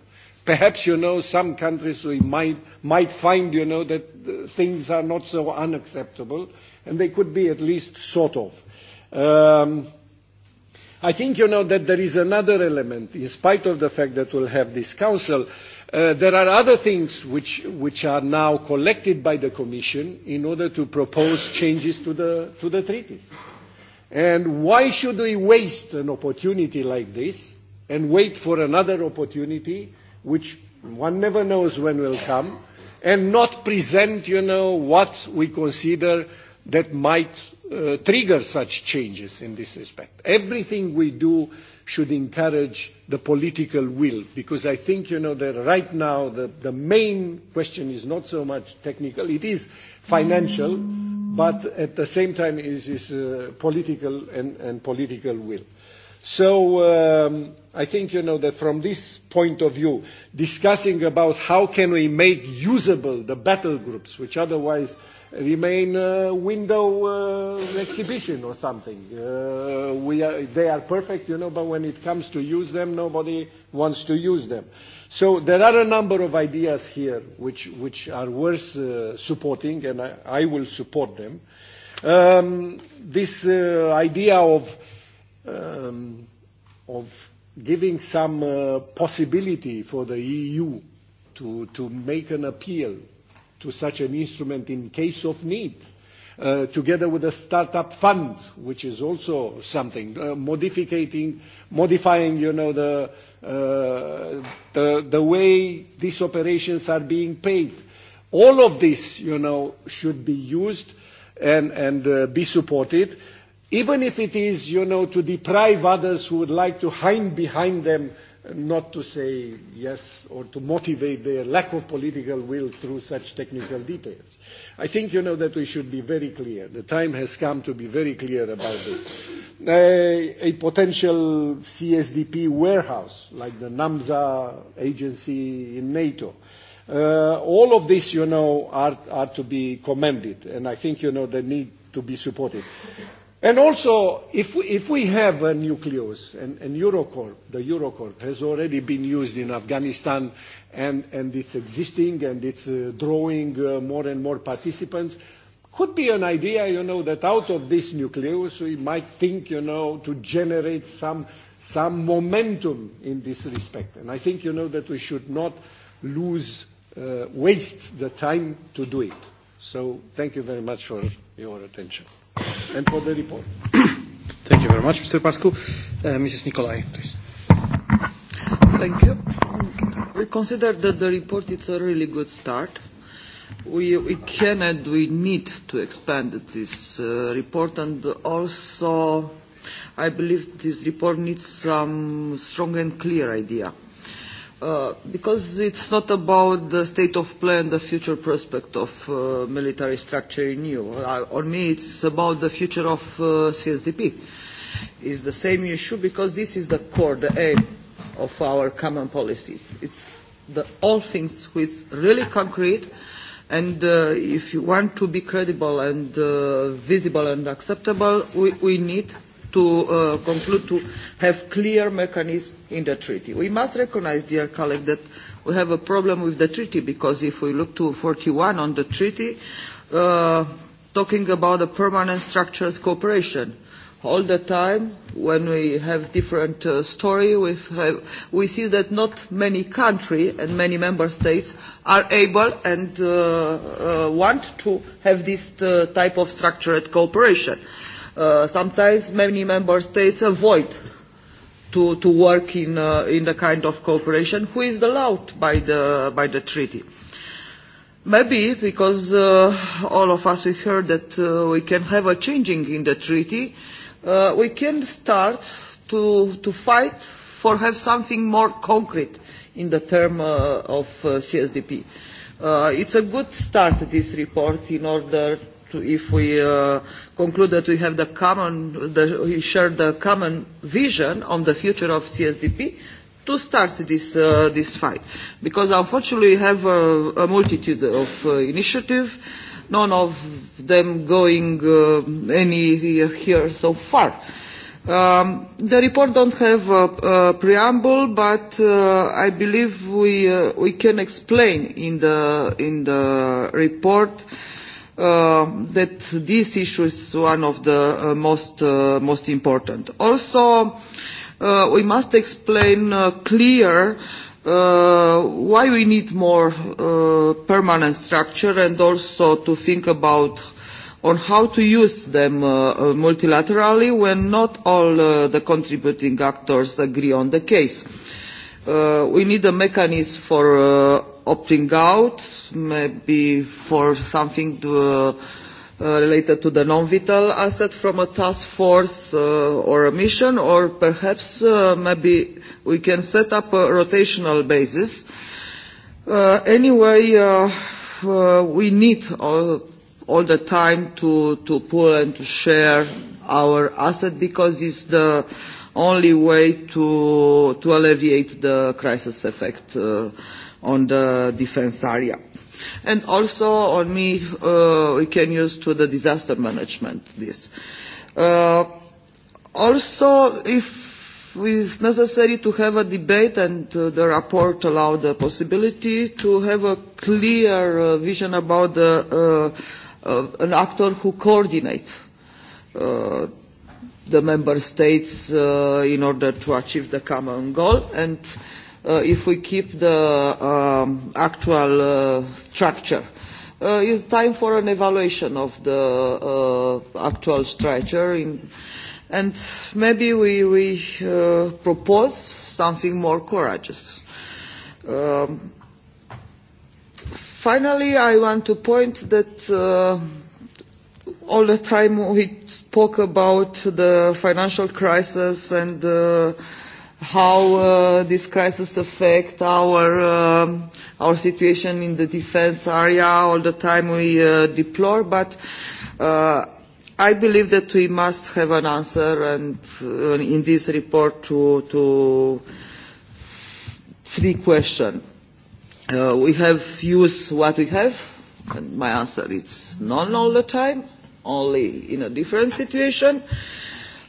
S12: Perhaps, you know, some countries we might, might find, you know, that things are not so unacceptable, and they could be at least sort of. Um, I think, you know, that there is another element, in spite of the fact that we'll have this council, Uh, there are other things which, which are now collected by the Commission in order to propose changes to the, to the treaties. And why should we waste an opportunity like this and wait for another opportunity which one never knows when will come, and not present, you know, what we consider that might uh, trigger such changes in this respect. Everything we do should encourage the political will, because I think, you know, that right now the, the main question is not so much technical, it is financial, but at the same time is, is uh, political and, and political will. So um, I think you know that from this point of view, discussing about how can we make usable the battle groups, which otherwise remain a window uh, exhibition or something. Uh, we are, they are perfect, you know, but when it comes to use them, nobody wants to use them. So there are a number of ideas here which, which are worth uh, supporting, and I, I will support them. Um, this uh, idea of um, of giving some uh, possibility for the EU to, to make an appeal to such an instrument in case of need, uh, together with a startup fund, which is also something, uh, modifying, modifying, you know, the, uh, the, the way these operations are being paid. All of this, you know, should be used and, and uh, be supported even if it is, you know, to deprive others who would like to hide behind them, not to say yes or to motivate their lack of political will through such technical details. I think, you know, that we should be very clear. The time has come to be very clear about this. A, uh, a potential CSDP warehouse, like the NAMSA agency in NATO, Uh, all of this, you know, are, are to be commended, and I think, you know, they need to be supported. And also, if we, if we have a nucleus, and, and Eurocorp, the Eurocorp has already been used in Afghanistan, and, and it's existing, and it's uh, drawing uh, more and more participants, could be an idea, you know, that out of this nucleus we might think, you know, to generate some, some momentum in this respect. And I think, you know, that we should not lose, uh, waste the time to do it. So thank you very much for your attention and for the report.
S4: Thank you very much, Mr. Pascu. Uh, Mrs.
S13: Nicolai, please. Thank you. We consider that the report is a really good start. We, we can and we need to expand this uh, report and also I believe this report needs some strong and clear idea Uh, because it's not about the state of play and the future prospect of uh, military structure in EU. Uh, on me, it's about the future of uh, CSDP. It's the same issue because this is the core, the aim of our common policy. It's the all things which really concrete and uh, if you want to be credible and uh, visible and acceptable, we, we need to uh, conclude to have clear mechanism in the treaty. We must recognize, dear colleague, that we have a problem with the treaty because if we look to 41 on the treaty, uh, talking about a permanent structured cooperation, all the time when we have different uh, story we, have, we see that not many countries and many member states are able and uh, uh, want to have this uh, type of structured cooperation. Uh, Uh, sometimes many member states avoid to, to work in, uh, in the kind of cooperation who is allowed by the, by the treaty. Maybe because uh, all of us we heard that uh, we can have a changing in the treaty, uh, we can start to, to fight for have something more concrete in the term uh, of uh, CSDP. Uh, it's a good start, this report, in order if we uh, conclude that we have the common, the, we share the common vision on the future of CSDP, to start this, uh, this fight. Because unfortunately we have a, a multitude of uh, initiatives, none of them going uh, any here so far. Um, the report don't have a, a preamble, but uh, I believe we, uh, we can explain in the, in the report uh, uh, that this issue is one of the uh, most, uh, most important. Also, uh, we must explain uh, clear uh, why we need more uh, permanent structure and also to think about on how to use them uh, uh multilaterally when not all uh, the contributing actors agree on the case. Uh, we need a mechanism for uh, opting out, maybe for something to, uh, uh, related to the non-vital asset from a task force uh, or a mission, or perhaps uh, maybe we can set up a rotational basis. Uh, anyway, uh, uh, we need all, all the time to, to pull and to share our asset because it's the only way to, to alleviate the crisis effect. Uh, on the defense area. And also on me, uh, we can use to the disaster management this. Uh, also, if it's necessary to have a debate and uh, the report allowed the possibility to have a clear uh, vision about the, uh, uh, an actor who coordinate uh, the member states uh, in order to achieve the common goal and uh, uh, if we keep the um, actual uh, structure. Uh, it's time for an evaluation of the uh, actual structure, in, and maybe we, we uh, propose something more courageous. Um, finally, I want to point that uh, all the time we spoke about the financial crisis and uh, how uh, this crisis affect our uh, our situation in the defense area all the time we uh, deplore but uh, I believe that we must have an answer and uh, in this report to to three questions uh, we have used what we have and my answer is none all the time only in a different situation uh,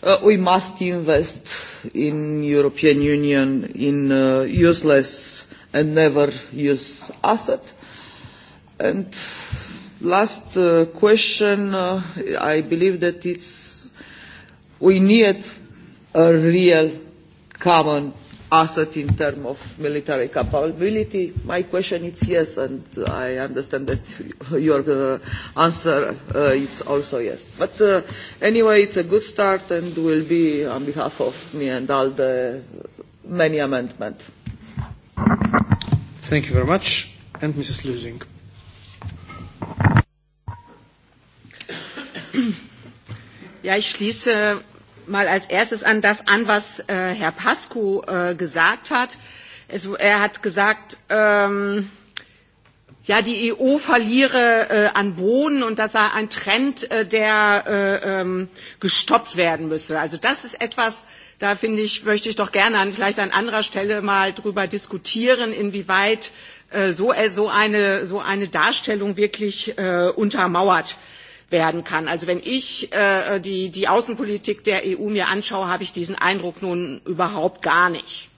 S13: Uh, we must invest in European Union in uh, useless and never use asset. And last uh, question, uh, I believe that it's we need a real common asset in terms of military capability? My question is yes, and I understand that your uh, answer uh, is also yes. But uh, anyway, it's a good start and will be, on behalf of me and all the many amendments. Thank you very much. And Mrs. Lusing.
S8: Ja, ich schließe mal als erstes an das an, was äh, Herr Pascu äh, gesagt hat. Es, er hat gesagt, ähm, ja, die EU verliere äh, an Boden und das sei ein Trend, äh, der äh, ähm, gestoppt werden müsse. Also das ist etwas, da finde ich, möchte ich doch gerne an, vielleicht an anderer Stelle mal darüber diskutieren, inwieweit äh, so, äh, so, eine, so eine Darstellung wirklich äh, untermauert äh, werden kann. Also wenn ich äh, die, die Außenpolitik der EU mir anschaue, habe ich diesen Eindruck nun überhaupt gar nicht.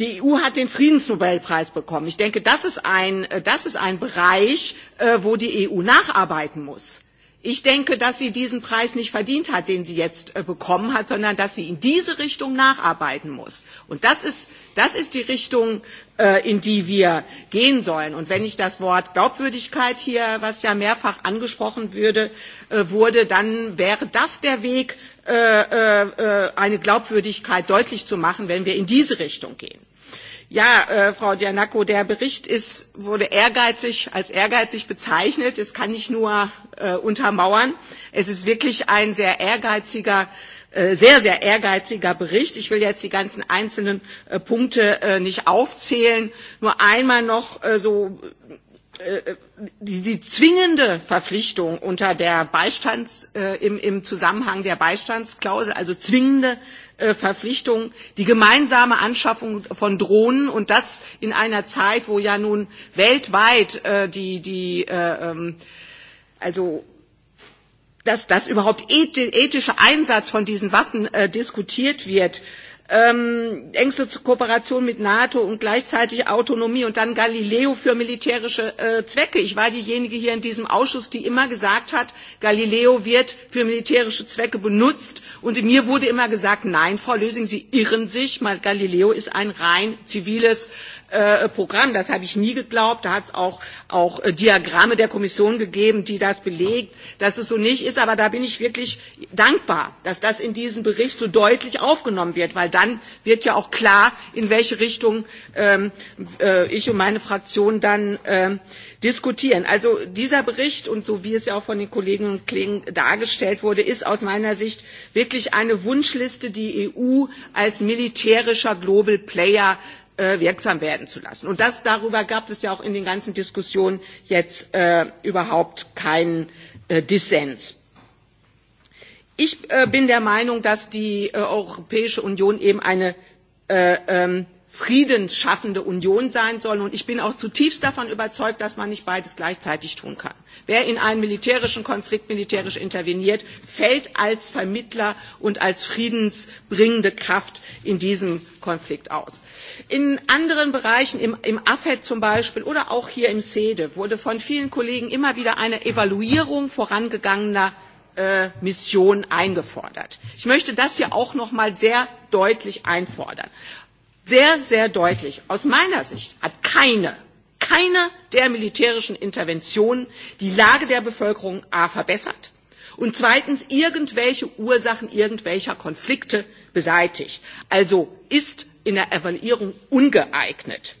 S8: Die EU hat den Friedensnobelpreis bekommen. Ich denke, das ist ein, äh, das ist ein Bereich, äh, wo die EU nacharbeiten muss. Ich denke, dass sie diesen Preis nicht verdient hat, den sie jetzt äh, bekommen hat, sondern dass sie in diese Richtung nacharbeiten muss. Und das ist Das ist die Richtung, äh, in die wir gehen sollen. Und wenn ich das Wort Glaubwürdigkeit hier, was ja mehrfach angesprochen würde, äh, wurde, dann wäre das der Weg, äh, eine Glaubwürdigkeit deutlich zu machen, wenn wir in diese Richtung gehen. Ja, äh, Frau Giannacco, der Bericht ist, wurde ehrgeizig, als ehrgeizig bezeichnet. Das kann ich nur äh, untermauern. Es ist wirklich ein sehr ehrgeiziger äh, sehr, sehr ehrgeiziger Bericht. Ich will jetzt die ganzen einzelnen äh, Punkte äh, nicht aufzählen. Nur einmal noch äh, so äh, die, die zwingende Verpflichtung unter der Beistands, äh, im, im Zusammenhang der Beistandsklausel, also zwingende Äh, Verpflichtung die gemeinsame Anschaffung von Drohnen und das in einer Zeit, wo ja nun weltweit äh, die, die äh, ähm, also dass das überhaupt ethische Einsatz von diesen Waffen äh, diskutiert wird ähm, engste Kooperation mit NATO und gleichzeitig Autonomie und dann Galileo für militärische äh, Zwecke. Ich war diejenige hier in diesem Ausschuss, die immer gesagt hat, Galileo wird für militärische Zwecke benutzt. Und mir wurde immer gesagt, nein, Frau Lösing, Sie irren sich, weil Galileo ist ein rein ziviles Äh, Programm. Das habe ich nie geglaubt. Da hat es auch, auch äh, Diagramme der Kommission gegeben, die das belegt, dass es so nicht ist. Aber da bin ich wirklich dankbar, dass das in diesem Bericht so deutlich aufgenommen wird, weil dann wird ja auch klar, in welche Richtung ähm, äh, ich und meine Fraktion dann ähm, diskutieren. Also dieser Bericht und so wie es ja auch von den Kolleginnen und Kollegen dargestellt wurde, ist aus meiner Sicht wirklich eine Wunschliste, die EU als militärischer Global Player Äh, wirksam werden zu lassen. Und das, darüber gab es ja auch in den ganzen Diskussionen jetzt äh, überhaupt keinen äh, Dissens. Ich äh, bin der Meinung, dass die äh, Europäische Union eben eine äh, ähm, friedensschaffende Union sein soll. Und ich bin auch zutiefst davon überzeugt, dass man nicht beides gleichzeitig tun kann. Wer in einen militärischen Konflikt militärisch interveniert, fällt als Vermittler und als friedensbringende Kraft in diesem Konflikt aus. In anderen Bereichen, im, im AFED zum Beispiel oder auch hier im SEDE, wurde von vielen Kollegen immer wieder eine Evaluierung vorangegangener äh, Missionen eingefordert. Ich möchte das hier auch noch mal sehr deutlich einfordern. Sehr, sehr deutlich. Aus meiner Sicht hat keine keiner der militärischen Interventionen die Lage der Bevölkerung a verbessert und zweitens irgendwelche Ursachen irgendwelcher Konflikte beseitigt. Also ist in der Evaluierung ungeeignet.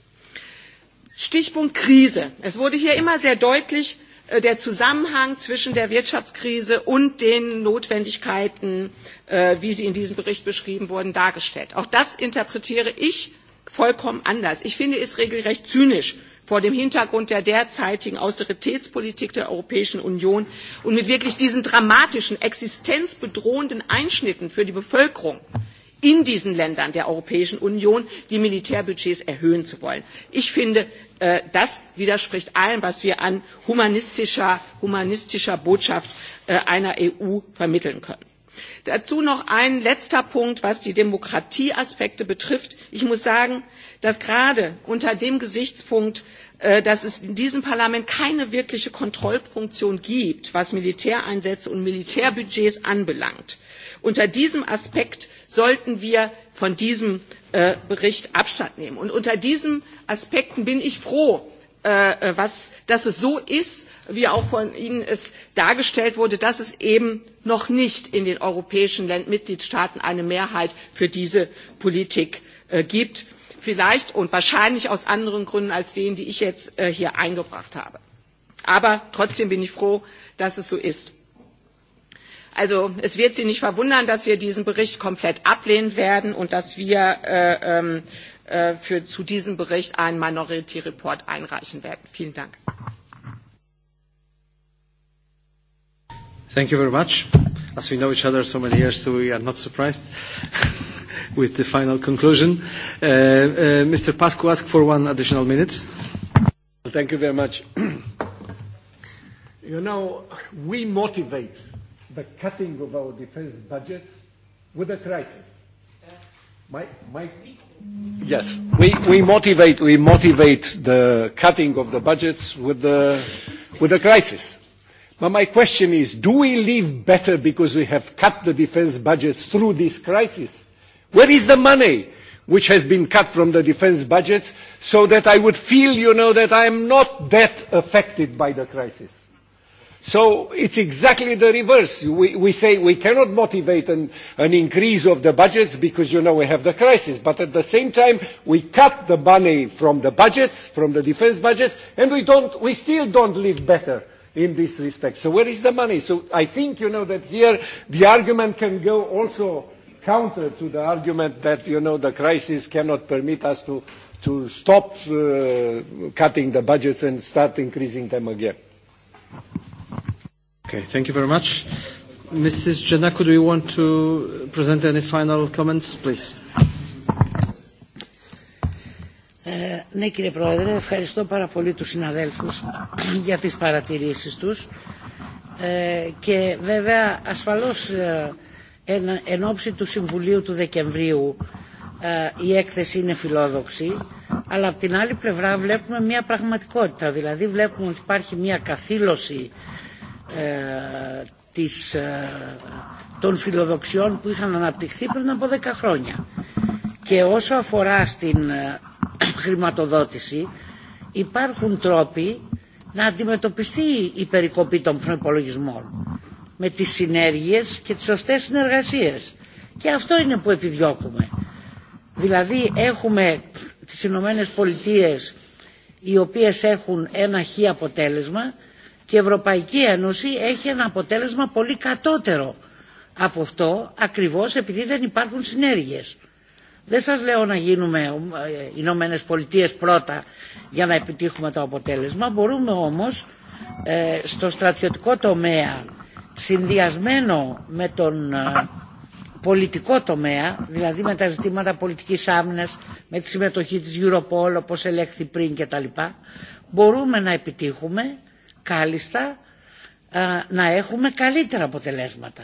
S8: Stichpunkt Krise. Es wurde hier immer sehr deutlich äh, der Zusammenhang zwischen der Wirtschaftskrise und den Notwendigkeiten, äh, wie sie in diesem Bericht beschrieben wurden, dargestellt. Auch das interpretiere ich vollkommen anders. Ich finde es regelrecht zynisch, vor dem Hintergrund der derzeitigen Austeritätspolitik der Europäischen Union und mit wirklich diesen dramatischen, existenzbedrohenden Einschnitten für die Bevölkerung in diesen Ländern der Europäischen Union die Militärbudgets erhöhen zu wollen. Ich finde, äh, das widerspricht allem, was wir an humanistischer, humanistischer Botschaft äh, einer EU vermitteln können. Dazu noch ein letzter Punkt, was die Demokratieaspekte betrifft. Ich muss sagen, dass gerade unter dem Gesichtspunkt Äh, dass es in diesem Parlament keine wirkliche Kontrollfunktion gibt, was Militäreinsätze und Militärbudgets anbelangt. Unter diesem Aspekt sollten wir von diesem äh, Bericht Abstand nehmen. Und unter diesen Aspekten bin ich froh, äh, äh was, dass es so ist, wie auch von Ihnen es dargestellt wurde, dass es eben noch nicht in den europäischen Mitgliedstaaten eine Mehrheit für diese Politik äh, gibt vielleicht und wahrscheinlich aus anderen Gründen als denen, die ich jetzt äh, hier eingebracht habe. Aber trotzdem bin ich froh, dass es so ist. Also es wird Sie nicht verwundern, dass wir diesen Bericht komplett ablehnen werden und dass wir äh, ähm, äh, für, zu diesem Bericht einen Minority Report einreichen werden. Vielen Dank.
S4: Thank you very much. As we know each other so many years, so we are not surprised. with the final conclusion. Uh, uh, Mr. Pascu asked for one additional minute.
S12: Thank you very much. you know, we motivate the cutting of our defense budgets with a crisis. My, my, yes, we, we, motivate, we motivate the cutting of the budgets with the, with the crisis. But my question is, do we live better because we have cut the defense budgets through this crisis? Where is the money which has been cut from the defense budget so that I would feel, you know, that I am not that affected by the crisis? So it's exactly the reverse. We, we say we cannot motivate an, an increase of the budgets because, you know, we have the crisis. But at the same time, we cut the money from the budgets, from the defense budgets, and we, don't, we still don't live better in this respect. So where is the money? So I think, you know, that here the argument can go also counter to the argument that, you know, the crisis cannot permit us to, to stop uh, cutting the budgets and start increasing them again.
S4: Okay, thank you very much. Mrs. Janaku, do you want to present any final comments, please?
S7: Ε, ναι κύριε Πρόεδρε, ευχαριστώ πάρα πολύ τους συναδέλφους για τις παρατηρήσεις τους ε, και βέβαια ασφαλώς εν ώψη του Συμβουλίου του Δεκεμβρίου ε, η έκθεση είναι φιλόδοξη, αλλά από την άλλη πλευρά βλέπουμε μια πραγματικότητα. Δηλαδή βλέπουμε ότι υπάρχει μια καθήλωση ε, της, ε, των φιλοδοξιών που είχαν αναπτυχθεί πριν από 10 χρόνια. Και όσο αφορά στην ε, χρηματοδότηση, υπάρχουν τρόποι να αντιμετωπιστεί η περικοπή των προπολογισμών με τις συνέργειες και τις σωστές συνεργασίες. Και αυτό είναι που επιδιώκουμε. Δηλαδή έχουμε τις Ηνωμένε Πολιτείε οι οποίες έχουν ένα χ αποτέλεσμα και η Ευρωπαϊκή Ένωση έχει ένα αποτέλεσμα πολύ κατώτερο από αυτό ακριβώς επειδή δεν υπάρχουν συνέργειες. Δεν σας λέω να γίνουμε Ηνωμένε Πολιτείε πρώτα για να επιτύχουμε το αποτέλεσμα. Μπορούμε όμως ε, στο στρατιωτικό τομέα συνδυασμένο με τον πολιτικό τομέα, δηλαδή με τα ζητήματα πολιτικής άμυνας, με τη συμμετοχή της Europol, όπως ελέγχθη πριν κτλ, μπορούμε να επιτύχουμε κάλλιστα να έχουμε καλύτερα αποτελέσματα.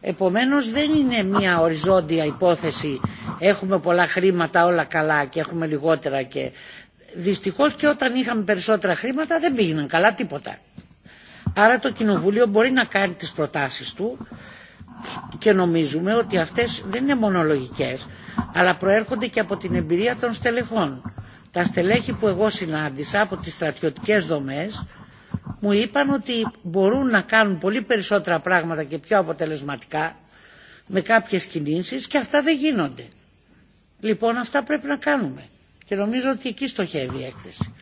S7: Επομένως δεν είναι μια οριζόντια υπόθεση έχουμε πολλά χρήματα όλα καλά και έχουμε λιγότερα και δυστυχώς και όταν είχαμε περισσότερα χρήματα δεν πήγαιναν καλά τίποτα. Άρα το Κοινοβούλιο μπορεί να κάνει τις προτάσεις του και νομίζουμε ότι αυτές δεν είναι μονολογικές, αλλά προέρχονται και από την εμπειρία των στελεχών. Τα στελέχη που εγώ συνάντησα από τις στρατιωτικές δομές μου είπαν ότι μπορούν να κάνουν πολύ περισσότερα πράγματα και πιο αποτελεσματικά με κάποιες κινήσεις και αυτά δεν γίνονται. Λοιπόν αυτά πρέπει να κάνουμε και νομίζω ότι εκεί στοχεύει η έκθεση.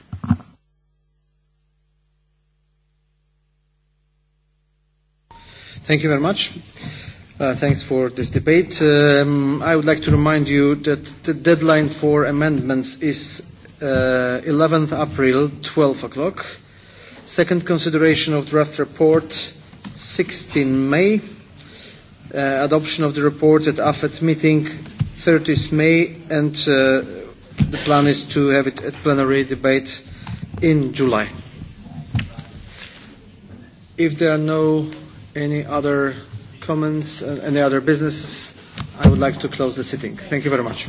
S4: Thank you very much. Uh, thanks for this debate. Um, I would like to remind you that the deadline for amendments is uh, 11th April, 12 o'clock. Second consideration of draft report, 16 May. Uh, adoption of the report at AFET meeting, 30th May, and uh, the plan is to have it at plenary debate in July. If there are no any other comments, uh, any other business, I would like to close the sitting. Thank you very much.